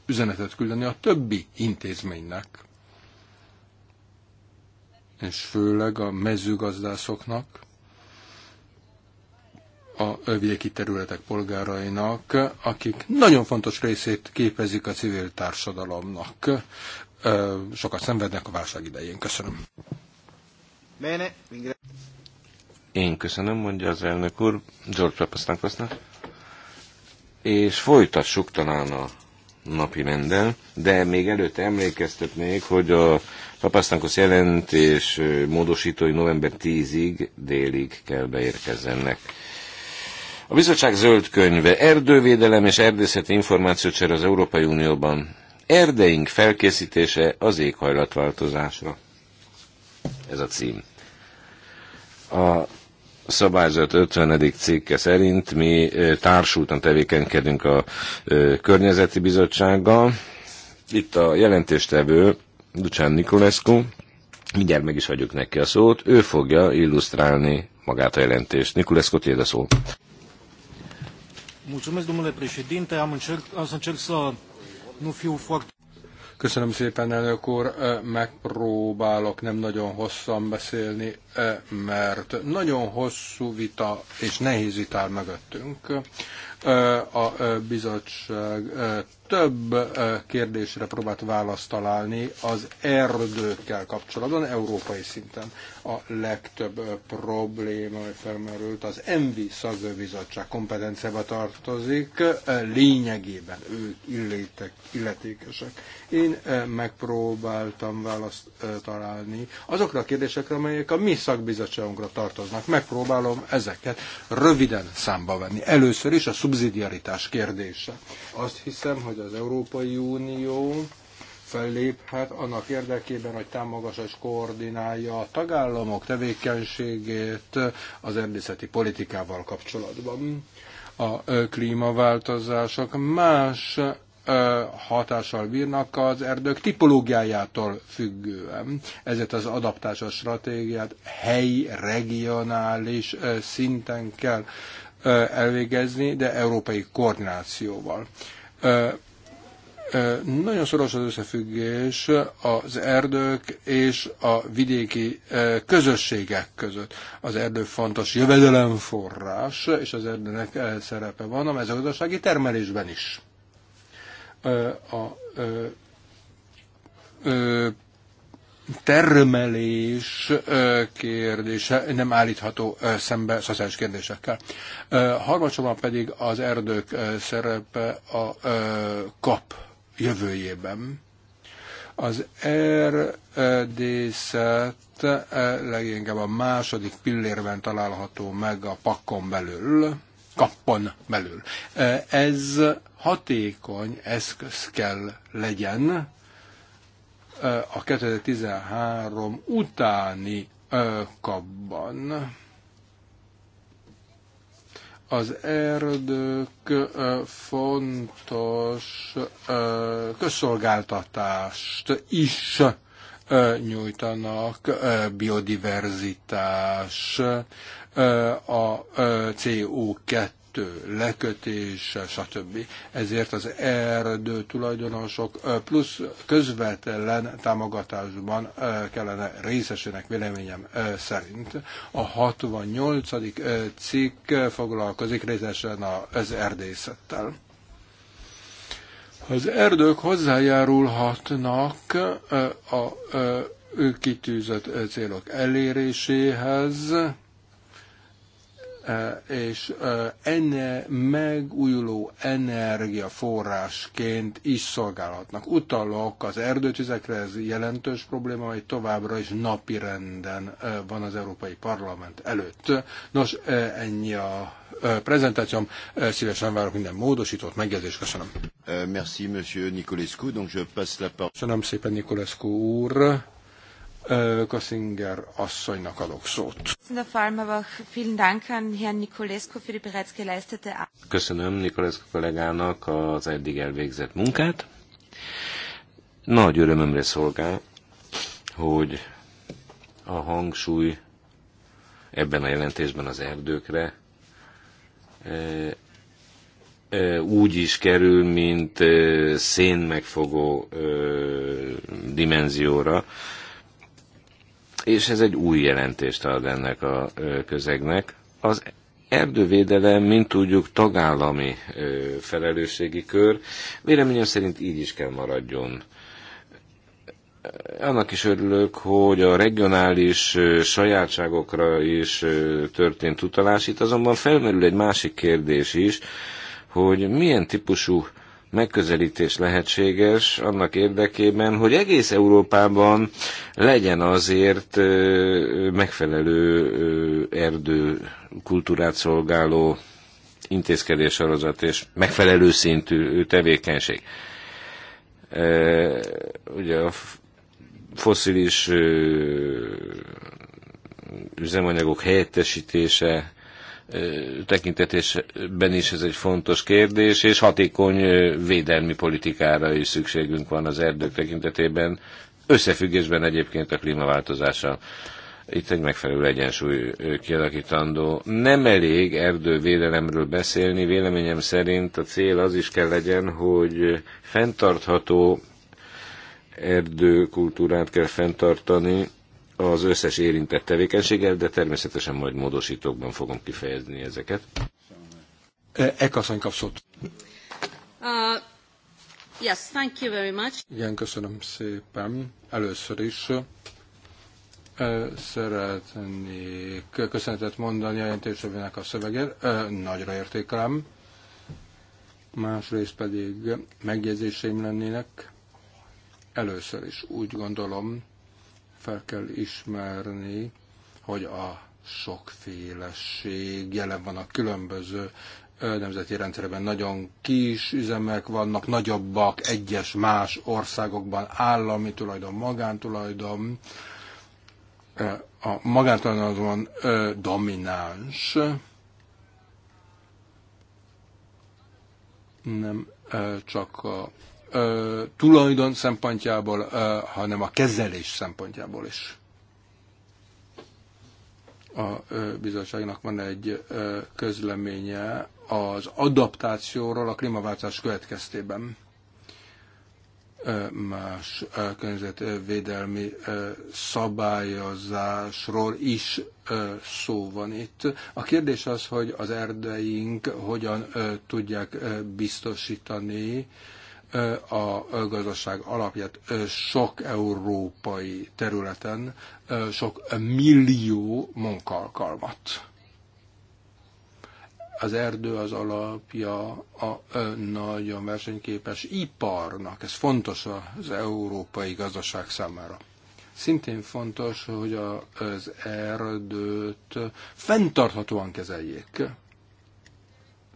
üzenetet küldeni a többi intézménynek és főleg a mezőgazdászoknak, a vidéki területek polgárainak, akik nagyon fontos részét képezik a civil társadalomnak. Sokat szenvednek a válság idején. Köszönöm. Én köszönöm, mondja az elnök úr, George Papasztankosznak. És folytassuk talán a napi rendel, de még előtte emlékeztetnék, hogy a Papasztankosz jelentés módosítói november 10-ig délig kell beérkezzenek. A bizottság zöld könyve Erdővédelem és erdészeti információcsere az Európai Unióban. Erdeink felkészítése az éghajlatváltozásra. Ez a cím. A szabályzat 50. cikke szerint mi társultan tevékenykedünk a Környezeti Bizottsággal. Itt a jelentéstevő Ducsán Nikolescu, mindjárt meg is adjuk neki a szót, ő fogja illusztrálni magát a jelentést. Nikolescu, tiéd a szó. Köszönöm szépen, elnök úr. Megpróbálok nem nagyon hosszan beszélni, mert nagyon hosszú vita és nehéz vitál mögöttünk. A bizottság több kérdésre próbált választ találni az erdőkkel kapcsolatban európai szinten a legtöbb probléma felmerült, az ENVI szakbizottság kompetenciába tartozik, lényegében ők illétek, illetékesek. Én megpróbáltam választ találni azokra a kérdésekre, amelyek a mi szakbizottságunkra tartoznak. Megpróbálom ezeket röviden számba venni. Először is a szubszidiaritás kérdése. Azt hiszem, hogy az Európai Unió felléphet annak érdekében, hogy támogassa és koordinálja a tagállamok tevékenységét az erdészeti politikával kapcsolatban. A klímaváltozások más hatással bírnak az erdők tipológiájától függően. Ezért az adaptációs stratégiát helyi, regionális szinten kell elvégezni, de európai koordinációval nagyon szoros az összefüggés az erdők és a vidéki közösségek között. Az erdő fontos jövedelemforrás, és az erdőnek e szerepe van a mezőgazdasági termelésben is. A termelés kérdése nem állítható szembe szociális kérdésekkel. Harmadsorban pedig az erdők szerepe a kap jövőjében. Az erdészet eh, leginkább a második pillérben található meg a pakkon belül, kappon belül. Eh, ez hatékony eszköz kell legyen eh, a 2013 utáni kapban az erdők fontos közszolgáltatást is nyújtanak, biodiverzitás, a CO2 kettő lekötés, stb. Ezért az erdő tulajdonosok plusz közvetlen támogatásban kellene részesének véleményem szerint. A 68. cikk foglalkozik részesen az erdészettel. Az erdők hozzájárulhatnak a kitűzött célok eléréséhez, E, és e, enne megújuló energiaforrásként is szolgálhatnak. Utalok az erdőtüzekre, ez jelentős probléma, hogy továbbra is napi renden e, van az Európai Parlament előtt. Nos, ennyi a prezentációm. Szívesen várok minden módosítót, megjegyzést. Köszönöm. Merci, monsieur Nicolescu. Donc je passe la Köszönöm szépen, Nicolescu úr. Kassinger asszonynak adok szót. Köszönöm Nikolescu kollégának az eddig elvégzett munkát. Nagy örömömre szolgál, hogy a hangsúly ebben a jelentésben az erdőkre e, e, úgy is kerül, mint e, szén megfogó dimenzióra és ez egy új jelentést ad ennek a közegnek. Az erdővédelem, mint tudjuk, tagállami felelősségi kör. Véleményem szerint így is kell maradjon. Annak is örülök, hogy a regionális sajátságokra is történt utalás. Itt azonban felmerül egy másik kérdés is, hogy milyen típusú megközelítés lehetséges annak érdekében, hogy egész Európában legyen azért megfelelő erdő kultúrát szolgáló sorozat és megfelelő szintű tevékenység. Ugye a foszilis üzemanyagok helyettesítése tekintetésben is ez egy fontos kérdés, és hatékony védelmi politikára is szükségünk van az erdők tekintetében, összefüggésben egyébként a klímaváltozással. Itt egy megfelelő egyensúly kialakítandó. Nem elég erdővédelemről beszélni, véleményem szerint a cél az is kell legyen, hogy fenntartható erdőkultúrát kell fenntartani, az összes érintett tevékenységgel, de természetesen majd módosítókban fogom kifejezni ezeket. E, Ekaszony kapszott. Uh, yes, thank you very much. Igen, köszönöm szépen. Először is uh, szeretnék köszönetet mondani a jelentésevének a szövegért. Uh, nagyra értékelem. Másrészt pedig megjegyzéseim lennének. Először is úgy gondolom, fel kell ismerni, hogy a sokféleség jelen van a különböző nemzeti rendszerben nagyon kis üzemek vannak, nagyobbak, egyes más országokban állami tulajdon, magántulajdon. A magántulajdon azon domináns. Nem csak a tulajdon szempontjából, hanem a kezelés szempontjából is. A bizottságnak van egy közleménye az adaptációról a klímaváltozás következtében más környezetvédelmi szabályozásról is szó van itt. A kérdés az, hogy az erdeink hogyan tudják biztosítani a gazdaság alapját sok európai területen, sok millió munkalkalmat. Az erdő az alapja a nagyon versenyképes iparnak, ez fontos az európai gazdaság számára. Szintén fontos, hogy az erdőt fenntarthatóan kezeljék.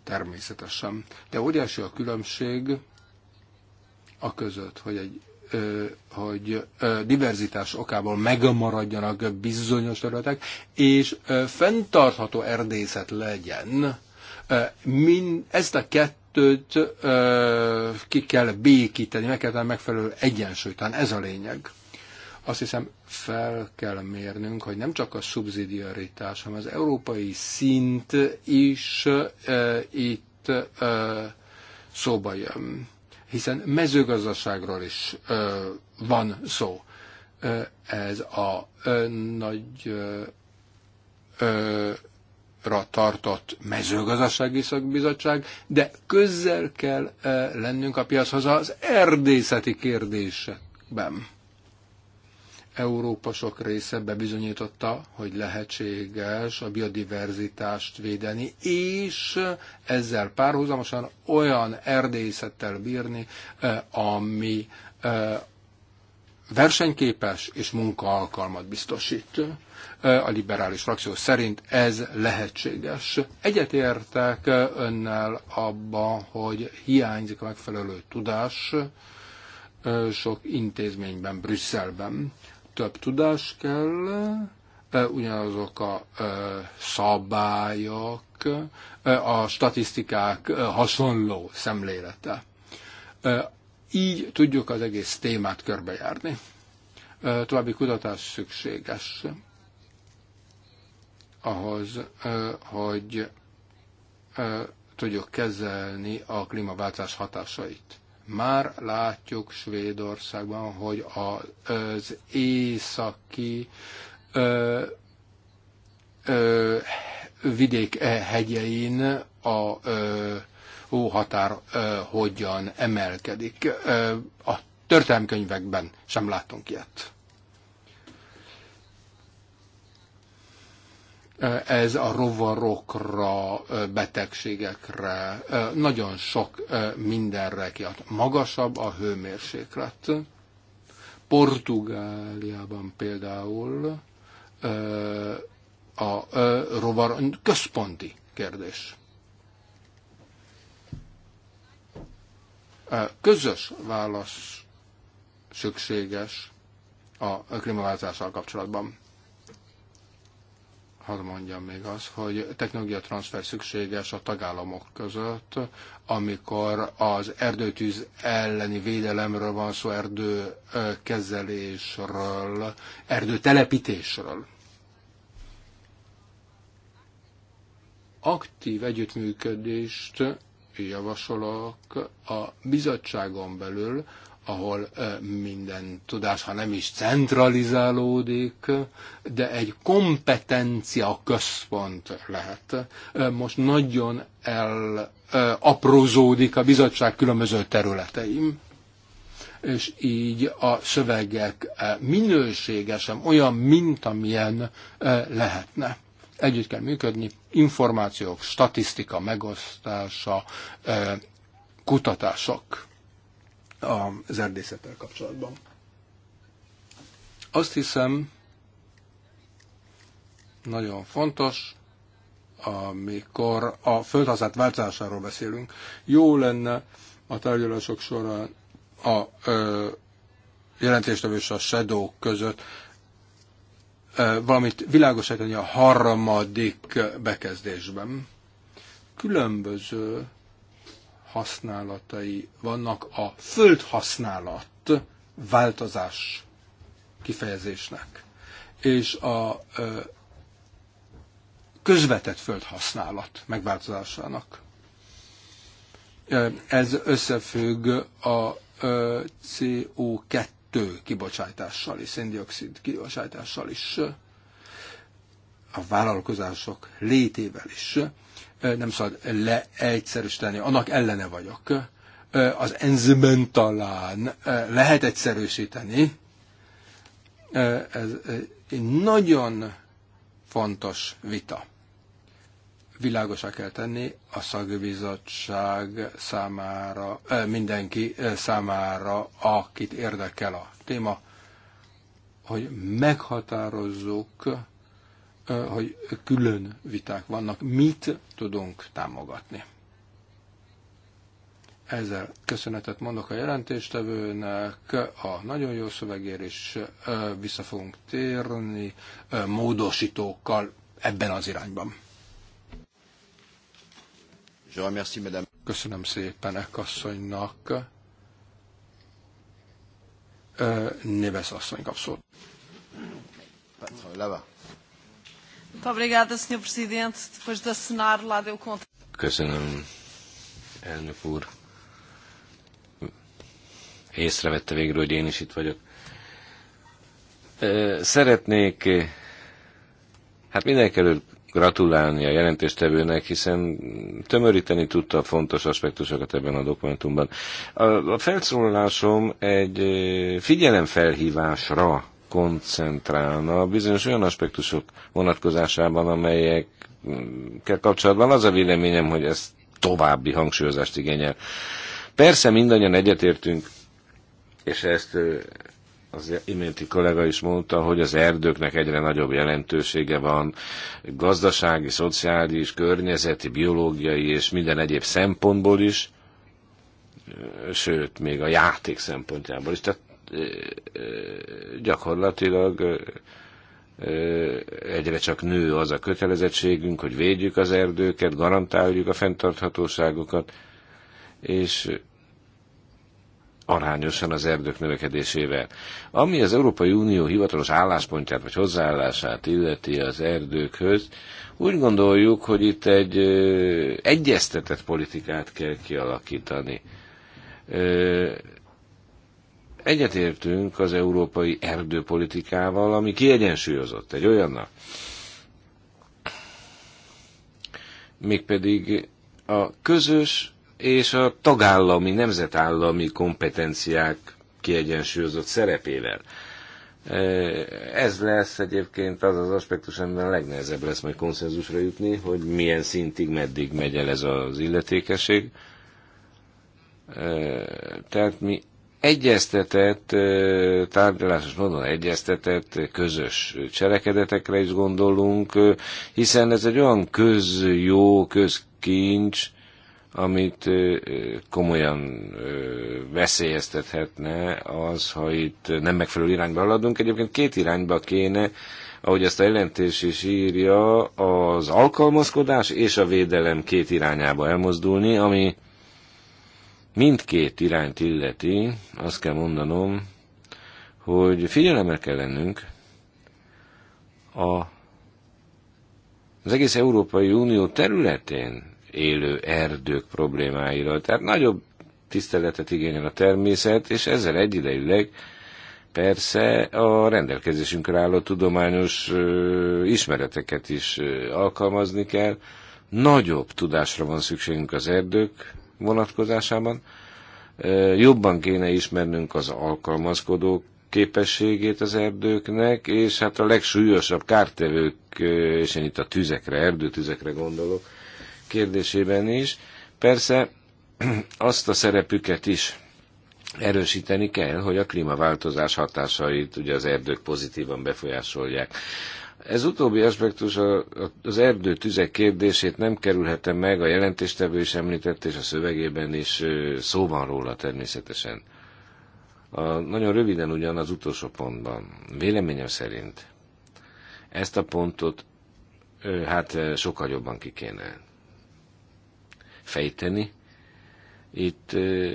Természetesen. De óriási a különbség a között, hogy egy hogy diverzitás okából megmaradjanak bizonyos területek, és fenntartható erdészet legyen. Mind, ezt a kettőt ki kell békíteni, meg kell tenni megfelelő egyensúlyt. Tehát ez a lényeg. Azt hiszem, fel kell mérnünk, hogy nem csak a szubszidiaritás, hanem az európai szint is itt szóba jön hiszen mezőgazdaságról is ö, van szó. Ö, ez a ö, nagy ö, ra tartott mezőgazdasági szakbizottság, de közel kell lennünk a piachoz az erdészeti kérdésekben. Európa sok része bebizonyította, hogy lehetséges a biodiverzitást védeni, és ezzel párhuzamosan olyan erdészettel bírni, ami versenyképes és munkaalkalmat biztosít. A liberális frakció szerint ez lehetséges. Egyetértek önnel abban, hogy hiányzik a megfelelő tudás sok intézményben, Brüsszelben több tudás kell, e, ugyanazok a e, szabályok, e, a statisztikák hasonló szemlélete. Így tudjuk az egész témát körbejárni. További kutatás szükséges ahhoz, hogy tudjuk kezelni a klímaváltás hatásait. Már látjuk Svédországban, hogy az északi ö, ö, vidék hegyein a ö, óhatár ö, hogyan emelkedik. Ö, a könyvekben sem látunk ilyet. Eh, ez a rovarokra, eh, betegségekre, eh, nagyon sok mindenre kiad. Magasabb a hőmérséklet. Portugáliában például a rovar központi kérdés. Közös válasz szükséges a klímaváltozással kapcsolatban hadd mondjam még az, hogy technológia transfer szükséges a tagállamok között, amikor az erdőtűz elleni védelemről van szó, erdőkezelésről, erdőtelepítésről. Aktív együttműködést javasolok a bizottságon belül, ahol minden tudás, ha nem is centralizálódik, de egy kompetencia központ lehet. Most nagyon elaprózódik a bizottság különböző területeim, és így a szövegek minősége sem olyan, mint amilyen lehetne. Együtt kell működni, információk, statisztika megosztása, kutatások az erdészettel kapcsolatban. Azt hiszem, nagyon fontos, amikor a földhasznált változásáról beszélünk, jó lenne a tárgyalások során a ö, jelentéstevő és a shadow között ö, valamit világosítani a harmadik bekezdésben. Különböző használatai vannak a földhasználat változás kifejezésnek, és a közvetett földhasználat megváltozásának. Ez összefügg a CO2 kibocsátással és széndiokszid kibocsátással is, a vállalkozások létével is, nem szabad leegyszerűsíteni, annak ellene vagyok. Az enzimen talán lehet egyszerűsíteni. Ez egy nagyon fontos vita. Világosá kell tenni a szakbizottság számára, mindenki számára, akit érdekel a téma, hogy meghatározzuk hogy külön viták vannak. Mit tudunk támogatni? Ezzel köszönetet mondok a jelentéstevőnek, a nagyon jó szövegér is vissza fogunk térni módosítókkal ebben az irányban. Köszönöm szépen Ekasszonynak. Neves asszony kap szót. là Köszönöm, elnök úr. Észrevette végül, hogy én is itt vagyok. Szeretnék hát mindenkelőtt gratulálni a jelentéstevőnek, hiszen tömöríteni tudta a fontos aspektusokat ebben a dokumentumban. A, a felszólalásom egy figyelemfelhívásra koncentrálna bizonyos olyan aspektusok vonatkozásában, amelyekkel kapcsolatban az a véleményem, hogy ez további hangsúlyozást igényel. Persze mindannyian egyetértünk, és ezt az iménti kollega is mondta, hogy az erdőknek egyre nagyobb jelentősége van gazdasági, szociális, környezeti, biológiai és minden egyéb szempontból is, sőt, még a játék szempontjából is. Tehát gyakorlatilag egyre csak nő az a kötelezettségünk, hogy védjük az erdőket, garantáljuk a fenntarthatóságokat, és arányosan az erdők növekedésével. Ami az Európai Unió hivatalos álláspontját vagy hozzáállását illeti az erdőkhöz, úgy gondoljuk, hogy itt egy egyeztetett politikát kell kialakítani. Ö, Egyetértünk az európai erdőpolitikával, ami kiegyensúlyozott egy olyannak. Mégpedig a közös és a tagállami, nemzetállami kompetenciák kiegyensúlyozott szerepével. E, ez lesz egyébként az az aspektus, amiben a legnehezebb lesz majd konszenzusra jutni, hogy milyen szintig, meddig megy el ez az illetékeség. E, tehát mi egyeztetett, tárgyalásos módon egyeztetett közös cselekedetekre is gondolunk, hiszen ez egy olyan közjó, közkincs, amit komolyan veszélyeztethetne az, ha itt nem megfelelő irányba haladunk. Egyébként két irányba kéne, ahogy ezt a jelentés is írja, az alkalmazkodás és a védelem két irányába elmozdulni, ami mindkét irányt illeti, azt kell mondanom, hogy figyelemmel kell lennünk a, az egész Európai Unió területén élő erdők problémáira. Tehát nagyobb tiszteletet igényel a természet, és ezzel egyidejűleg persze a rendelkezésünkre álló tudományos ismereteket is alkalmazni kell. Nagyobb tudásra van szükségünk az erdők vonatkozásában. Jobban kéne ismernünk az alkalmazkodó képességét az erdőknek, és hát a legsúlyosabb kártevők, és én itt a tüzekre, erdőtüzekre gondolok, kérdésében is. Persze azt a szerepüket is erősíteni kell, hogy a klímaváltozás hatásait ugye az erdők pozitívan befolyásolják. Ez utóbbi aspektus a, az tüzek kérdését nem kerülhette meg, a jelentéstevő is említett, és a szövegében is szó van róla természetesen. A, nagyon röviden ugyan az utolsó pontban. Véleményem szerint ezt a pontot hát sokkal jobban ki kéne fejteni. Itt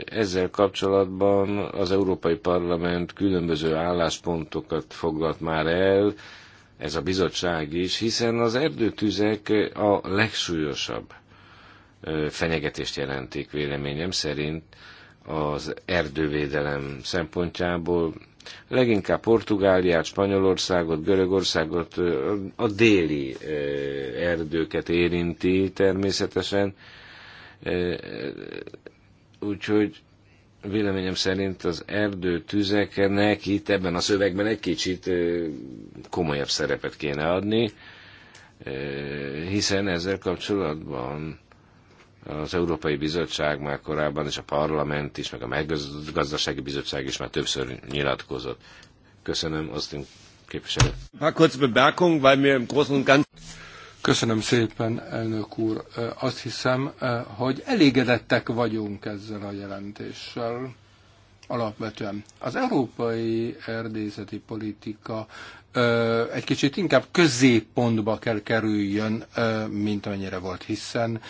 ezzel kapcsolatban az Európai Parlament különböző álláspontokat foglalt már el, ez a bizottság is, hiszen az erdőtüzek a legsúlyosabb fenyegetést jelentik véleményem szerint az erdővédelem szempontjából. Leginkább Portugáliát, Spanyolországot, Görögországot, a déli erdőket érinti természetesen. Úgyhogy véleményem szerint az tüzeknek itt ebben a szövegben egy kicsit komolyabb szerepet kéne adni, hiszen ezzel kapcsolatban az Európai Bizottság már korábban, és a Parlament is, meg a Meggazdasági Bizottság is már többször nyilatkozott. Köszönöm, Austin képviselő. Köszönöm szépen, elnök úr. Azt hiszem, hogy elégedettek vagyunk ezzel a jelentéssel alapvetően. Az európai erdészeti politika egy kicsit inkább középpontba kell kerüljön, mint amennyire volt, hiszen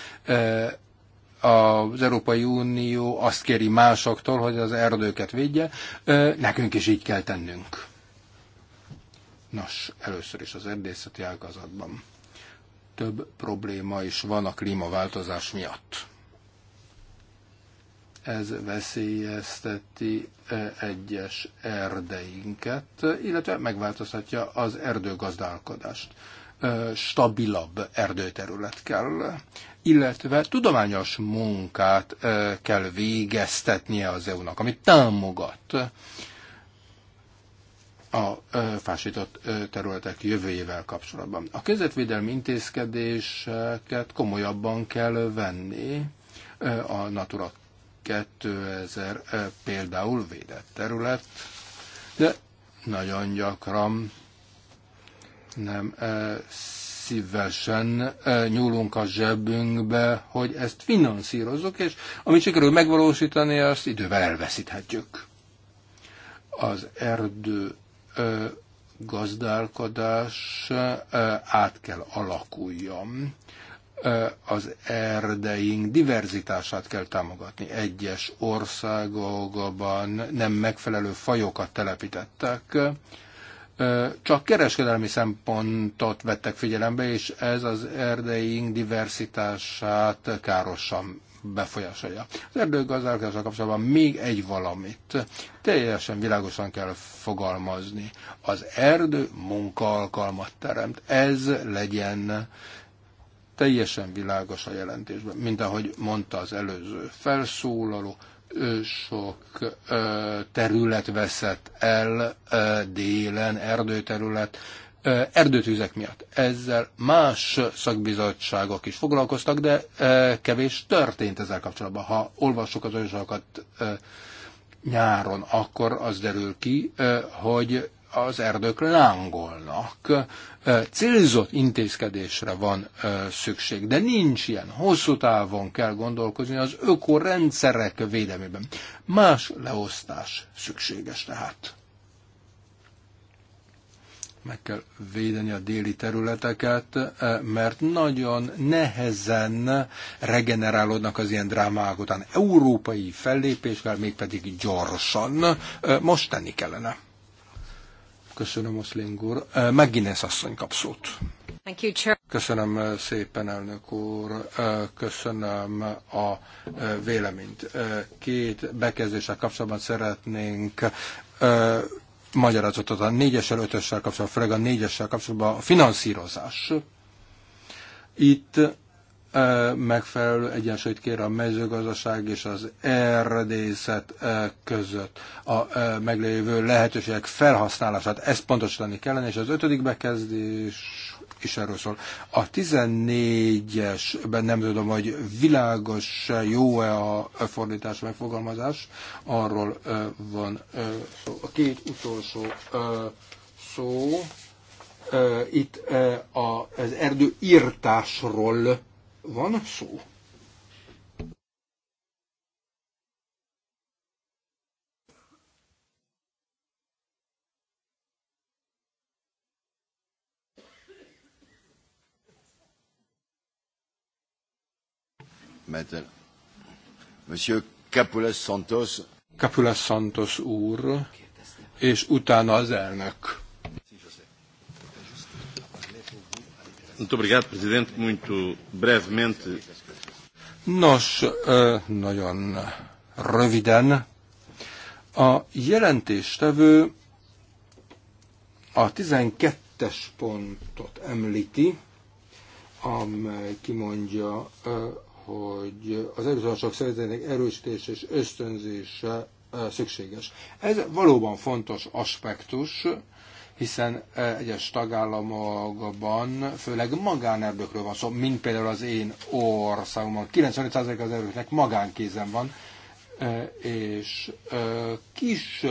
az Európai Unió azt kéri másoktól, hogy az erdőket védje, nekünk is így kell tennünk. Nos, először is az erdészeti ágazatban több probléma is van a klímaváltozás miatt. Ez veszélyezteti e, egyes erdeinket, illetve megváltoztatja az erdőgazdálkodást. E, stabilabb erdőterület kell, illetve tudományos munkát e, kell végeztetnie az EU-nak, amit támogat a fásított területek jövőjével kapcsolatban. A közvetvédelmi intézkedéseket komolyabban kell venni a Natura 2000 például védett terület, de nagyon gyakran nem szívesen nyúlunk a zsebünkbe, hogy ezt finanszírozzuk, és amit sikerül megvalósítani, azt idővel elveszíthetjük. Az erdő gazdálkodás át kell alakuljon. Az erdeink diverzitását kell támogatni. Egyes országokban nem megfelelő fajokat telepítettek, csak kereskedelmi szempontot vettek figyelembe, és ez az erdeink diversitását károsan befolyásolja. Az erdőgazdálkodással kapcsolatban még egy valamit teljesen világosan kell fogalmazni. Az erdő munkaalkalmat teremt. Ez legyen teljesen világos a jelentésben. Mint ahogy mondta az előző felszólaló, sok terület veszett el délen, erdőterület, erdőtűzek miatt. Ezzel más szakbizottságok is foglalkoztak, de kevés történt ezzel kapcsolatban. Ha olvassuk az olyanokat nyáron, akkor az derül ki, hogy az erdők lángolnak. Célzott intézkedésre van szükség, de nincs ilyen. Hosszú távon kell gondolkozni az ökorendszerek védelmében. Más leosztás szükséges tehát meg kell védeni a déli területeket, eh, mert nagyon nehezen regenerálódnak az ilyen drámák után. Európai fellépés kell, mégpedig gyorsan. Eh, most tenni kellene. Köszönöm, Oszling úr. Eh, Megint asszony kap szót. Köszönöm szépen, elnök úr. Köszönöm a véleményt. Két bekezdéssel kapcsolatban szeretnénk magyarázatot a négyessel, ötössel kapcsolatban, főleg a négyessel kapcsolatban a finanszírozás. Itt e, megfelelő egyensúlyt kér a mezőgazdaság és az erdészet e, között a e, meglévő lehetőségek felhasználását. Ezt pontosítani kellene, és az ötödik bekezdés is erről szól. A 14-esben nem tudom, hogy világos, jó-e a fordítás, megfogalmazás, arról van szó. A két utolsó szó, itt az erdő írtásról van szó. Monsieur Capulas Santos. Capulas Santos úr, és utána az elnök. Muito obrigado, Presidente. Muito brevemente. Nos, nagyon röviden. A jelentéstevő a 12-es pontot említi, amely kimondja hogy az erőszakosok szeretnének erősítés és ösztönzése eh, szükséges. Ez valóban fontos aspektus, hiszen eh, egyes tagállamokban főleg magánerdőkről van szó, szóval, mint például az én országomban. 95% az erőknek magánkézen van, eh, és kis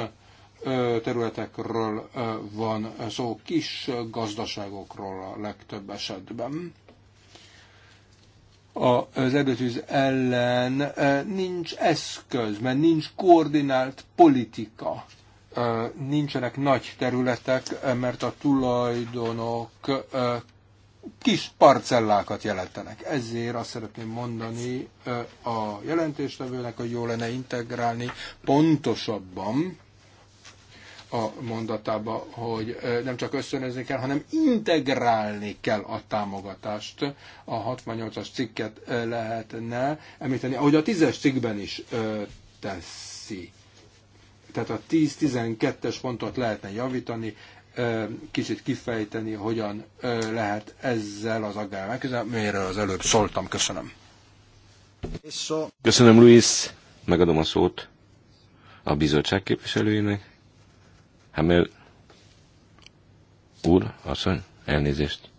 területekről van szó, kis gazdaságokról a legtöbb esetben az erdőtűz ellen nincs eszköz, mert nincs koordinált politika. Nincsenek nagy területek, mert a tulajdonok kis parcellákat jelentenek. Ezért azt szeretném mondani a jelentéstevőnek, hogy jó lenne integrálni pontosabban a mondatába, hogy nem csak összönözni kell, hanem integrálni kell a támogatást. A 68-as cikket lehetne említeni, ahogy a 10-es cikkben is teszi. Tehát a 10-12-es pontot lehetne javítani, kicsit kifejteni, hogyan lehet ezzel az aggály megközelni, miről az előbb szóltam. Köszönöm. Köszönöm, Luis. Megadom a szót a bizottság képviselőjének. Hamel úr, asszony, elnézést,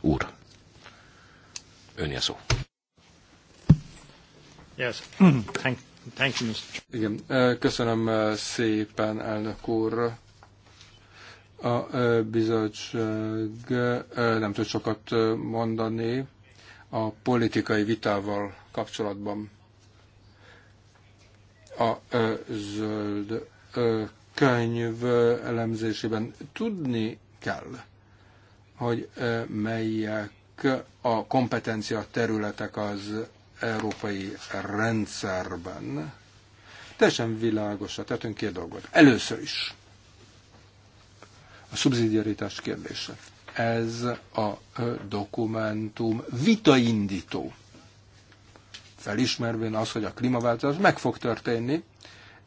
úr. Önje szó. Yes. Thank, thank you, Mr. Igen, köszönöm szépen, elnök úr. A bizottság nem tud sokat mondani a politikai vitával kapcsolatban. A zöld könyv elemzésében tudni kell, hogy melyek a kompetencia területek az európai rendszerben. Teljesen a tettünk két dolgot. Először is a szubszidiaritás kérdése. Ez a dokumentum vitaindító. Felismervén az, hogy a klímaváltozás meg fog történni,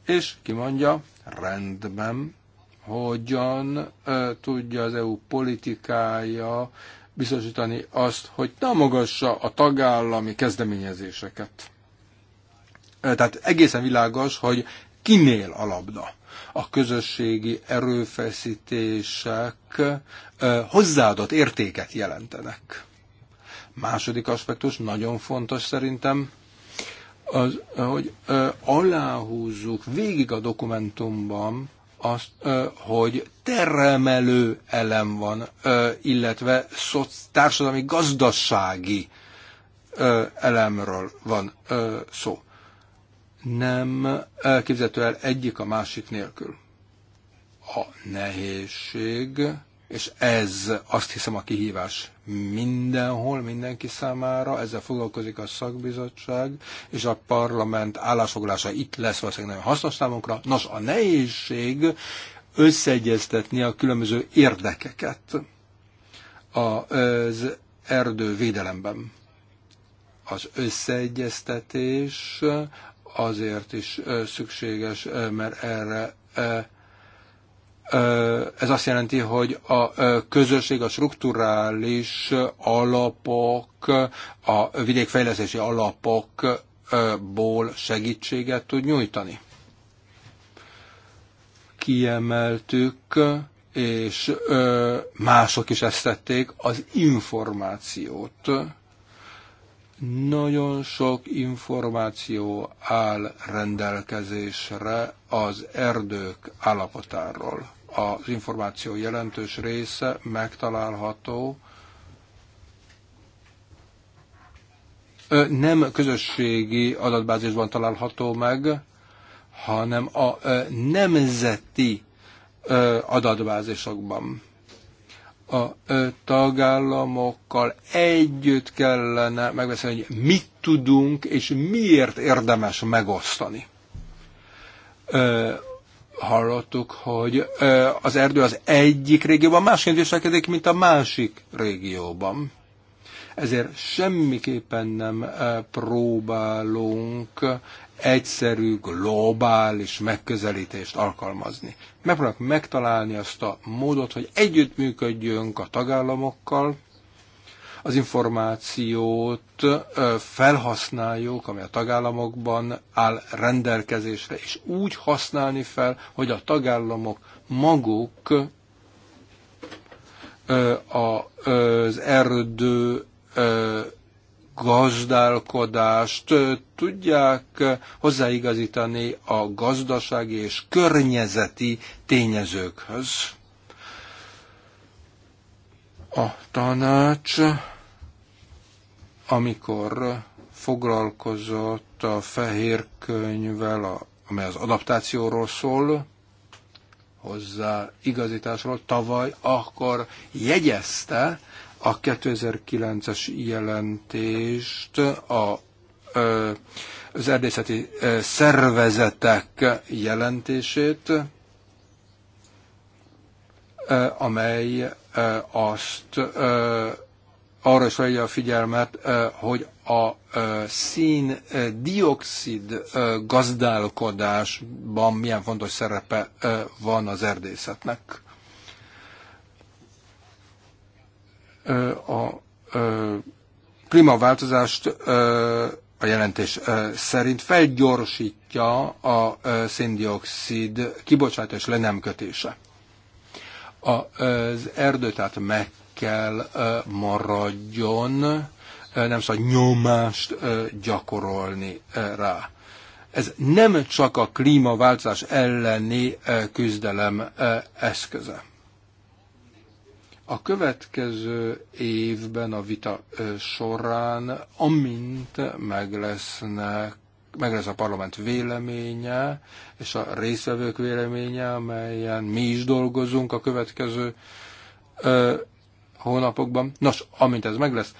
és kimondja, rendben, hogyan ö, tudja az EU politikája biztosítani azt, hogy támogassa a tagállami kezdeményezéseket. Ö, tehát egészen világos, hogy kinél a labda. A közösségi erőfeszítések ö, hozzáadott értéket jelentenek. Második aspektus nagyon fontos szerintem, az, hogy aláhúzzuk végig a dokumentumban azt, hogy termelő elem van, illetve társadalmi gazdasági elemről van szó. Nem képzelhető el egyik a másik nélkül. A nehézség és ez azt hiszem a kihívás mindenhol, mindenki számára, ezzel foglalkozik a szakbizottság, és a parlament állásfoglalása itt lesz valószínűleg nagyon hasznos számunkra. Nos, a nehézség összeegyeztetni a különböző érdekeket az erdővédelemben. Az összeegyeztetés azért is szükséges, mert erre ez azt jelenti, hogy a közösség, a strukturális alapok, a vidékfejlesztési alapokból segítséget tud nyújtani. Kiemeltük, és mások is ezt tették, az információt nagyon sok információ áll rendelkezésre az erdők állapotáról. Az információ jelentős része megtalálható nem közösségi adatbázisban található meg, hanem a nemzeti adatbázisokban. A tagállamokkal együtt kellene megbeszélni, hogy mit tudunk és miért érdemes megosztani hallottuk, hogy az erdő az egyik régióban másként viselkedik, mint a másik régióban. Ezért semmiképpen nem próbálunk egyszerű, globális megközelítést alkalmazni. Megpróbálunk megtalálni azt a módot, hogy együttműködjünk a tagállamokkal, az információt felhasználjuk, ami a tagállamokban áll rendelkezésre, és úgy használni fel, hogy a tagállamok maguk az erdő gazdálkodást tudják hozzáigazítani a gazdasági és környezeti tényezőkhöz. A tanács, amikor foglalkozott a fehér könyvvel, amely az adaptációról szól, hozzá igazításról tavaly, akkor jegyezte a 2009-es jelentést a, az erdészeti szervezetek jelentését, Eh, amely eh, azt eh, arra is felhívja a figyelmet, hogy a szín dioxid gazdálkodásban milyen fontos szerepe van az erdészetnek. A klímaváltozást a jelentés szerint felgyorsítja a széndiokszid kibocsátás lenemkötése. Az erdő tehát meg kell maradjon, nem szabad nyomást gyakorolni rá. Ez nem csak a klímaváltozás elleni küzdelem eszköze. A következő évben a vita során, amint meg lesznek meg lesz a parlament véleménye, és a részvevők véleménye, amelyen mi is dolgozunk a következő ö, hónapokban. Nos, amint ez meg lesz,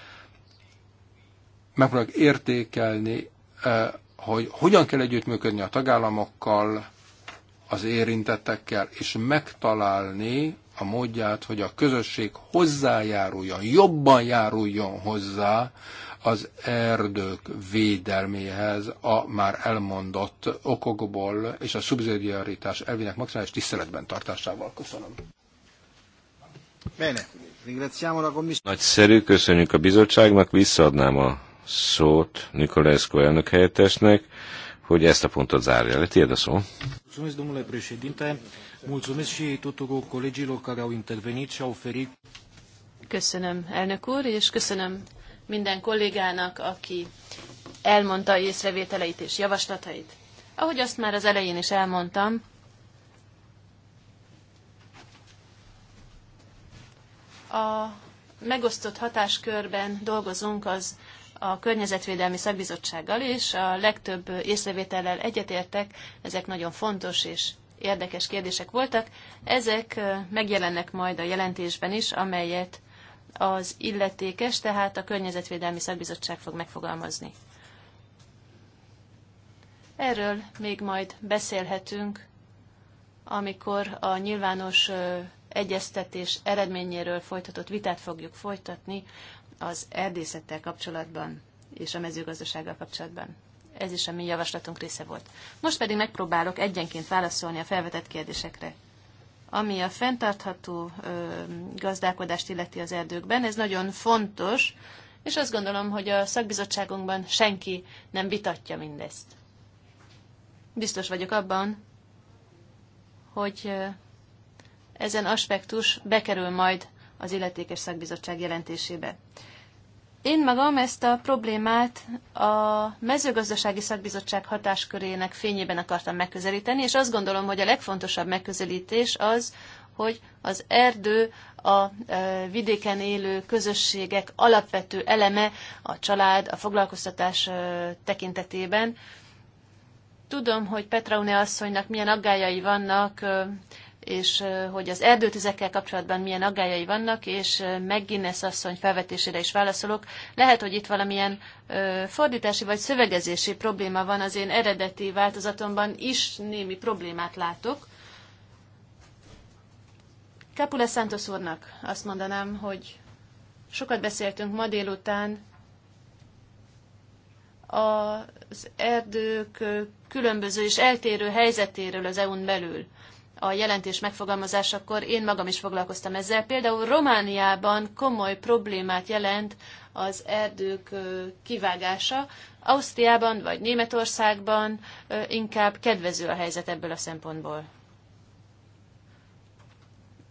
megpróbáljuk értékelni, ö, hogy hogyan kell együttműködni a tagállamokkal, az érintettekkel, és megtalálni a módját, hogy a közösség hozzájáruljon, jobban járuljon hozzá az erdők védelméhez a már elmondott okokból és a szubszidiaritás elvének maximális tiszteletben tartásával. Köszönöm. Bene. Nagyszerű, köszönjük a bizottságnak, visszaadnám a szót Nikolescu elnök helyettesnek, hogy ezt a pontot zárja le. Tiéd a szó. Köszönöm, elnök úr, és köszönöm minden kollégának, aki elmondta észrevételeit és javaslatait. Ahogy azt már az elején is elmondtam, a megosztott hatáskörben dolgozunk az a Környezetvédelmi Szakbizottsággal, is, a legtöbb észrevétellel egyetértek, ezek nagyon fontos és érdekes kérdések voltak. Ezek megjelennek majd a jelentésben is, amelyet az illetékes, tehát a Környezetvédelmi Szakbizottság fog megfogalmazni. Erről még majd beszélhetünk, amikor a nyilvános egyeztetés eredményéről folytatott vitát fogjuk folytatni az erdészettel kapcsolatban és a mezőgazdasággal kapcsolatban. Ez is a mi javaslatunk része volt. Most pedig megpróbálok egyenként válaszolni a felvetett kérdésekre ami a fenntartható gazdálkodást illeti az erdőkben. Ez nagyon fontos, és azt gondolom, hogy a szakbizottságunkban senki nem vitatja mindezt. Biztos vagyok abban, hogy ezen aspektus bekerül majd az illetékes szakbizottság jelentésébe. Én magam ezt a problémát a mezőgazdasági szakbizottság hatáskörének fényében akartam megközelíteni, és azt gondolom, hogy a legfontosabb megközelítés az, hogy az erdő a e, vidéken élő közösségek alapvető eleme a család, a foglalkoztatás e, tekintetében. Tudom, hogy Petraune asszonynak milyen aggájai vannak e, és hogy az erdőtüzekkel kapcsolatban milyen aggályai vannak, és McGuinness asszony felvetésére is válaszolok. Lehet, hogy itt valamilyen fordítási vagy szövegezési probléma van, az én eredeti változatomban is némi problémát látok. Capula Santos úrnak azt mondanám, hogy sokat beszéltünk ma délután az erdők különböző és eltérő helyzetéről az EU-n belül a jelentés megfogalmazásakor én magam is foglalkoztam ezzel. Például Romániában komoly problémát jelent az erdők kivágása, Ausztriában vagy Németországban inkább kedvező a helyzet ebből a szempontból.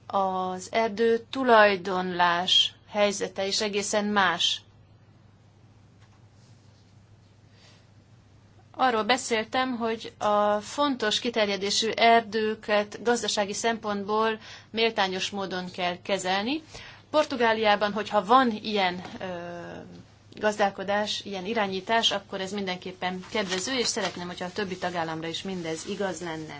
Az erdő tulajdonlás helyzete is egészen más arról beszéltem, hogy a fontos kiterjedésű erdőket gazdasági szempontból méltányos módon kell kezelni. Portugáliában, hogyha van ilyen ö, gazdálkodás, ilyen irányítás, akkor ez mindenképpen kedvező, és szeretném, hogyha a többi tagállamra is mindez igaz lenne.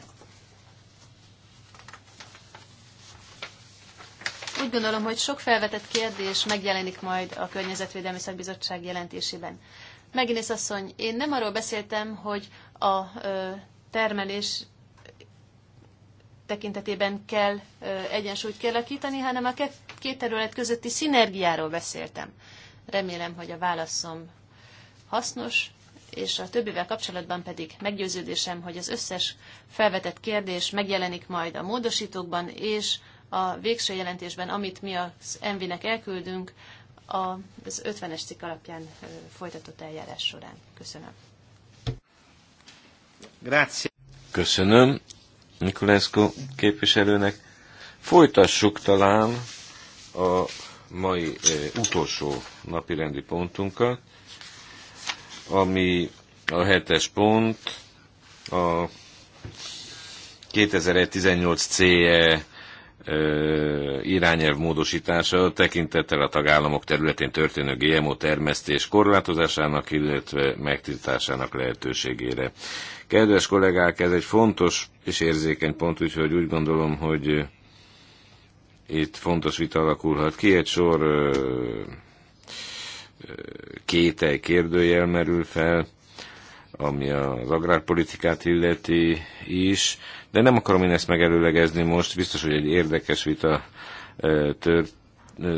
Úgy gondolom, hogy sok felvetett kérdés megjelenik majd a Környezetvédelmi Szakbizottság jelentésében. Megint asszony, én nem arról beszéltem, hogy a termelés tekintetében kell egyensúlyt kialakítani, hanem a két terület közötti szinergiáról beszéltem. Remélem, hogy a válaszom hasznos, és a többivel kapcsolatban pedig meggyőződésem, hogy az összes felvetett kérdés megjelenik majd a módosítókban, és a végső jelentésben, amit mi az Envinek elküldünk, az 50-es cikk alapján folytatott eljárás során. Köszönöm. Grazie. Köszönöm Nikolászko képviselőnek. Folytassuk talán a mai eh, utolsó napi rendi pontunkat, ami a hetes pont, a 2018 CE irányelv módosítása tekintettel a tagállamok területén történő GMO termesztés korlátozásának, illetve megtiltásának lehetőségére. Kedves kollégák, ez egy fontos és érzékeny pont, úgyhogy úgy gondolom, hogy itt fontos vita alakulhat ki. Egy sor kétel kérdőjel merül fel, ami az agrárpolitikát illeti is de nem akarom én ezt megelőlegezni most, biztos, hogy egy érdekes vita tört,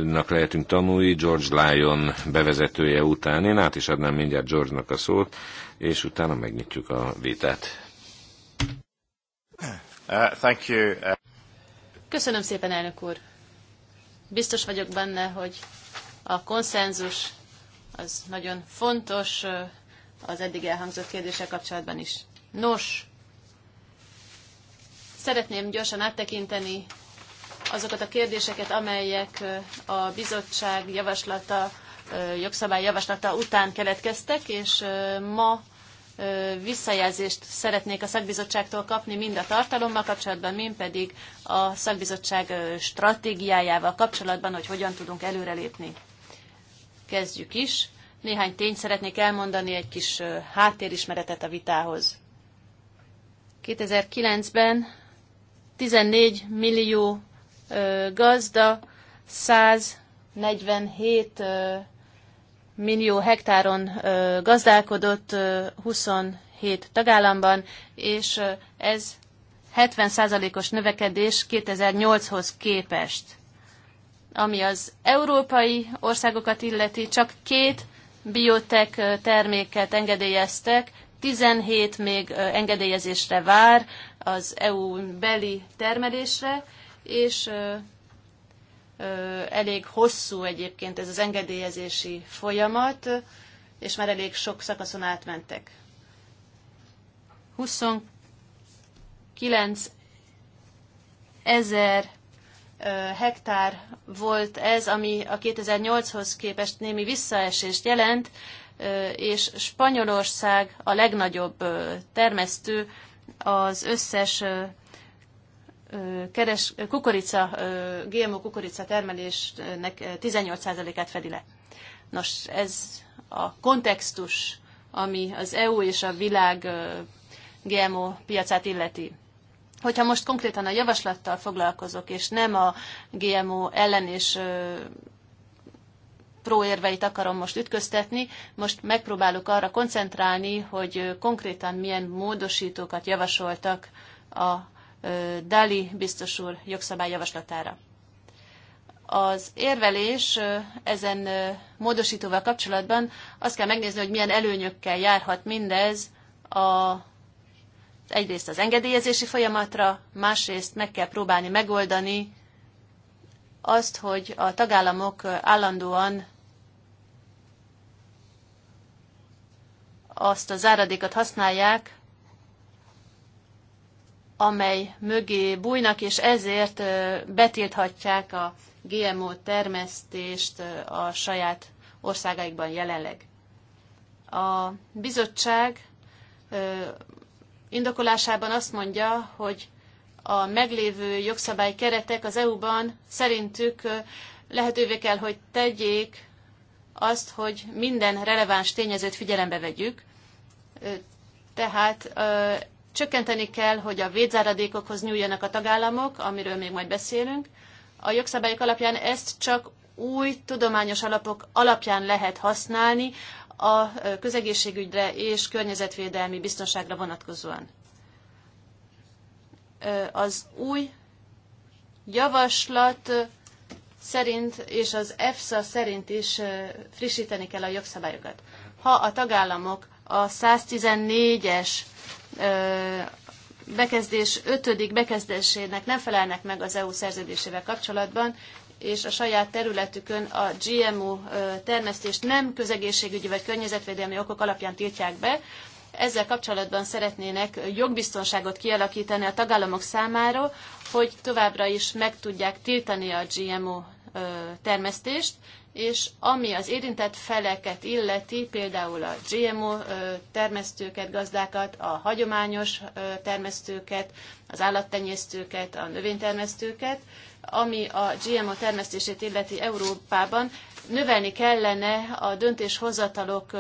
nak lehetünk tanulni, George Lyon bevezetője után. Én át is adnám mindjárt George-nak a szót, és utána megnyitjuk a vitát. Uh, thank you. Uh... Köszönöm szépen, elnök úr. Biztos vagyok benne, hogy a konszenzus az nagyon fontos az eddig elhangzott kérdések kapcsolatban is. Nos, Szeretném gyorsan áttekinteni azokat a kérdéseket, amelyek a bizottság javaslata, jogszabály javaslata után keletkeztek, és ma visszajelzést szeretnék a szakbizottságtól kapni mind a tartalommal kapcsolatban, mind pedig a szakbizottság stratégiájával kapcsolatban, hogy hogyan tudunk előrelépni. Kezdjük is. Néhány tényt szeretnék elmondani, egy kis háttérismeretet a vitához. 2009-ben 14 millió gazda 147 millió hektáron gazdálkodott 27 tagállamban, és ez 70%-os növekedés 2008-hoz képest. Ami az európai országokat illeti, csak két biotek terméket engedélyeztek, 17 még engedélyezésre vár az EU beli termelésre, és elég hosszú egyébként ez az engedélyezési folyamat, és már elég sok szakaszon átmentek. 29 ezer hektár volt ez, ami a 2008-hoz képest némi visszaesést jelent, és Spanyolország a legnagyobb termesztő az összes keres, kukorica, GMO kukorica termelésnek 18%-át fedi le. Nos, ez a kontextus, ami az EU és a világ GMO piacát illeti. Hogyha most konkrétan a javaslattal foglalkozok, és nem a GMO ellen és próérveit akarom most ütköztetni. Most megpróbálok arra koncentrálni, hogy konkrétan milyen módosítókat javasoltak a Dali biztos úr jogszabályjavaslatára. Az érvelés ezen módosítóval kapcsolatban azt kell megnézni, hogy milyen előnyökkel járhat mindez a egyrészt az engedélyezési folyamatra, másrészt meg kell próbálni megoldani azt, hogy a tagállamok állandóan azt a záradékot használják, amely mögé bújnak, és ezért betilthatják a GMO termesztést a saját országaikban jelenleg. A bizottság indokolásában azt mondja, hogy a meglévő jogszabály keretek az EU-ban szerintük lehetővé kell, hogy tegyék azt, hogy minden releváns tényezőt figyelembe vegyük, tehát csökkenteni kell, hogy a védzáradékokhoz nyúljanak a tagállamok, amiről még majd beszélünk. A jogszabályok alapján ezt csak új tudományos alapok alapján lehet használni a közegészségügyre és környezetvédelmi biztonságra vonatkozóan. Az új javaslat szerint és az EFSA szerint is frissíteni kell a jogszabályokat. Ha a tagállamok a 114-es bekezdés 5. bekezdésének nem felelnek meg az EU szerződésével kapcsolatban, és a saját területükön a GMO termesztést nem közegészségügyi vagy környezetvédelmi okok alapján tiltják be. Ezzel kapcsolatban szeretnének jogbiztonságot kialakítani a tagállamok számára, hogy továbbra is meg tudják tiltani a GMO termesztést, és ami az érintett feleket illeti, például a GMO termesztőket, gazdákat, a hagyományos termesztőket, az állattenyésztőket, a növénytermesztőket, ami a GMO termesztését illeti Európában, növelni kellene a döntéshozatalok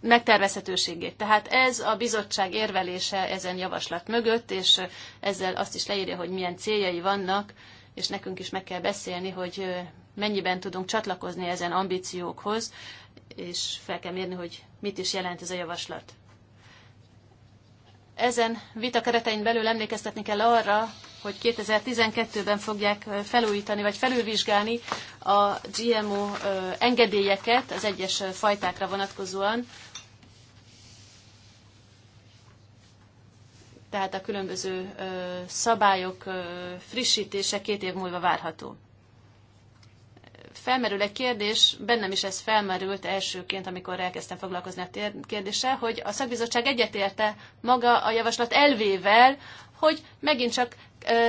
megtervezhetőségét. Tehát ez a bizottság érvelése ezen javaslat mögött, és ezzel azt is leírja, hogy milyen céljai vannak és nekünk is meg kell beszélni, hogy mennyiben tudunk csatlakozni ezen ambíciókhoz, és fel kell mérni, hogy mit is jelent ez a javaslat. Ezen vita keretein belül emlékeztetni kell arra, hogy 2012-ben fogják felújítani vagy felülvizsgálni a GMO engedélyeket az egyes fajtákra vonatkozóan, tehát a különböző szabályok frissítése két év múlva várható. Felmerül egy kérdés, bennem is ez felmerült elsőként, amikor elkezdtem foglalkozni a kérdéssel, hogy a szakbizottság egyetérte maga a javaslat elvével, hogy megint csak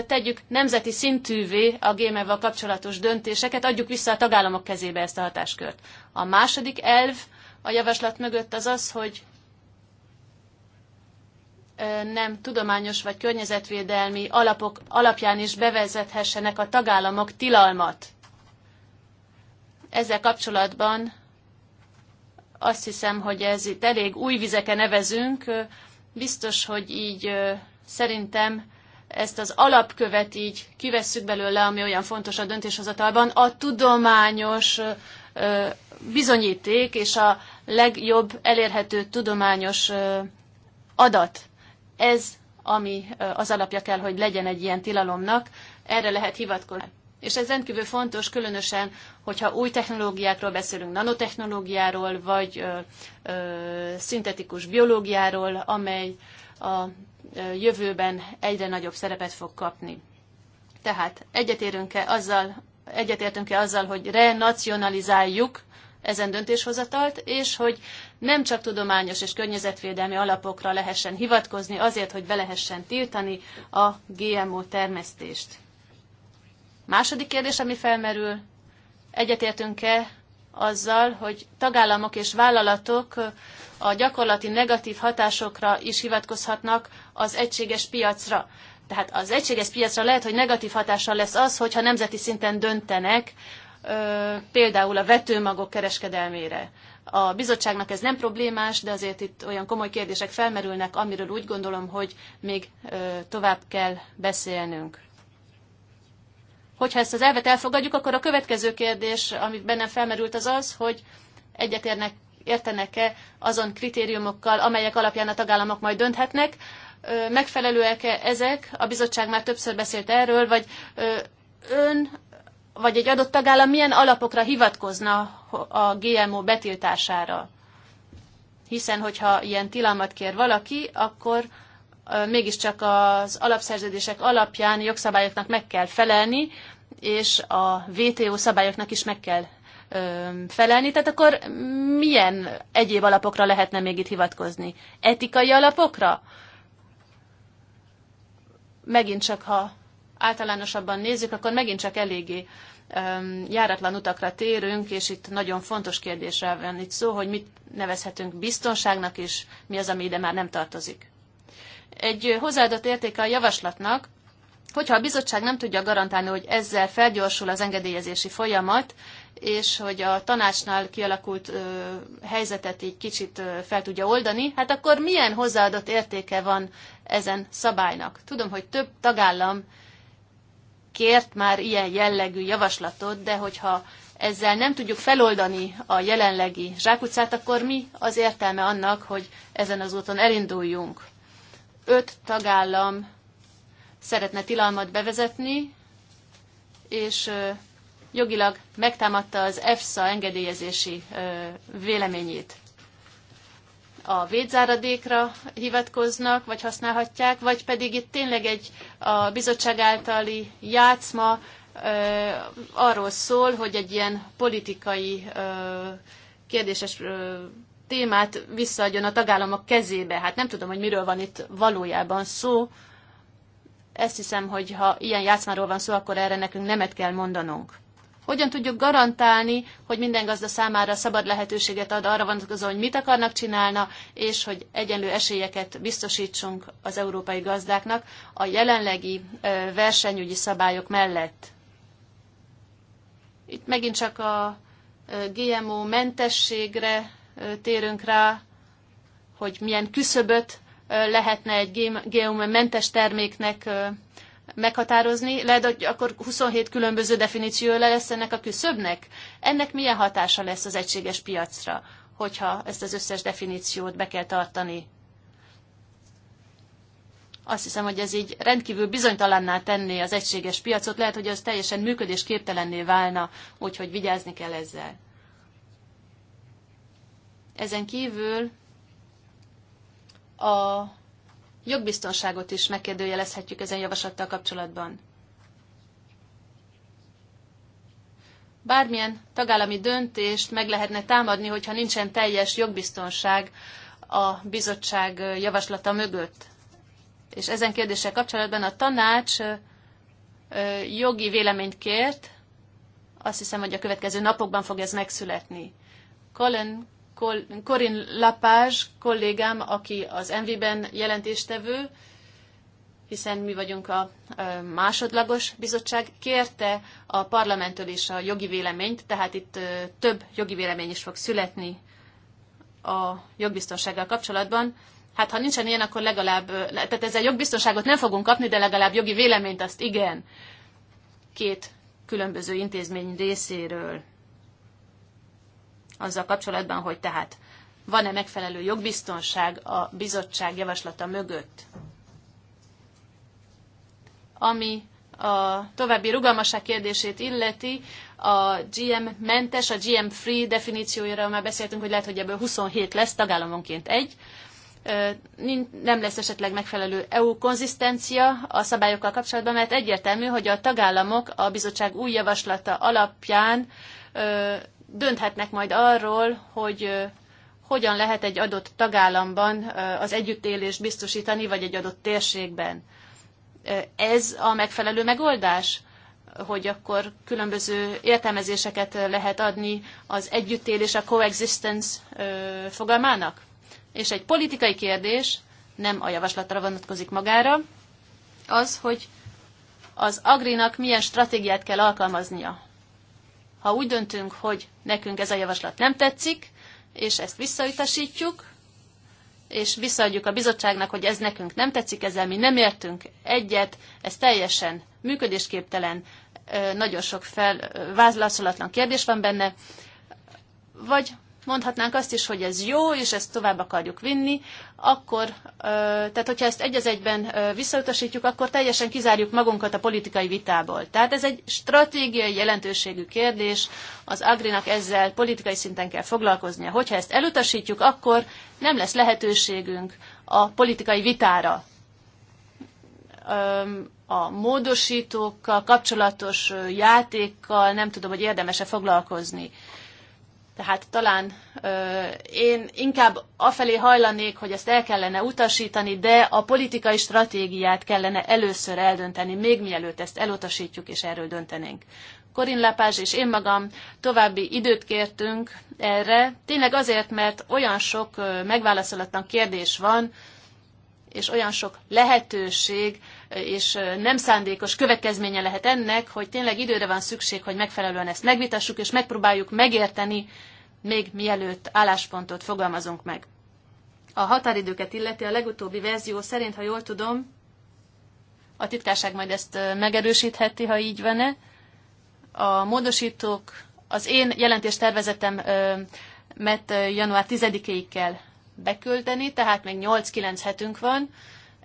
tegyük nemzeti szintűvé a gémevel kapcsolatos döntéseket, adjuk vissza a tagállamok kezébe ezt a hatáskört. A második elv a javaslat mögött az az, hogy nem tudományos vagy környezetvédelmi alapok alapján is bevezethessenek a tagállamok tilalmat. Ezzel kapcsolatban azt hiszem, hogy ez itt elég új vizeke nevezünk. Biztos, hogy így szerintem ezt az alapkövet így kivesszük belőle, ami olyan fontos a döntéshozatalban, a tudományos bizonyíték és a legjobb elérhető tudományos adat ez ami az alapja kell, hogy legyen egy ilyen tilalomnak, erre lehet hivatkozni. És ez rendkívül fontos, különösen, hogyha új technológiákról beszélünk, nanotechnológiáról, vagy ö, ö, szintetikus biológiáról, amely a jövőben egyre nagyobb szerepet fog kapni. Tehát egyetértünk e azzal, egyetértünk-e azzal, hogy renacionalizáljuk ezen döntéshozatalt, és hogy nem csak tudományos és környezetvédelmi alapokra lehessen hivatkozni azért, hogy be lehessen tiltani a GMO termesztést. Második kérdés, ami felmerül, egyetértünk-e azzal, hogy tagállamok és vállalatok a gyakorlati negatív hatásokra is hivatkozhatnak az egységes piacra. Tehát az egységes piacra lehet, hogy negatív hatással lesz az, hogyha nemzeti szinten döntenek, például a vetőmagok kereskedelmére. A bizottságnak ez nem problémás, de azért itt olyan komoly kérdések felmerülnek, amiről úgy gondolom, hogy még tovább kell beszélnünk. Hogyha ezt az elvet elfogadjuk, akkor a következő kérdés, amit bennem felmerült, az az, hogy egyetérnek értenek-e azon kritériumokkal, amelyek alapján a tagállamok majd dönthetnek, megfelelőek-e ezek, a bizottság már többször beszélt erről, vagy ön vagy egy adott tagállam milyen alapokra hivatkozna a GMO betiltására. Hiszen, hogyha ilyen tilalmat kér valaki, akkor mégiscsak az alapszerződések alapján jogszabályoknak meg kell felelni, és a WTO szabályoknak is meg kell felelni, tehát akkor milyen egyéb alapokra lehetne még itt hivatkozni? Etikai alapokra? Megint csak, ha általánosabban nézzük, akkor megint csak eléggé járatlan utakra térünk, és itt nagyon fontos kérdésre van itt szó, hogy mit nevezhetünk biztonságnak, és mi az, ami ide már nem tartozik. Egy hozzáadott értéke a javaslatnak, hogyha a bizottság nem tudja garantálni, hogy ezzel felgyorsul az engedélyezési folyamat, és hogy a tanácsnál kialakult ö, helyzetet így kicsit ö, fel tudja oldani, hát akkor milyen hozzáadott értéke van ezen szabálynak? Tudom, hogy több tagállam kért már ilyen jellegű javaslatot, de hogyha ezzel nem tudjuk feloldani a jelenlegi zsákutcát, akkor mi az értelme annak, hogy ezen az úton elinduljunk? Öt tagállam szeretne tilalmat bevezetni, és jogilag megtámadta az EFSA engedélyezési véleményét a védzáradékra hivatkoznak, vagy használhatják, vagy pedig itt tényleg egy a bizottság általi játszma arról szól, hogy egy ilyen politikai kérdéses témát visszaadjon a tagállamok kezébe. Hát nem tudom, hogy miről van itt valójában szó. Ezt hiszem, hogy ha ilyen játszmáról van szó, akkor erre nekünk nemet kell mondanunk. Hogyan tudjuk garantálni, hogy minden gazda számára szabad lehetőséget ad arra vonatkozóan, hogy mit akarnak csinálna, és hogy egyenlő esélyeket biztosítsunk az európai gazdáknak a jelenlegi versenyügyi szabályok mellett? Itt megint csak a GMO mentességre térünk rá, hogy milyen küszöböt lehetne egy GMO mentes terméknek meghatározni, lehet, hogy akkor 27 különböző definíció lesz ennek a küszöbnek. Ennek milyen hatása lesz az egységes piacra, hogyha ezt az összes definíciót be kell tartani? Azt hiszem, hogy ez így rendkívül bizonytalanná tenné az egységes piacot, lehet, hogy az teljesen működésképtelenné válna, úgyhogy vigyázni kell ezzel. Ezen kívül a jogbiztonságot is megkérdőjelezhetjük ezen javaslattal kapcsolatban. Bármilyen tagállami döntést meg lehetne támadni, hogyha nincsen teljes jogbiztonság a bizottság javaslata mögött. És ezen kérdéssel kapcsolatban a tanács jogi véleményt kért, azt hiszem, hogy a következő napokban fog ez megszületni. Colin Corin Lapage kollégám, aki az envi ben jelentéstevő, hiszen mi vagyunk a másodlagos bizottság, kérte a parlamenttől is a jogi véleményt, tehát itt több jogi vélemény is fog születni a jogbiztonsággal kapcsolatban. Hát ha nincsen ilyen, akkor legalább, tehát ezzel jogbiztonságot nem fogunk kapni, de legalább jogi véleményt azt igen. Két különböző intézmény részéről azzal kapcsolatban, hogy tehát van-e megfelelő jogbiztonság a bizottság javaslata mögött. Ami a további rugalmasság kérdését illeti, a GM mentes, a GM free definíciójára már beszéltünk, hogy lehet, hogy ebből 27 lesz, tagállamonként egy. Nem lesz esetleg megfelelő EU konzisztencia a szabályokkal kapcsolatban, mert egyértelmű, hogy a tagállamok a bizottság új javaslata alapján dönthetnek majd arról, hogy hogyan lehet egy adott tagállamban az együttélést biztosítani, vagy egy adott térségben. Ez a megfelelő megoldás? hogy akkor különböző értelmezéseket lehet adni az együttélés, a coexistence fogalmának? És egy politikai kérdés, nem a javaslatra vonatkozik magára, az, hogy az agrinak milyen stratégiát kell alkalmaznia. Ha úgy döntünk, hogy nekünk ez a javaslat nem tetszik, és ezt visszautasítjuk, és visszaadjuk a bizottságnak, hogy ez nekünk nem tetszik, ezzel mi nem értünk egyet, ez teljesen működésképtelen, nagyon sok fel, kérdés van benne, vagy mondhatnánk azt is, hogy ez jó, és ezt tovább akarjuk vinni, akkor, tehát hogyha ezt egy az egyben visszautasítjuk, akkor teljesen kizárjuk magunkat a politikai vitából. Tehát ez egy stratégiai jelentőségű kérdés, az Agrinak ezzel politikai szinten kell foglalkoznia. Hogyha ezt elutasítjuk, akkor nem lesz lehetőségünk a politikai vitára a módosítókkal kapcsolatos játékkal nem tudom, hogy érdemese foglalkozni. Tehát talán ö, én inkább afelé hajlanék, hogy ezt el kellene utasítani, de a politikai stratégiát kellene először eldönteni, még mielőtt ezt elutasítjuk és erről döntenénk. Korin Lepázs és én magam további időt kértünk erre, tényleg azért, mert olyan sok megválaszolatlan kérdés van, és olyan sok lehetőség, és nem szándékos következménye lehet ennek, hogy tényleg időre van szükség, hogy megfelelően ezt megvitassuk, és megpróbáljuk megérteni, még mielőtt álláspontot fogalmazunk meg. A határidőket illeti a legutóbbi verzió szerint, ha jól tudom, a titkárság majd ezt megerősítheti, ha így van-e. A módosítók az én jelentéstervezetem mert január 10-ig kell beküldeni, tehát még 8-9 hetünk van,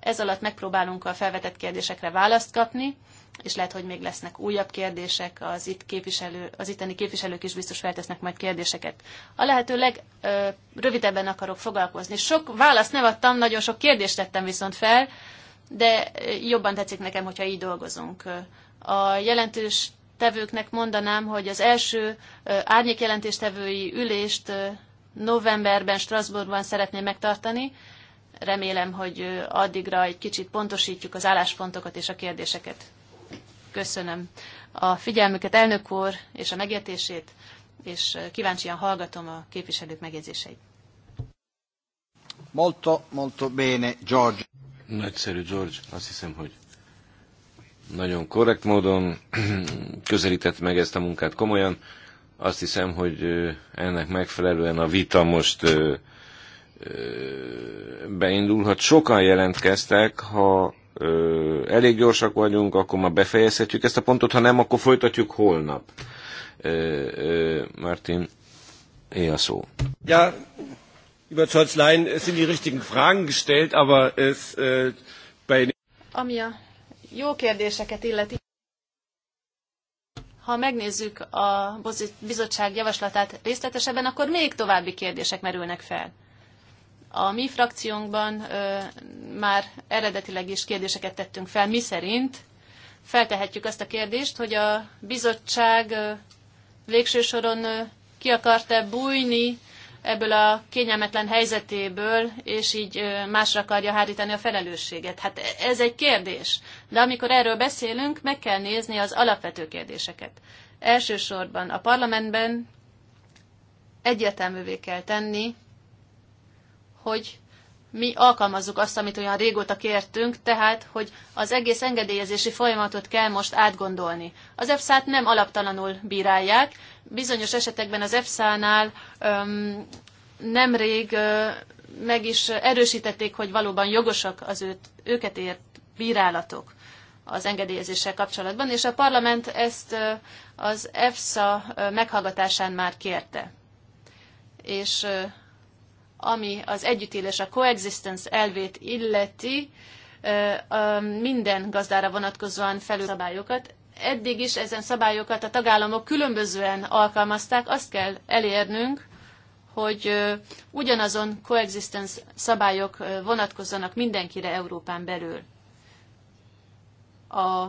ez alatt megpróbálunk a felvetett kérdésekre választ kapni, és lehet, hogy még lesznek újabb kérdések, az, itt képviselő, az itteni képviselők is biztos feltesznek majd kérdéseket. A lehető legrövidebben akarok foglalkozni. Sok választ nem adtam, nagyon sok kérdést tettem viszont fel, de jobban tetszik nekem, hogyha így dolgozunk. A jelentős tevőknek mondanám, hogy az első árnyékjelentéstevői ülést novemberben Strasbourgban szeretném megtartani, Remélem, hogy addigra egy kicsit pontosítjuk az álláspontokat és a kérdéseket. Köszönöm a figyelmüket, elnök úr, és a megértését, és kíváncsian hallgatom a képviselők megjegyzéseit. Molto, molto bene, George. Nagyszerű, George. Azt hiszem, hogy nagyon korrekt módon közelített meg ezt a munkát komolyan. Azt hiszem, hogy ennek megfelelően a vita most beindulhat. Sokan jelentkeztek, ha ö, elég gyorsak vagyunk, akkor ma befejezhetjük ezt a pontot, ha nem, akkor folytatjuk holnap. Ö, ö, Martin, éj a szó. Ja, über Scholz Lein, es sind die richtigen Fragen gestellt, aber es äh, bei... Ami a jó kérdéseket illeti, ha megnézzük a bizottság javaslatát részletesebben, akkor még további kérdések merülnek fel. A mi frakciónkban ö, már eredetileg is kérdéseket tettünk fel, mi szerint feltehetjük azt a kérdést, hogy a bizottság ö, végső soron ö, ki akart-e bújni ebből a kényelmetlen helyzetéből, és így ö, másra akarja hárítani a felelősséget. Hát e-, ez egy kérdés. De amikor erről beszélünk, meg kell nézni az alapvető kérdéseket. Elsősorban a parlamentben egyértelművé kell tenni, hogy mi alkalmazzuk azt, amit olyan régóta kértünk, tehát, hogy az egész engedélyezési folyamatot kell most átgondolni. Az EFSA-t nem alaptalanul bírálják. Bizonyos esetekben az EFSA-nál öm, nemrég ö, meg is erősítették, hogy valóban jogosak az őt, őket ért bírálatok az engedélyezéssel kapcsolatban, és a parlament ezt ö, az EFSA meghallgatásán már kérte. És ö, ami az együttélés, a coexistence elvét illeti, minden gazdára vonatkozóan felül szabályokat. Eddig is ezen szabályokat a tagállamok különbözően alkalmazták. Azt kell elérnünk, hogy ugyanazon coexistence szabályok vonatkozzanak mindenkire Európán belül. A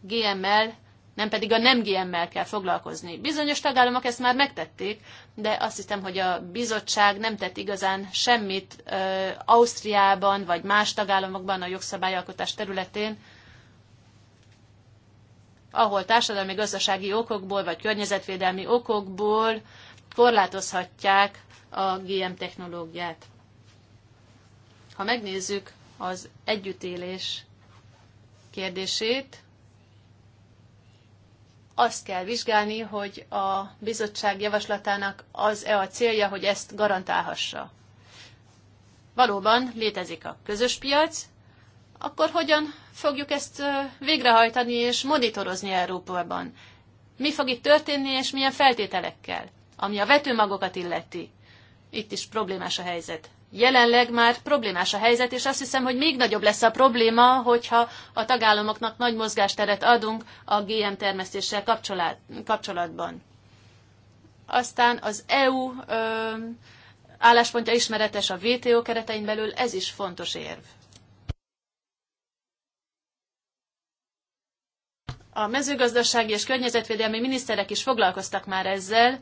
GML nem pedig a nem GM-mel kell foglalkozni. Bizonyos tagállamok ezt már megtették, de azt hiszem, hogy a bizottság nem tett igazán semmit ö, Ausztriában vagy más tagállamokban a jogszabályalkotás területén, ahol társadalmi gazdasági okokból vagy környezetvédelmi okokból korlátozhatják a GM technológiát. Ha megnézzük az együttélés kérdését, azt kell vizsgálni, hogy a bizottság javaslatának az-e a célja, hogy ezt garantálhassa. Valóban létezik a közös piac, akkor hogyan fogjuk ezt végrehajtani és monitorozni Európában? Mi fog itt történni, és milyen feltételekkel? Ami a vetőmagokat illeti. Itt is problémás a helyzet. Jelenleg már problémás a helyzet, és azt hiszem, hogy még nagyobb lesz a probléma, hogyha a tagállamoknak nagy mozgásteret adunk a GM termesztéssel kapcsolatban. Aztán az EU ö, álláspontja ismeretes a WTO keretein belül, ez is fontos érv. A mezőgazdasági és környezetvédelmi miniszterek is foglalkoztak már ezzel.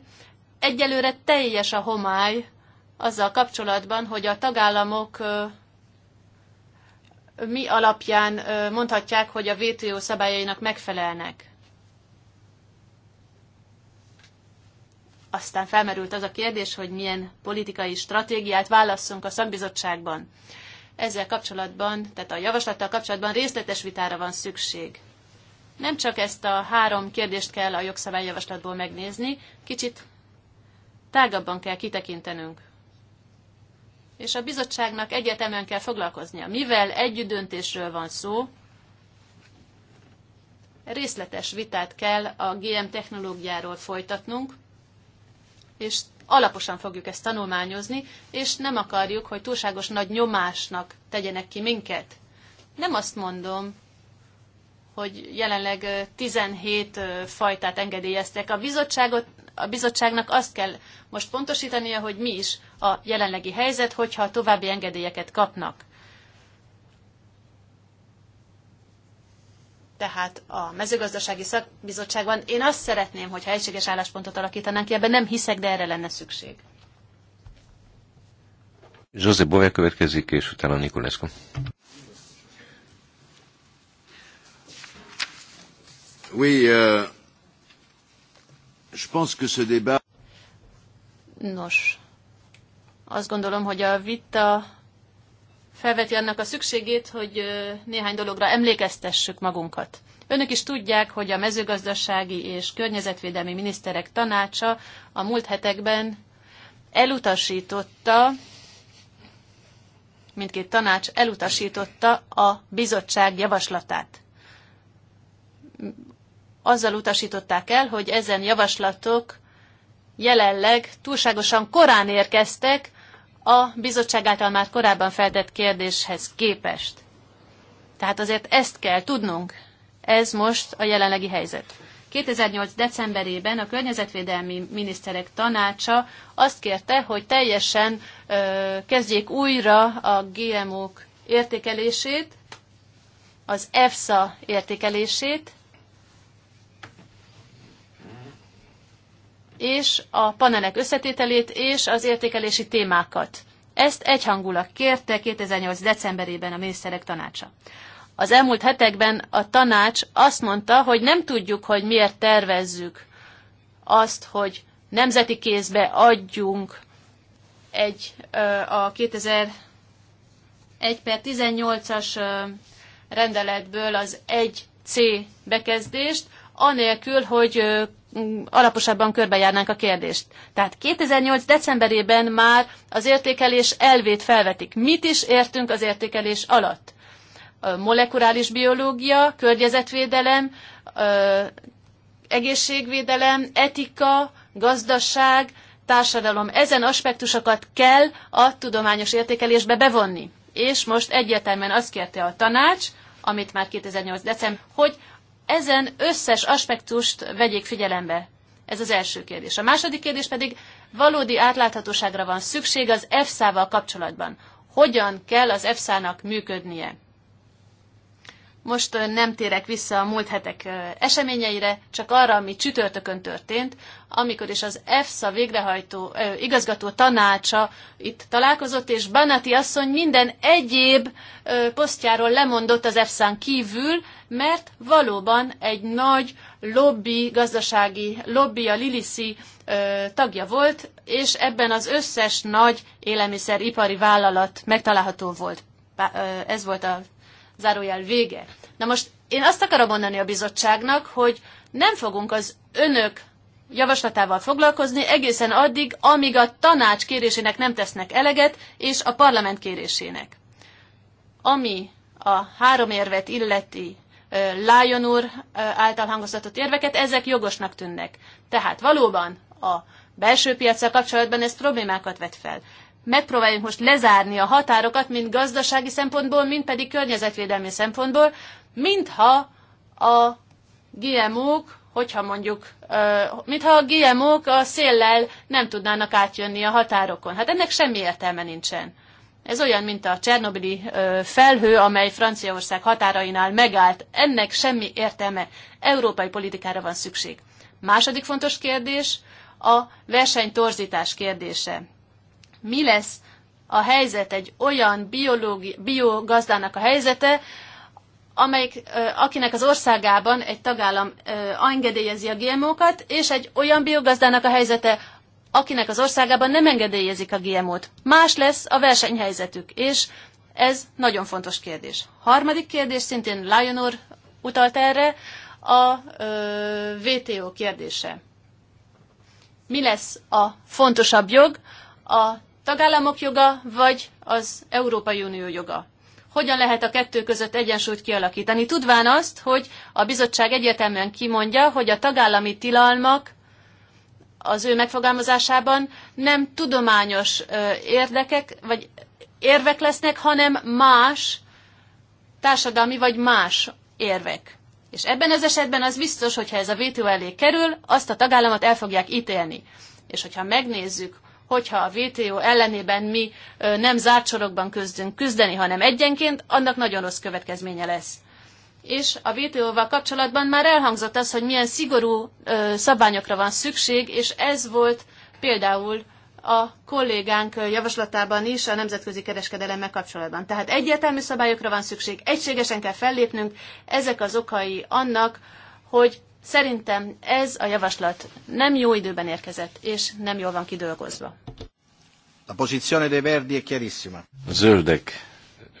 Egyelőre teljes a homály azzal kapcsolatban, hogy a tagállamok mi alapján mondhatják, hogy a WTO szabályainak megfelelnek. Aztán felmerült az a kérdés, hogy milyen politikai stratégiát válasszunk a szakbizottságban. Ezzel kapcsolatban, tehát a javaslattal kapcsolatban részletes vitára van szükség. Nem csak ezt a három kérdést kell a jogszabályjavaslatból megnézni, kicsit tágabban kell kitekintenünk és a bizottságnak egyetemen kell foglalkoznia. Mivel döntésről van szó, részletes vitát kell a GM technológiáról folytatnunk, és alaposan fogjuk ezt tanulmányozni, és nem akarjuk, hogy túlságos nagy nyomásnak tegyenek ki minket. Nem azt mondom, hogy jelenleg 17 fajtát engedélyeztek. A bizottságot a bizottságnak azt kell most pontosítania, hogy mi is a jelenlegi helyzet, hogyha további engedélyeket kapnak. tehát a mezőgazdasági szakbizottságban. Én azt szeretném, hogyha egységes álláspontot alakítanánk ki, ebben nem hiszek, de erre lenne szükség. José Bové következik, és utána Nikolescu. Oui, euh, Nos, azt gondolom, hogy a vita felveti annak a szükségét, hogy néhány dologra emlékeztessük magunkat. Önök is tudják, hogy a mezőgazdasági és környezetvédelmi miniszterek tanácsa a múlt hetekben elutasította, mindkét tanács elutasította a bizottság javaslatát azzal utasították el, hogy ezen javaslatok jelenleg túlságosan korán érkeztek a bizottság által már korábban feltett kérdéshez képest. Tehát azért ezt kell tudnunk. Ez most a jelenlegi helyzet. 2008. decemberében a Környezetvédelmi Miniszterek Tanácsa azt kérte, hogy teljesen ö, kezdjék újra a GMO-k értékelését, az EFSA értékelését, és a panelek összetételét és az értékelési témákat. Ezt egyhangulag kérte 2008. decemberében a miniszterek tanácsa. Az elmúlt hetekben a tanács azt mondta, hogy nem tudjuk, hogy miért tervezzük azt, hogy nemzeti kézbe adjunk egy a 2001 per 18-as rendeletből az 1C bekezdést, anélkül, hogy alaposabban körbejárnánk a kérdést. Tehát 2008. decemberében már az értékelés elvét felvetik. Mit is értünk az értékelés alatt? A molekuláris biológia, környezetvédelem, egészségvédelem, etika, gazdaság, társadalom. Ezen aspektusokat kell a tudományos értékelésbe bevonni. És most egyértelműen azt kérte a tanács, amit már 2008. december, hogy ezen összes aspektust vegyék figyelembe. Ez az első kérdés. A második kérdés pedig valódi átláthatóságra van szükség az EFSA-val kapcsolatban. Hogyan kell az EFSA-nak működnie? Most nem térek vissza a múlt hetek eseményeire, csak arra, ami csütörtökön történt, amikor is az EFSA végrehajtó, ö, igazgató tanácsa itt találkozott, és Banati asszony minden egyéb ö, posztjáról lemondott az EFSA-n kívül, mert valóban egy nagy lobby, gazdasági lobby, a Lilisi ö, tagja volt, és ebben az összes nagy élelmiszeripari vállalat megtalálható volt. Ez volt a zárójel vége. Na most én azt akarom mondani a bizottságnak, hogy nem fogunk az önök javaslatával foglalkozni egészen addig, amíg a tanács kérésének nem tesznek eleget, és a parlament kérésének. Ami a három érvet illeti Lájon úr által hangoztatott érveket, ezek jogosnak tűnnek. Tehát valóban a belső piacsal kapcsolatban ez problémákat vet fel megpróbáljuk most lezárni a határokat, mind gazdasági szempontból, mind pedig környezetvédelmi szempontból, mintha a GMO-k, hogyha mondjuk, mintha a GMO-k a széllel nem tudnának átjönni a határokon. Hát ennek semmi értelme nincsen. Ez olyan, mint a Csernobili felhő, amely Franciaország határainál megállt. Ennek semmi értelme. Európai politikára van szükség. Második fontos kérdés a versenytorzítás kérdése mi lesz a helyzet egy olyan biológi, biogazdának a helyzete, amelyik, akinek az országában egy tagállam engedélyezi a GMO-kat, és egy olyan biogazdának a helyzete, akinek az országában nem engedélyezik a GMO-t. Más lesz a versenyhelyzetük, és ez nagyon fontos kérdés. Harmadik kérdés, szintén Lion úr utalt erre, a ö, WTO kérdése. Mi lesz a fontosabb jog? A tagállamok joga, vagy az Európai Unió joga. Hogyan lehet a kettő között egyensúlyt kialakítani, tudván azt, hogy a bizottság egyértelműen kimondja, hogy a tagállami tilalmak az ő megfogalmazásában nem tudományos érdekek, vagy érvek lesznek, hanem más társadalmi vagy más érvek. És ebben az esetben az biztos, hogyha ez a VTO elé kerül, azt a tagállamot el fogják ítélni. És hogyha megnézzük, hogyha a WTO ellenében mi nem zárt sorokban küzdünk küzdeni, hanem egyenként, annak nagyon rossz következménye lesz. És a WTO-val kapcsolatban már elhangzott az, hogy milyen szigorú szabványokra van szükség, és ez volt például a kollégánk javaslatában is a nemzetközi kereskedelemmel kapcsolatban. Tehát egyértelmű szabályokra van szükség, egységesen kell fellépnünk, ezek az okai annak, hogy Szerintem ez a javaslat nem jó időben érkezett, és nem jól van kidolgozva. A pozíciója dei Verdi è chiarissima. Zöldek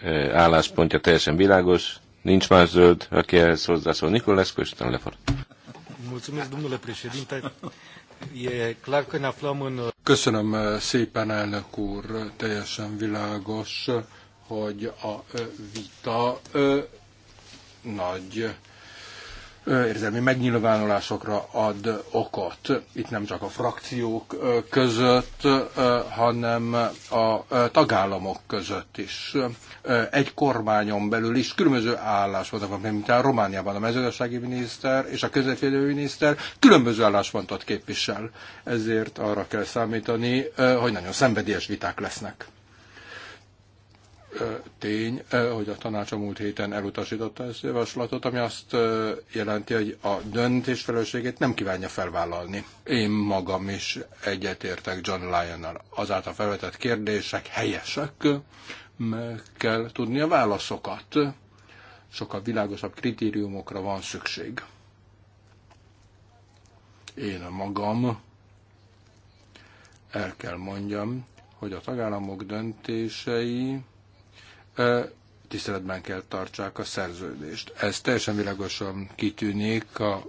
eh, álláspontja teljesen világos, nincs más zöld, aki ehhez hozzászól. Nikolescu és Lefort. Mulțumesc, e Köszönöm eh, szépen, elnök úr, teljesen világos, hogy a eh, vita nagy érzelmi megnyilvánulásokra ad okot. Itt nem csak a frakciók között, hanem a tagállamok között is. Egy kormányon belül is különböző álláspontok van, mint a Romániában a mezőgazdasági miniszter és a közvetlenül miniszter különböző álláspontot képvisel. Ezért arra kell számítani, hogy nagyon szenvedélyes viták lesznek tény, hogy a tanács a múlt héten elutasította ezt a javaslatot, ami azt jelenti, hogy a döntés felelősségét nem kívánja felvállalni. Én magam is egyetértek John Lyonnal. Azáltal felvetett kérdések helyesek, meg kell tudni a válaszokat. Sokkal világosabb kritériumokra van szükség. Én magam el kell mondjam, hogy a tagállamok döntései tiszteletben kell tartsák a szerződést. Ez teljesen világosan kitűnik a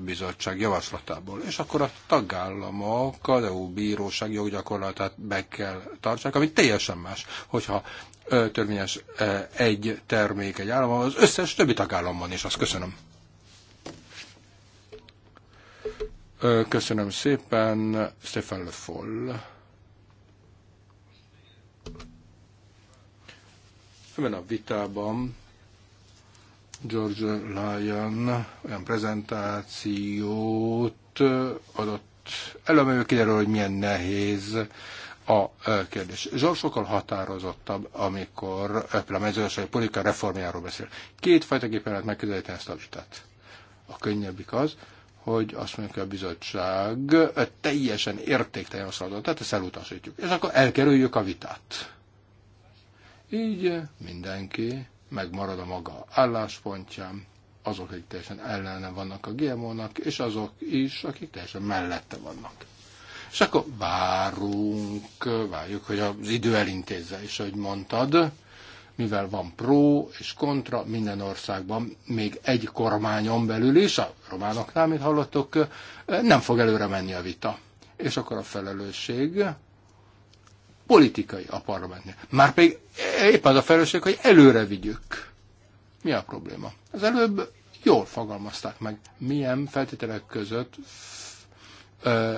bizottság javaslatából. És akkor a tagállamok az EU bíróság joggyakorlatát be kell tartsák, ami teljesen más, hogyha törvényes egy termék egy állam, az összes többi tagállamban is. Azt köszönöm. Köszönöm szépen, Stefan Le Foll. Ebben a vitában George Lyon olyan prezentációt adott elő, amely kiderül, hogy milyen nehéz a kérdés. Zsor sokkal határozottabb, amikor a mezőgazdasági politika reformjáról beszél. képen lehet megközelíteni ezt a vitát. A könnyebbik az, hogy azt mondjuk, hogy a bizottság teljesen értéktelen szabadon, tehát ezt elutasítjuk. És akkor elkerüljük a vitát. Így mindenki megmarad a maga álláspontján, azok, akik teljesen ellene vannak a GMO-nak, és azok is, akik teljesen mellette vannak. És akkor várunk, várjuk, hogy az idő elintézze és ahogy mondtad, mivel van pró és kontra minden országban, még egy kormányon belül is, a románoknál, mint hallottok, nem fog előre menni a vita. És akkor a felelősség politikai a parlamentnél. pedig éppen az a felelősség, hogy előre vigyük. Mi a probléma? Az előbb jól fogalmazták meg, milyen feltételek között ö,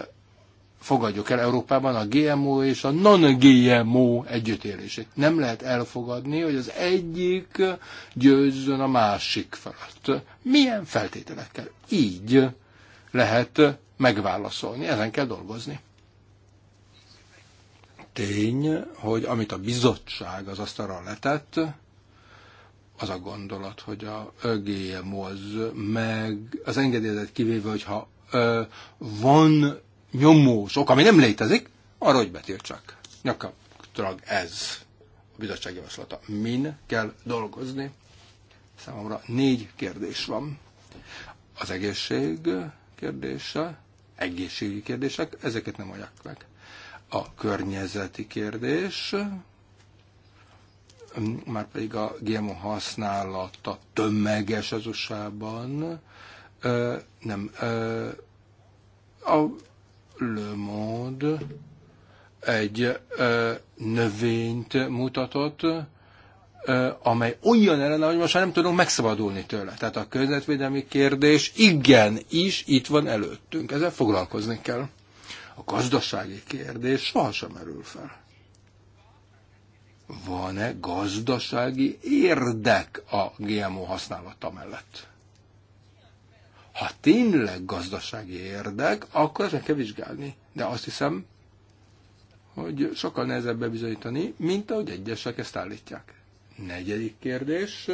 fogadjuk el Európában a GMO és a non-GMO együttélését. Nem lehet elfogadni, hogy az egyik győzzön a másik felett. Milyen feltételekkel? Így lehet megválaszolni, ezen kell dolgozni tény, hogy amit a bizottság az asztalra letett, az a gondolat, hogy a gmo meg az engedélyezet kivéve, hogyha ö, van nyomós ok, ami nem létezik, arra, hogy betiltsak. Nyakaptrag ez a bizottság javaslata. Min kell dolgozni? Számomra négy kérdés van. Az egészség kérdése, egészségi kérdések, ezeket nem adják meg a környezeti kérdés, már pedig a GMO használata tömeges az USA-ban, nem, a Le Monde egy növényt mutatott, amely olyan ellen, hogy most már nem tudunk megszabadulni tőle. Tehát a környezetvédelmi kérdés igen is itt van előttünk. Ezzel foglalkozni kell. A gazdasági kérdés sohasem merül fel. Van-e gazdasági érdek a GMO használata mellett? Ha tényleg gazdasági érdek, akkor ezt meg kell vizsgálni. De azt hiszem, hogy sokkal nehezebb bebizonyítani, mint ahogy egyesek ezt állítják. Negyedik kérdés.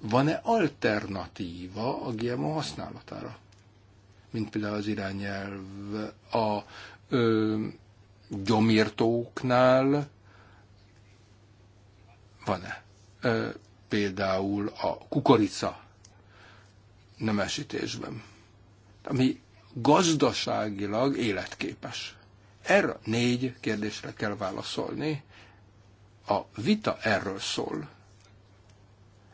Van-e alternatíva a GMO használatára? mint például az irányelv a ö, gyomírtóknál van-e? Ö, például a kukorica nemesítésben, ami gazdaságilag életképes. Erre négy kérdésre kell válaszolni. A vita erről szól.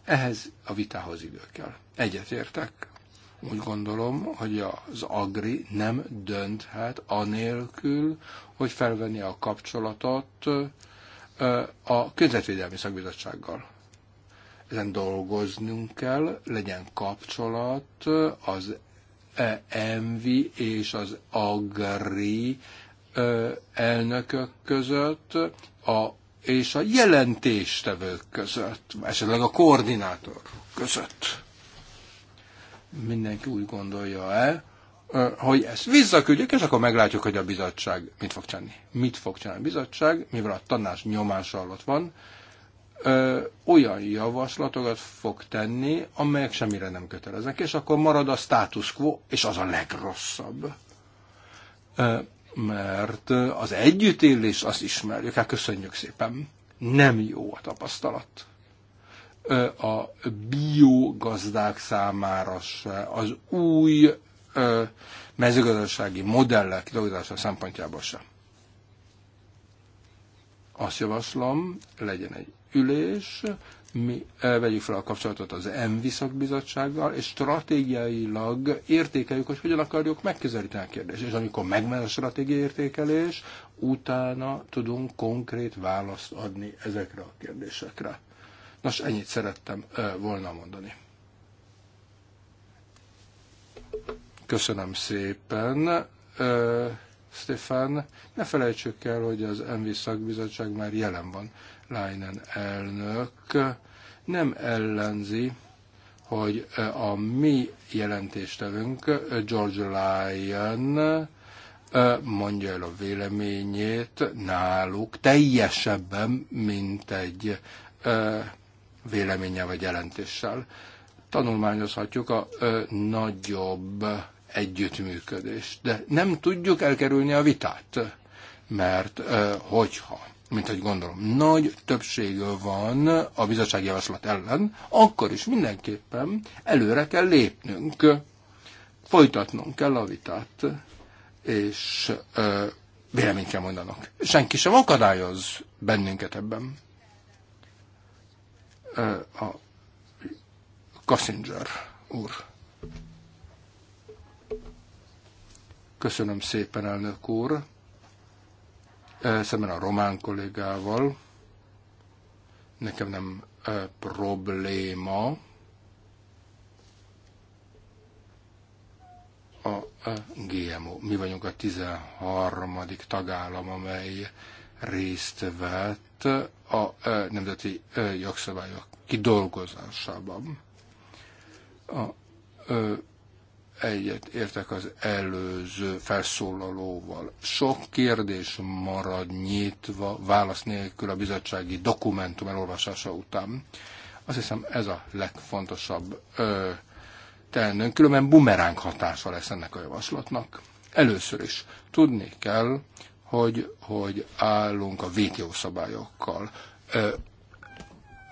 Ehhez a vitához idő kell. Egyetértek. Úgy gondolom, hogy az Agri nem dönthet anélkül, hogy felvenni a kapcsolatot a Közvetvédelmi Szakbizottsággal. Ezen dolgoznunk kell, legyen kapcsolat az envi és az Agri elnökök között, a, és a jelentéstevők között, esetleg a koordinátor között mindenki úgy gondolja el, hogy ezt visszaküldjük, és akkor meglátjuk, hogy a bizottság mit fog csinálni. Mit fog csinálni a bizottság, mivel a tanács nyomás alatt van, olyan javaslatokat fog tenni, amelyek semmire nem köteleznek, és akkor marad a status quo, és az a legrosszabb. mert az együttélés, azt ismerjük, hát köszönjük szépen, nem jó a tapasztalat a biogazdák számára se, az új mezőgazdasági modellek kidolgozása szempontjából sem. Azt javaslom, legyen egy ülés, mi vegyük fel a kapcsolatot az ENVI szakbizottsággal, és stratégiailag értékeljük, hogy hogyan akarjuk megközelíteni a kérdést. És amikor megmen a stratégiai értékelés, utána tudunk konkrét választ adni ezekre a kérdésekre. Nos, ennyit szerettem volna mondani. Köszönöm szépen. Stefan, ne felejtsük el, hogy az MV szakbizottság már jelen van. Leinen elnök nem ellenzi, hogy a mi jelentéstevünk, George Lyon mondja el a véleményét náluk teljesebben, mint egy véleménnyel vagy jelentéssel. Tanulmányozhatjuk a ö, nagyobb együttműködést, de nem tudjuk elkerülni a vitát, mert ö, hogyha, mint hogy gondolom, nagy többség van a bizottsági javaslat ellen, akkor is mindenképpen előre kell lépnünk, folytatnunk kell a vitát, és ö, véleményt kell mondanak. Senki sem akadályoz bennünket ebben a Kassinger úr. Köszönöm szépen, elnök úr. Szemben a román kollégával. Nekem nem probléma a GMO. Mi vagyunk a 13. tagállam, amely részt vett a nemzeti jogszabályok kidolgozásában. A, ö, egyet értek az előző felszólalóval. Sok kérdés marad nyitva, válasz nélkül a bizottsági dokumentum elolvasása után. Azt hiszem ez a legfontosabb ö, tennünk, különben bumeránk hatása lesz ennek a javaslatnak. Először is tudni kell, hogy, hogy állunk a WTO szabályokkal.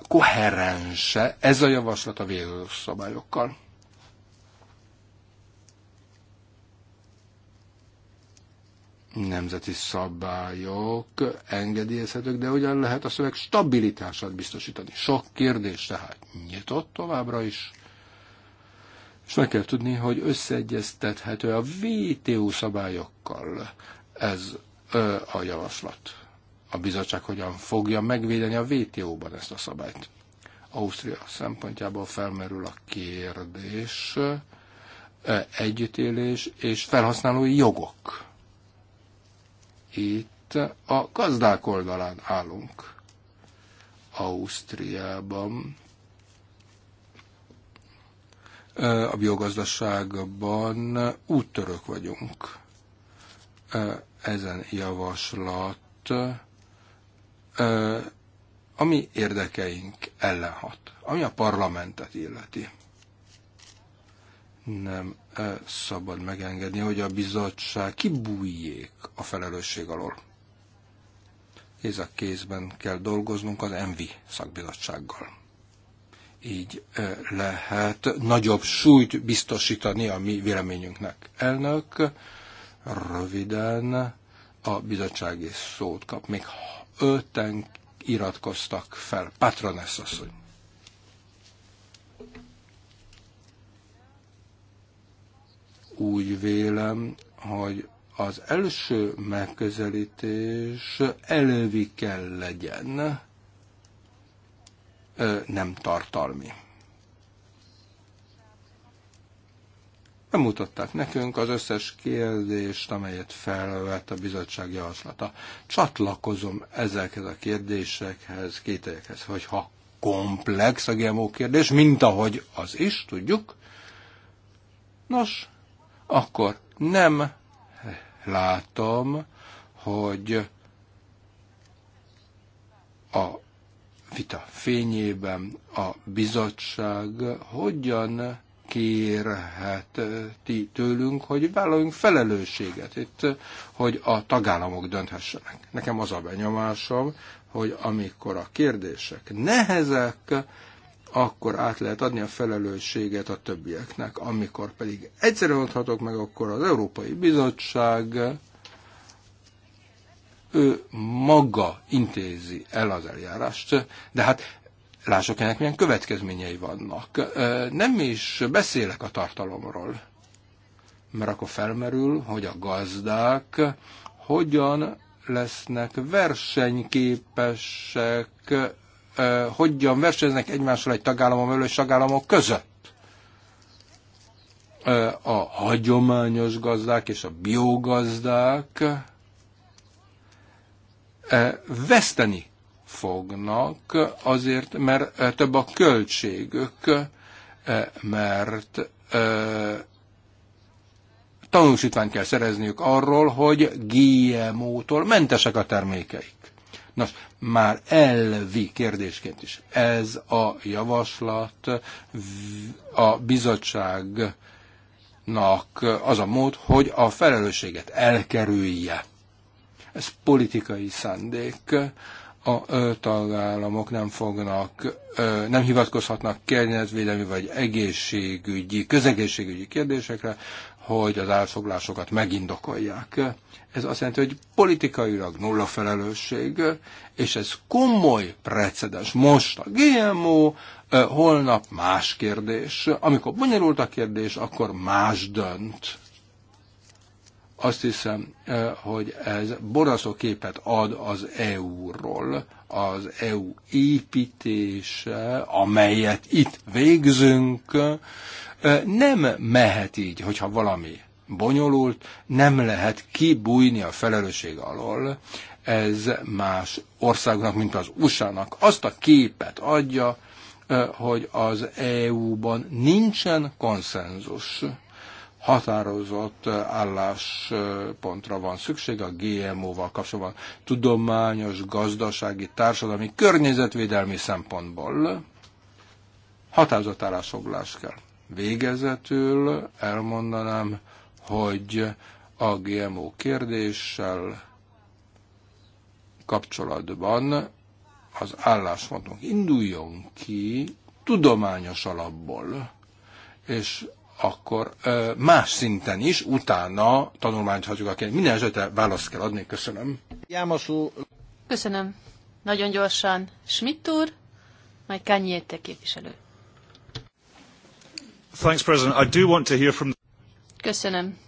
Koherense ez a javaslat a WTO szabályokkal? Nemzeti szabályok engedélyezhetők, de ugyan lehet a szöveg stabilitását biztosítani. Sok kérdés tehát nyitott továbbra is. És meg kell tudni, hogy összeegyeztethető a VTO szabályokkal ez a javaslat. A bizottság hogyan fogja megvédeni a WTO-ban ezt a szabályt? Ausztria szempontjából felmerül a kérdés, együttélés és felhasználói jogok. Itt a gazdák oldalán állunk. Ausztriában a biogazdaságban úttörök vagyunk ezen javaslat ami érdekeink ellen hat, ami a parlamentet illeti. Nem szabad megengedni, hogy a bizottság kibújjék a felelősség alól. Kéz a kézben kell dolgoznunk az ENVI szakbizottsággal. Így lehet nagyobb súlyt biztosítani a mi véleményünknek. Elnök, Röviden a bizottsági szót kap. Még öten iratkoztak fel. Patronesz asszony. Úgy vélem, hogy az első megközelítés elővi kell legyen, nem tartalmi. bemutatták nekünk az összes kérdést, amelyet felvett a bizottság javaslata. Csatlakozom ezekhez a kérdésekhez, kételyekhez, hogyha komplex a GMO kérdés, mint ahogy az is, tudjuk. Nos, akkor nem látom, hogy a vita fényében a bizottság hogyan kérheti tőlünk, hogy vállaljunk felelősséget itt, hogy a tagállamok dönthessenek. Nekem az a benyomásom, hogy amikor a kérdések nehezek, akkor át lehet adni a felelősséget a többieknek. Amikor pedig egyszerűen mondhatok meg, akkor az Európai Bizottság ő maga intézi el az eljárást, de hát lássak ennek milyen következményei vannak. Nem is beszélek a tartalomról, mert akkor felmerül, hogy a gazdák hogyan lesznek versenyképesek, hogyan versenyeznek egymással egy tagállamon belül és tagállamok között a hagyományos gazdák és a biogazdák veszteni fognak, azért, mert eh, több a költségük, eh, mert eh, tanúsítványt kell szerezniük arról, hogy GMO-tól mentesek a termékeik. Nos, már elvi kérdésként is ez a javaslat a bizottságnak az a mód, hogy a felelősséget elkerülje. Ez politikai szándék, a tagállamok nem fognak, nem hivatkozhatnak környezetvédelmi vagy egészségügyi, közegészségügyi kérdésekre, hogy az elfoglásokat megindokolják. Ez azt jelenti, hogy politikailag nulla felelősség, és ez komoly precedens. Most a GMO, holnap más kérdés. Amikor bonyolult a kérdés, akkor más dönt. Azt hiszem, eh, hogy ez boraszó képet ad az EU-ról, az EU építése, amelyet itt végzünk, eh, nem mehet így, hogyha valami bonyolult, nem lehet kibújni a felelősség alól. Ez más országnak, mint az USA-nak azt a képet adja, eh, hogy az EU-ban nincsen konszenzus határozott álláspontra van szükség a GMO-val kapcsolatban. Tudományos, gazdasági, társadalmi, környezetvédelmi szempontból határozott állásfoglalás kell. Végezetül elmondanám, hogy a GMO kérdéssel kapcsolatban az álláspontunk induljon ki tudományos alapból, és akkor más szinten is, utána tanulmányt hagyjuk a kérdést. Minden esetre választ kell adni. Köszönöm. Jámosú. Köszönöm. Nagyon gyorsan Schmidt úr, majd Kányéte képviselő. Thanks, President. I do want to hear from... Köszönöm.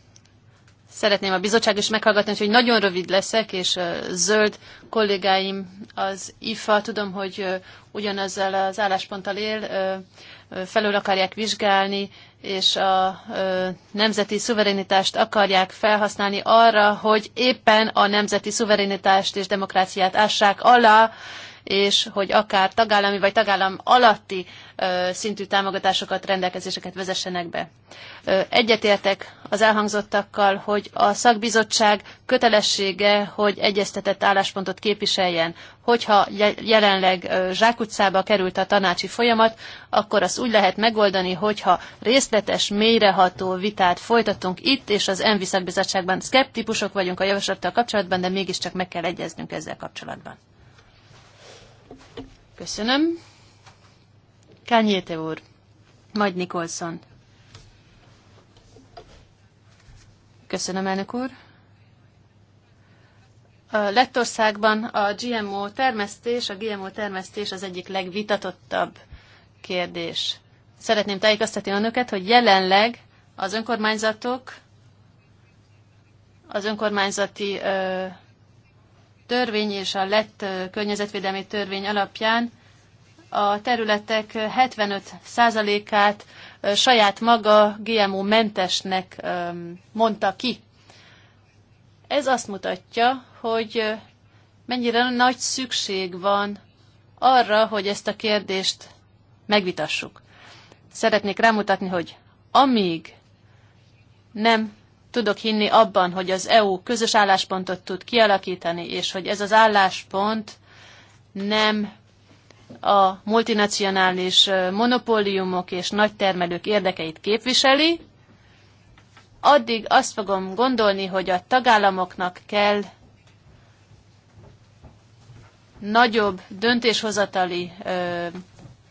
Szeretném a bizottság is meghallgatni, hogy nagyon rövid leszek, és zöld kollégáim az IFA, tudom, hogy ugyanazzal az állásponttal él, felül akarják vizsgálni és a ö, nemzeti szuverenitást akarják felhasználni arra, hogy éppen a nemzeti szuverenitást és demokráciát ássák alá, és hogy akár tagállami vagy tagállam alatti szintű támogatásokat, rendelkezéseket vezessenek be. Egyetértek az elhangzottakkal, hogy a szakbizottság kötelessége, hogy egyeztetett álláspontot képviseljen. Hogyha jelenleg zsákutcába került a tanácsi folyamat, akkor azt úgy lehet megoldani, hogyha részletes, mélyreható vitát folytatunk itt, és az ENVI szakbizottságban szkeptikusok vagyunk a javaslattal kapcsolatban, de mégiscsak meg kell egyeznünk ezzel kapcsolatban. Köszönöm. Kányéte úr, majd Nikolson. Köszönöm, elnök úr. A Lettországban a GMO termesztés, a GMO termesztés az egyik legvitatottabb kérdés. Szeretném tájékoztatni önöket, hogy jelenleg az önkormányzatok az önkormányzati ö, törvény és a lett környezetvédelmi törvény alapján a területek 75%-át saját maga GMO mentesnek mondta ki. Ez azt mutatja, hogy mennyire nagy szükség van arra, hogy ezt a kérdést megvitassuk. Szeretnék rámutatni, hogy amíg nem tudok hinni abban, hogy az EU közös álláspontot tud kialakítani, és hogy ez az álláspont nem a multinacionális monopóliumok és nagy termelők érdekeit képviseli, addig azt fogom gondolni, hogy a tagállamoknak kell nagyobb döntéshozatali ö,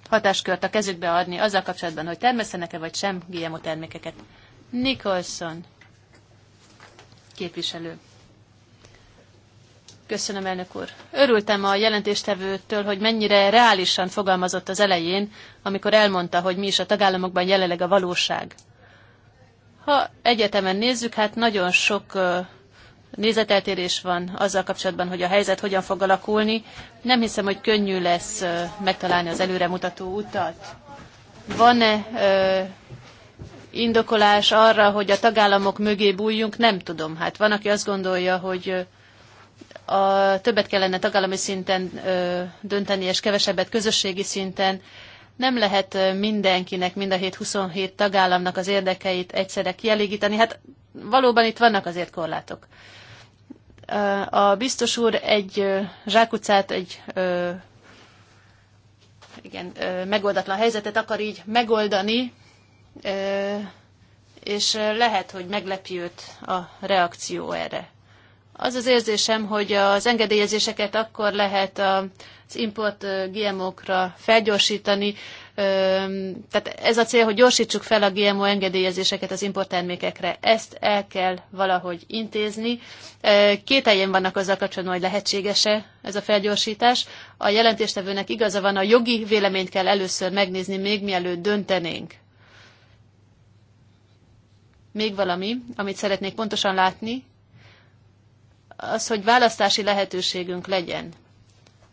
hatáskört a kezükbe adni azzal kapcsolatban, hogy termesztenek-e vagy sem GMO termékeket. Nicholson képviselő. Köszönöm, elnök úr. Örültem a jelentéstevőtől, hogy mennyire reálisan fogalmazott az elején, amikor elmondta, hogy mi is a tagállamokban jelenleg a valóság. Ha egyetemen nézzük, hát nagyon sok nézeteltérés van azzal kapcsolatban, hogy a helyzet hogyan fog alakulni. Nem hiszem, hogy könnyű lesz megtalálni az előremutató utat. Van-e indokolás arra, hogy a tagállamok mögé bújjunk, nem tudom. Hát van, aki azt gondolja, hogy a, többet kellene tagállami szinten dönteni, és kevesebbet közösségi szinten. Nem lehet mindenkinek, mind a 7-27 tagállamnak az érdekeit egyszerre kielégíteni. Hát valóban itt vannak azért korlátok. A biztos úr egy zsákutcát, egy igen, megoldatlan helyzetet akar így megoldani, és lehet, hogy meglepi őt a reakció erre. Az az érzésem, hogy az engedélyezéseket akkor lehet az import GMO-kra felgyorsítani, tehát ez a cél, hogy gyorsítsuk fel a GMO engedélyezéseket az importtermékekre. Ezt el kell valahogy intézni. Két helyen vannak azzal kapcsolatban, hogy lehetséges-e ez a felgyorsítás. A jelentéstevőnek igaza van, a jogi véleményt kell először megnézni, még mielőtt döntenénk még valami, amit szeretnék pontosan látni, az, hogy választási lehetőségünk legyen.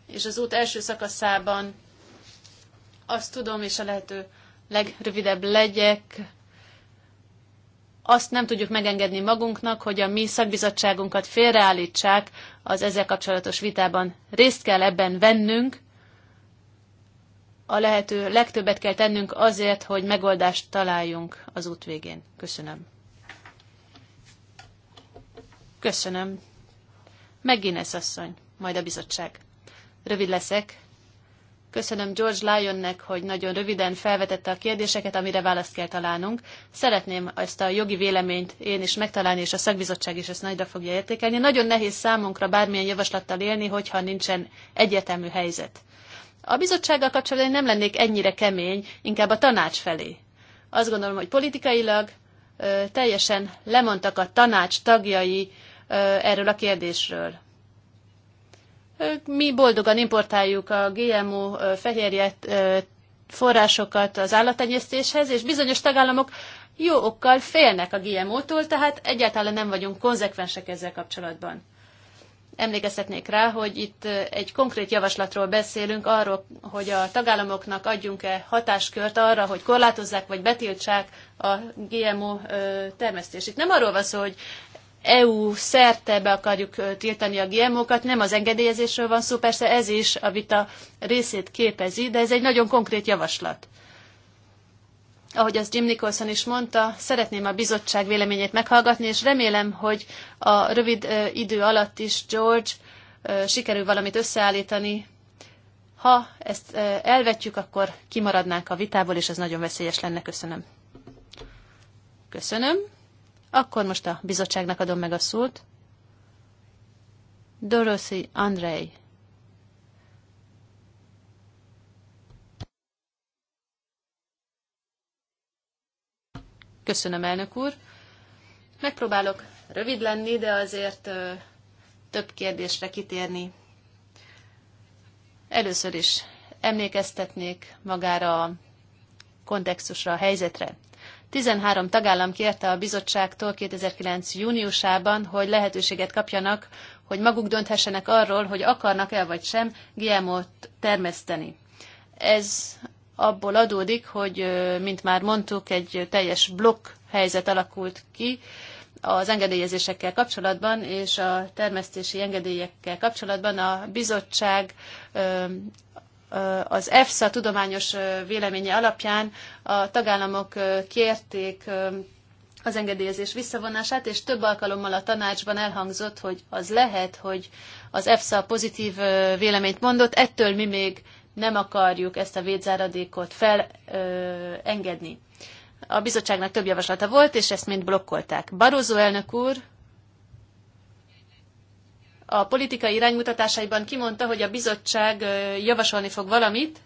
És az út első szakaszában azt tudom, és a lehető legrövidebb legyek, azt nem tudjuk megengedni magunknak, hogy a mi szakbizottságunkat félreállítsák az ezzel kapcsolatos vitában. Részt kell ebben vennünk, a lehető legtöbbet kell tennünk azért, hogy megoldást találjunk az út végén. Köszönöm. Köszönöm. Megginesz asszony, majd a bizottság. Rövid leszek. Köszönöm George Lyonnek, hogy nagyon röviden felvetette a kérdéseket, amire választ kell találnunk. Szeretném ezt a jogi véleményt én is megtalálni, és a szakbizottság is ezt nagyra fogja értékelni. Nagyon nehéz számunkra bármilyen javaslattal élni, hogyha nincsen egyetemű helyzet. A bizottsággal kapcsolatban nem lennék ennyire kemény, inkább a tanács felé. Azt gondolom, hogy politikailag ö, teljesen lemondtak a tanács tagjai ö, erről a kérdésről. Mi boldogan importáljuk a GMO fehérje forrásokat az állattenyésztéshez, és bizonyos tagállamok jó okkal félnek a GMO-tól, tehát egyáltalán nem vagyunk konzekvensek ezzel kapcsolatban. Emlékeztetnék rá, hogy itt egy konkrét javaslatról beszélünk arról, hogy a tagállamoknak adjunk-e hatáskört arra, hogy korlátozzák vagy betiltsák a GMO termesztését. Nem arról van szó, hogy EU szerte be akarjuk tiltani a GMO-kat, nem az engedélyezésről van szó, persze ez is a vita részét képezi, de ez egy nagyon konkrét javaslat ahogy az Jim Nicholson is mondta, szeretném a bizottság véleményét meghallgatni, és remélem, hogy a rövid idő alatt is George sikerül valamit összeállítani. Ha ezt elvetjük, akkor kimaradnánk a vitából, és ez nagyon veszélyes lenne. Köszönöm. Köszönöm. Akkor most a bizottságnak adom meg a szót. Dorothy Andrei Köszönöm, elnök úr. Megpróbálok rövid lenni, de azért több kérdésre kitérni. Először is emlékeztetnék magára a kontextusra, a helyzetre. 13 tagállam kérte a bizottságtól 2009. júniusában, hogy lehetőséget kapjanak, hogy maguk dönthessenek arról, hogy akarnak-e vagy sem GMO-t termeszteni. Ez abból adódik, hogy, mint már mondtuk, egy teljes blokk helyzet alakult ki az engedélyezésekkel kapcsolatban, és a termesztési engedélyekkel kapcsolatban a bizottság az EFSA tudományos véleménye alapján a tagállamok kérték az engedélyezés visszavonását, és több alkalommal a tanácsban elhangzott, hogy az lehet, hogy az EFSA pozitív véleményt mondott, ettől mi még nem akarjuk ezt a védzáradékot felengedni. A bizottságnak több javaslata volt, és ezt mind blokkolták. Barózó elnök úr a politikai iránymutatásaiban kimondta, hogy a bizottság javasolni fog valamit,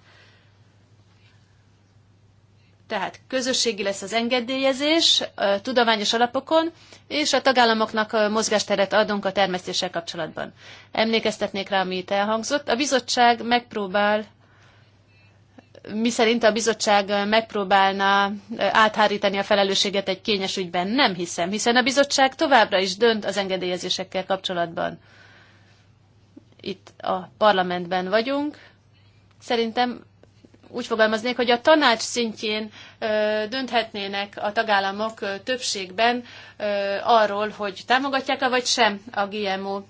tehát közösségi lesz az engedélyezés tudományos alapokon, és a tagállamoknak mozgásteret adunk a termesztéssel kapcsolatban. Emlékeztetnék rá, amit elhangzott. A bizottság megpróbál mi szerint a bizottság megpróbálna áthárítani a felelősséget egy kényes ügyben. Nem hiszem, hiszen a bizottság továbbra is dönt az engedélyezésekkel kapcsolatban. Itt a parlamentben vagyunk. Szerintem úgy fogalmaznék, hogy a tanács szintjén dönthetnének a tagállamok többségben arról, hogy támogatják-e vagy sem a GMO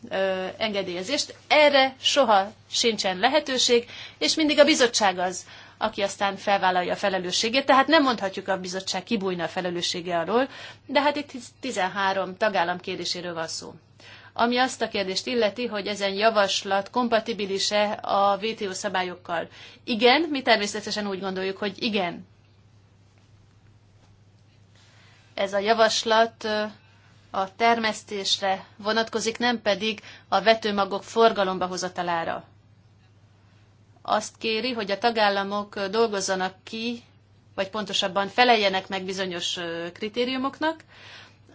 engedélyezést. Erre soha sincsen lehetőség, és mindig a bizottság az, aki aztán felvállalja a felelősségét. Tehát nem mondhatjuk a bizottság kibújna a felelőssége alól, de hát itt 13 tagállam kéréséről van szó. Ami azt a kérdést illeti, hogy ezen javaslat kompatibilise a WTO szabályokkal. Igen, mi természetesen úgy gondoljuk, hogy igen. Ez a javaslat a termesztésre vonatkozik, nem pedig a vetőmagok forgalomba hozatalára azt kéri, hogy a tagállamok dolgozzanak ki, vagy pontosabban feleljenek meg bizonyos kritériumoknak.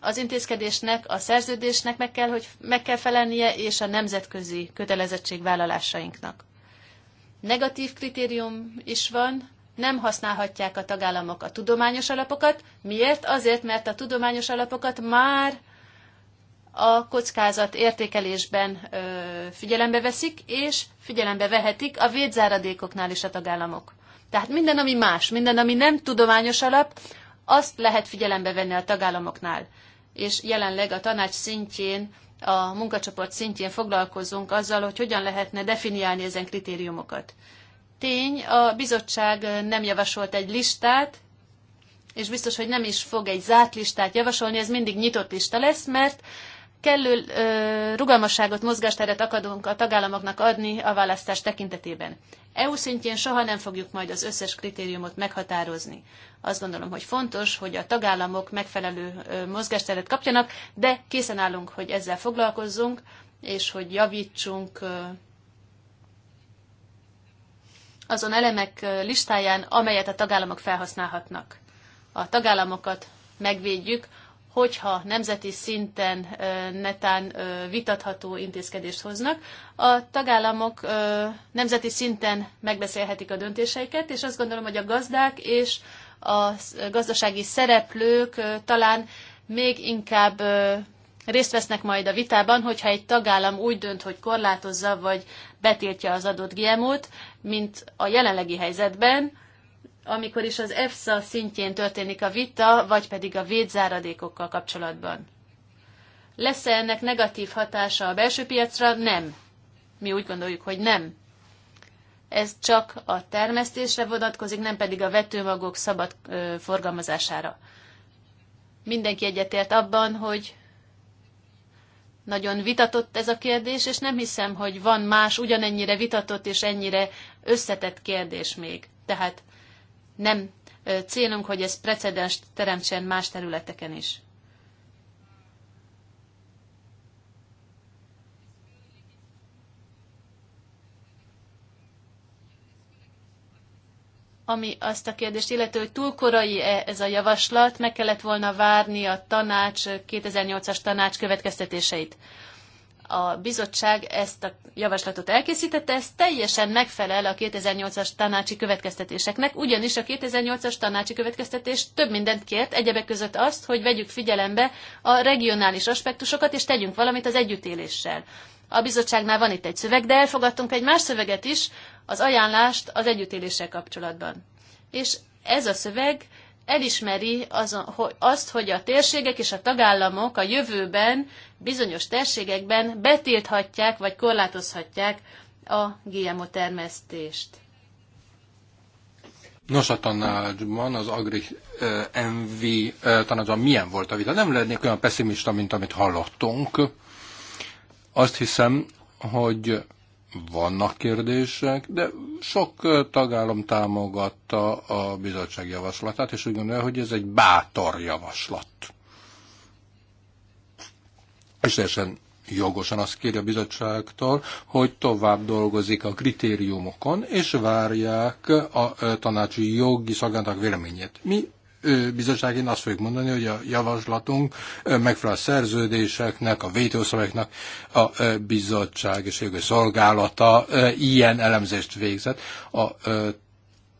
Az intézkedésnek, a szerződésnek meg kell, hogy meg kell felelnie, és a nemzetközi kötelezettségvállalásainknak. Negatív kritérium is van, nem használhatják a tagállamok a tudományos alapokat. Miért? Azért, mert a tudományos alapokat már a kockázat értékelésben figyelembe veszik, és figyelembe vehetik a védzáradékoknál is a tagállamok. Tehát minden, ami más, minden, ami nem tudományos alap, azt lehet figyelembe venni a tagállamoknál. És jelenleg a tanács szintjén, a munkacsoport szintjén foglalkozunk azzal, hogy hogyan lehetne definiálni ezen kritériumokat. Tény, a bizottság nem javasolt egy listát, és biztos, hogy nem is fog egy zárt listát javasolni, ez mindig nyitott lista lesz, mert kellő ö, rugalmasságot, mozgásteret akadunk a tagállamoknak adni a választás tekintetében. EU szintjén soha nem fogjuk majd az összes kritériumot meghatározni. Azt gondolom, hogy fontos, hogy a tagállamok megfelelő ö, mozgásteret kapjanak, de készen állunk, hogy ezzel foglalkozzunk, és hogy javítsunk ö, azon elemek listáján, amelyet a tagállamok felhasználhatnak. A tagállamokat megvédjük, hogyha nemzeti szinten netán vitatható intézkedést hoznak, a tagállamok nemzeti szinten megbeszélhetik a döntéseiket, és azt gondolom, hogy a gazdák és a gazdasági szereplők talán még inkább részt vesznek majd a vitában, hogyha egy tagállam úgy dönt, hogy korlátozza vagy betiltja az adott GMO-t, mint a jelenlegi helyzetben, amikor is az EFSA szintjén történik a vita, vagy pedig a védzáradékokkal kapcsolatban. Lesz-e ennek negatív hatása a belső piacra? Nem. Mi úgy gondoljuk, hogy nem. Ez csak a termesztésre vonatkozik, nem pedig a vetőmagok szabad ö, forgalmazására. Mindenki egyetért abban, hogy nagyon vitatott ez a kérdés, és nem hiszem, hogy van más ugyanennyire vitatott és ennyire összetett kérdés még. Tehát nem célunk, hogy ez precedens teremtsen más területeken is. ami azt a kérdést illető, hogy túl korai -e ez a javaslat, meg kellett volna várni a tanács, 2008-as tanács következtetéseit a bizottság ezt a javaslatot elkészítette, ez teljesen megfelel a 2008-as tanácsi következtetéseknek, ugyanis a 2008-as tanácsi következtetés több mindent kért, egyebek között azt, hogy vegyük figyelembe a regionális aspektusokat, és tegyünk valamit az együttéléssel. A bizottságnál van itt egy szöveg, de elfogadtunk egy más szöveget is, az ajánlást az együttéléssel kapcsolatban. És ez a szöveg elismeri azt, hogy a térségek és a tagállamok a jövőben bizonyos térségekben betilthatják vagy korlátozhatják a GMO termesztést. Nos, a tanácsban, az Agri eh, MV eh, tanácsban milyen volt a vita? Nem lennék olyan pessimista, mint amit hallottunk. Azt hiszem, hogy vannak kérdések, de sok eh, tagállam támogatta a bizottság javaslatát, és úgy gondolja, hogy ez egy bátor javaslat. És teljesen jogosan azt kéri a bizottságtól, hogy tovább dolgozik a kritériumokon, és várják a tanácsi jogi szolgálatok véleményét. Mi bizottságén azt fogjuk mondani, hogy a javaslatunk megfelel a szerződéseknek, a vétószabályoknak a bizottság és jogi szolgálata ilyen elemzést végzett. A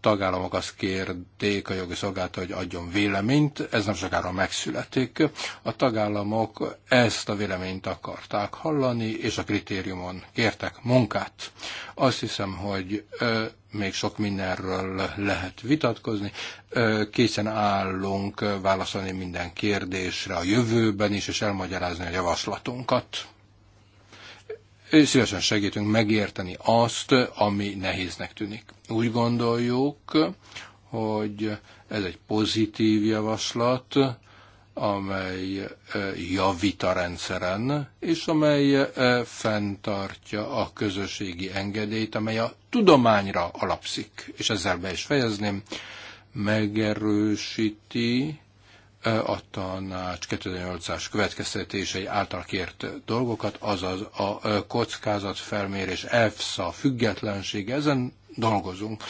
tagállamok azt kérték a jogi szolgáltat, hogy adjon véleményt, ez nem sokára megszületik. A tagállamok ezt a véleményt akarták hallani, és a kritériumon kértek munkát. Azt hiszem, hogy ö, még sok mindenről lehet vitatkozni. Ö, készen állunk válaszolni minden kérdésre a jövőben is, és elmagyarázni a javaslatunkat szívesen segítünk megérteni azt, ami nehéznek tűnik. Úgy gondoljuk, hogy ez egy pozitív javaslat, amely javít a rendszeren, és amely fenntartja a közösségi engedélyt, amely a tudományra alapszik, és ezzel be is fejezném, megerősíti a tanács 2008-as következtetései által kért dolgokat, azaz a kockázatfelmérés EFSA függetlensége, ezen dolgozunk,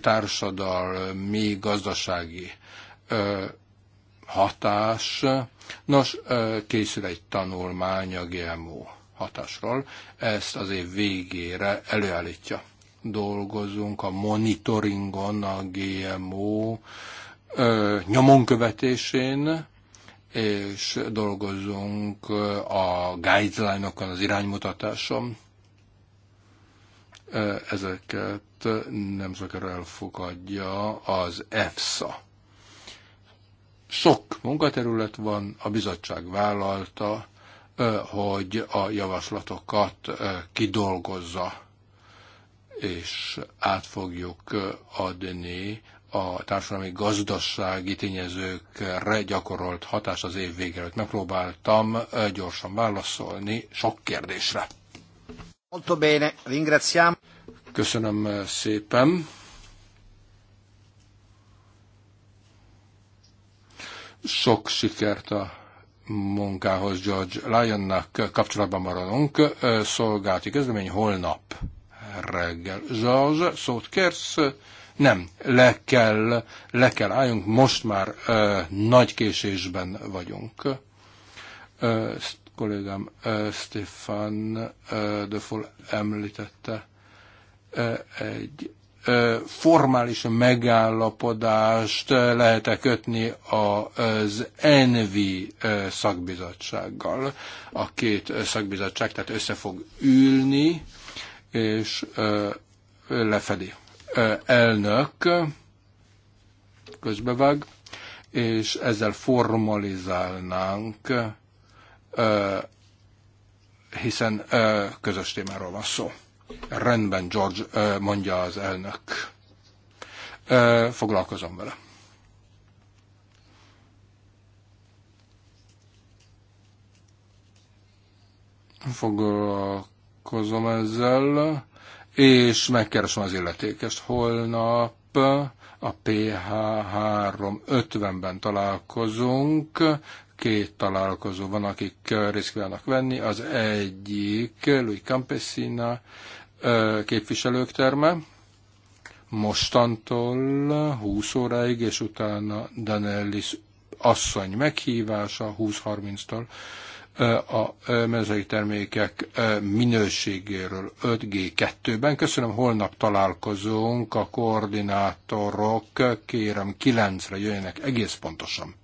társadalmi, gazdasági hatás. Nos, készül egy tanulmány a GMO hatásról, ezt az év végére előállítja. Dolgozunk a monitoringon a GMO nyomon követésén, és dolgozunk a guideline-okon, az iránymutatáson. Ezeket nem sokára elfogadja az EFSA. Sok munkaterület van, a bizottság vállalta, hogy a javaslatokat kidolgozza, és át fogjuk adni a társadalmi gazdasági tényezőkre gyakorolt hatás az év vége előtt. Megpróbáltam gyorsan válaszolni sok kérdésre. Molto bene, ringraziamo. Köszönöm szépen. Sok sikert a munkához George Lyonnak kapcsolatban maradunk. Szolgálti közlemény holnap reggel. George, szót kérsz? Nem, le kell, le kell álljunk, most már ö, nagy késésben vagyunk. Ö, kollégám ö, Stefan ö, de Foll említette ö, egy formális megállapodást lehet-e kötni az ENVI szakbizottsággal. A két szakbizottság tehát össze fog ülni, és lefedi elnök közbevág, és ezzel formalizálnánk, hiszen közös témáról van szó. Rendben, George, mondja az elnök. Foglalkozom vele. Foglalkozom ezzel és megkeresem az illetékest. Holnap a PH350-ben találkozunk, két találkozó van, akik részt kívánnak venni. Az egyik Louis Campesina képviselők terme, mostantól 20 óráig, és utána Danellis asszony meghívása 20.30-tól a mezői termékek minőségéről 5G2-ben. Köszönöm, holnap találkozunk, a koordinátorok kérem 9-re jöjjenek egész pontosan.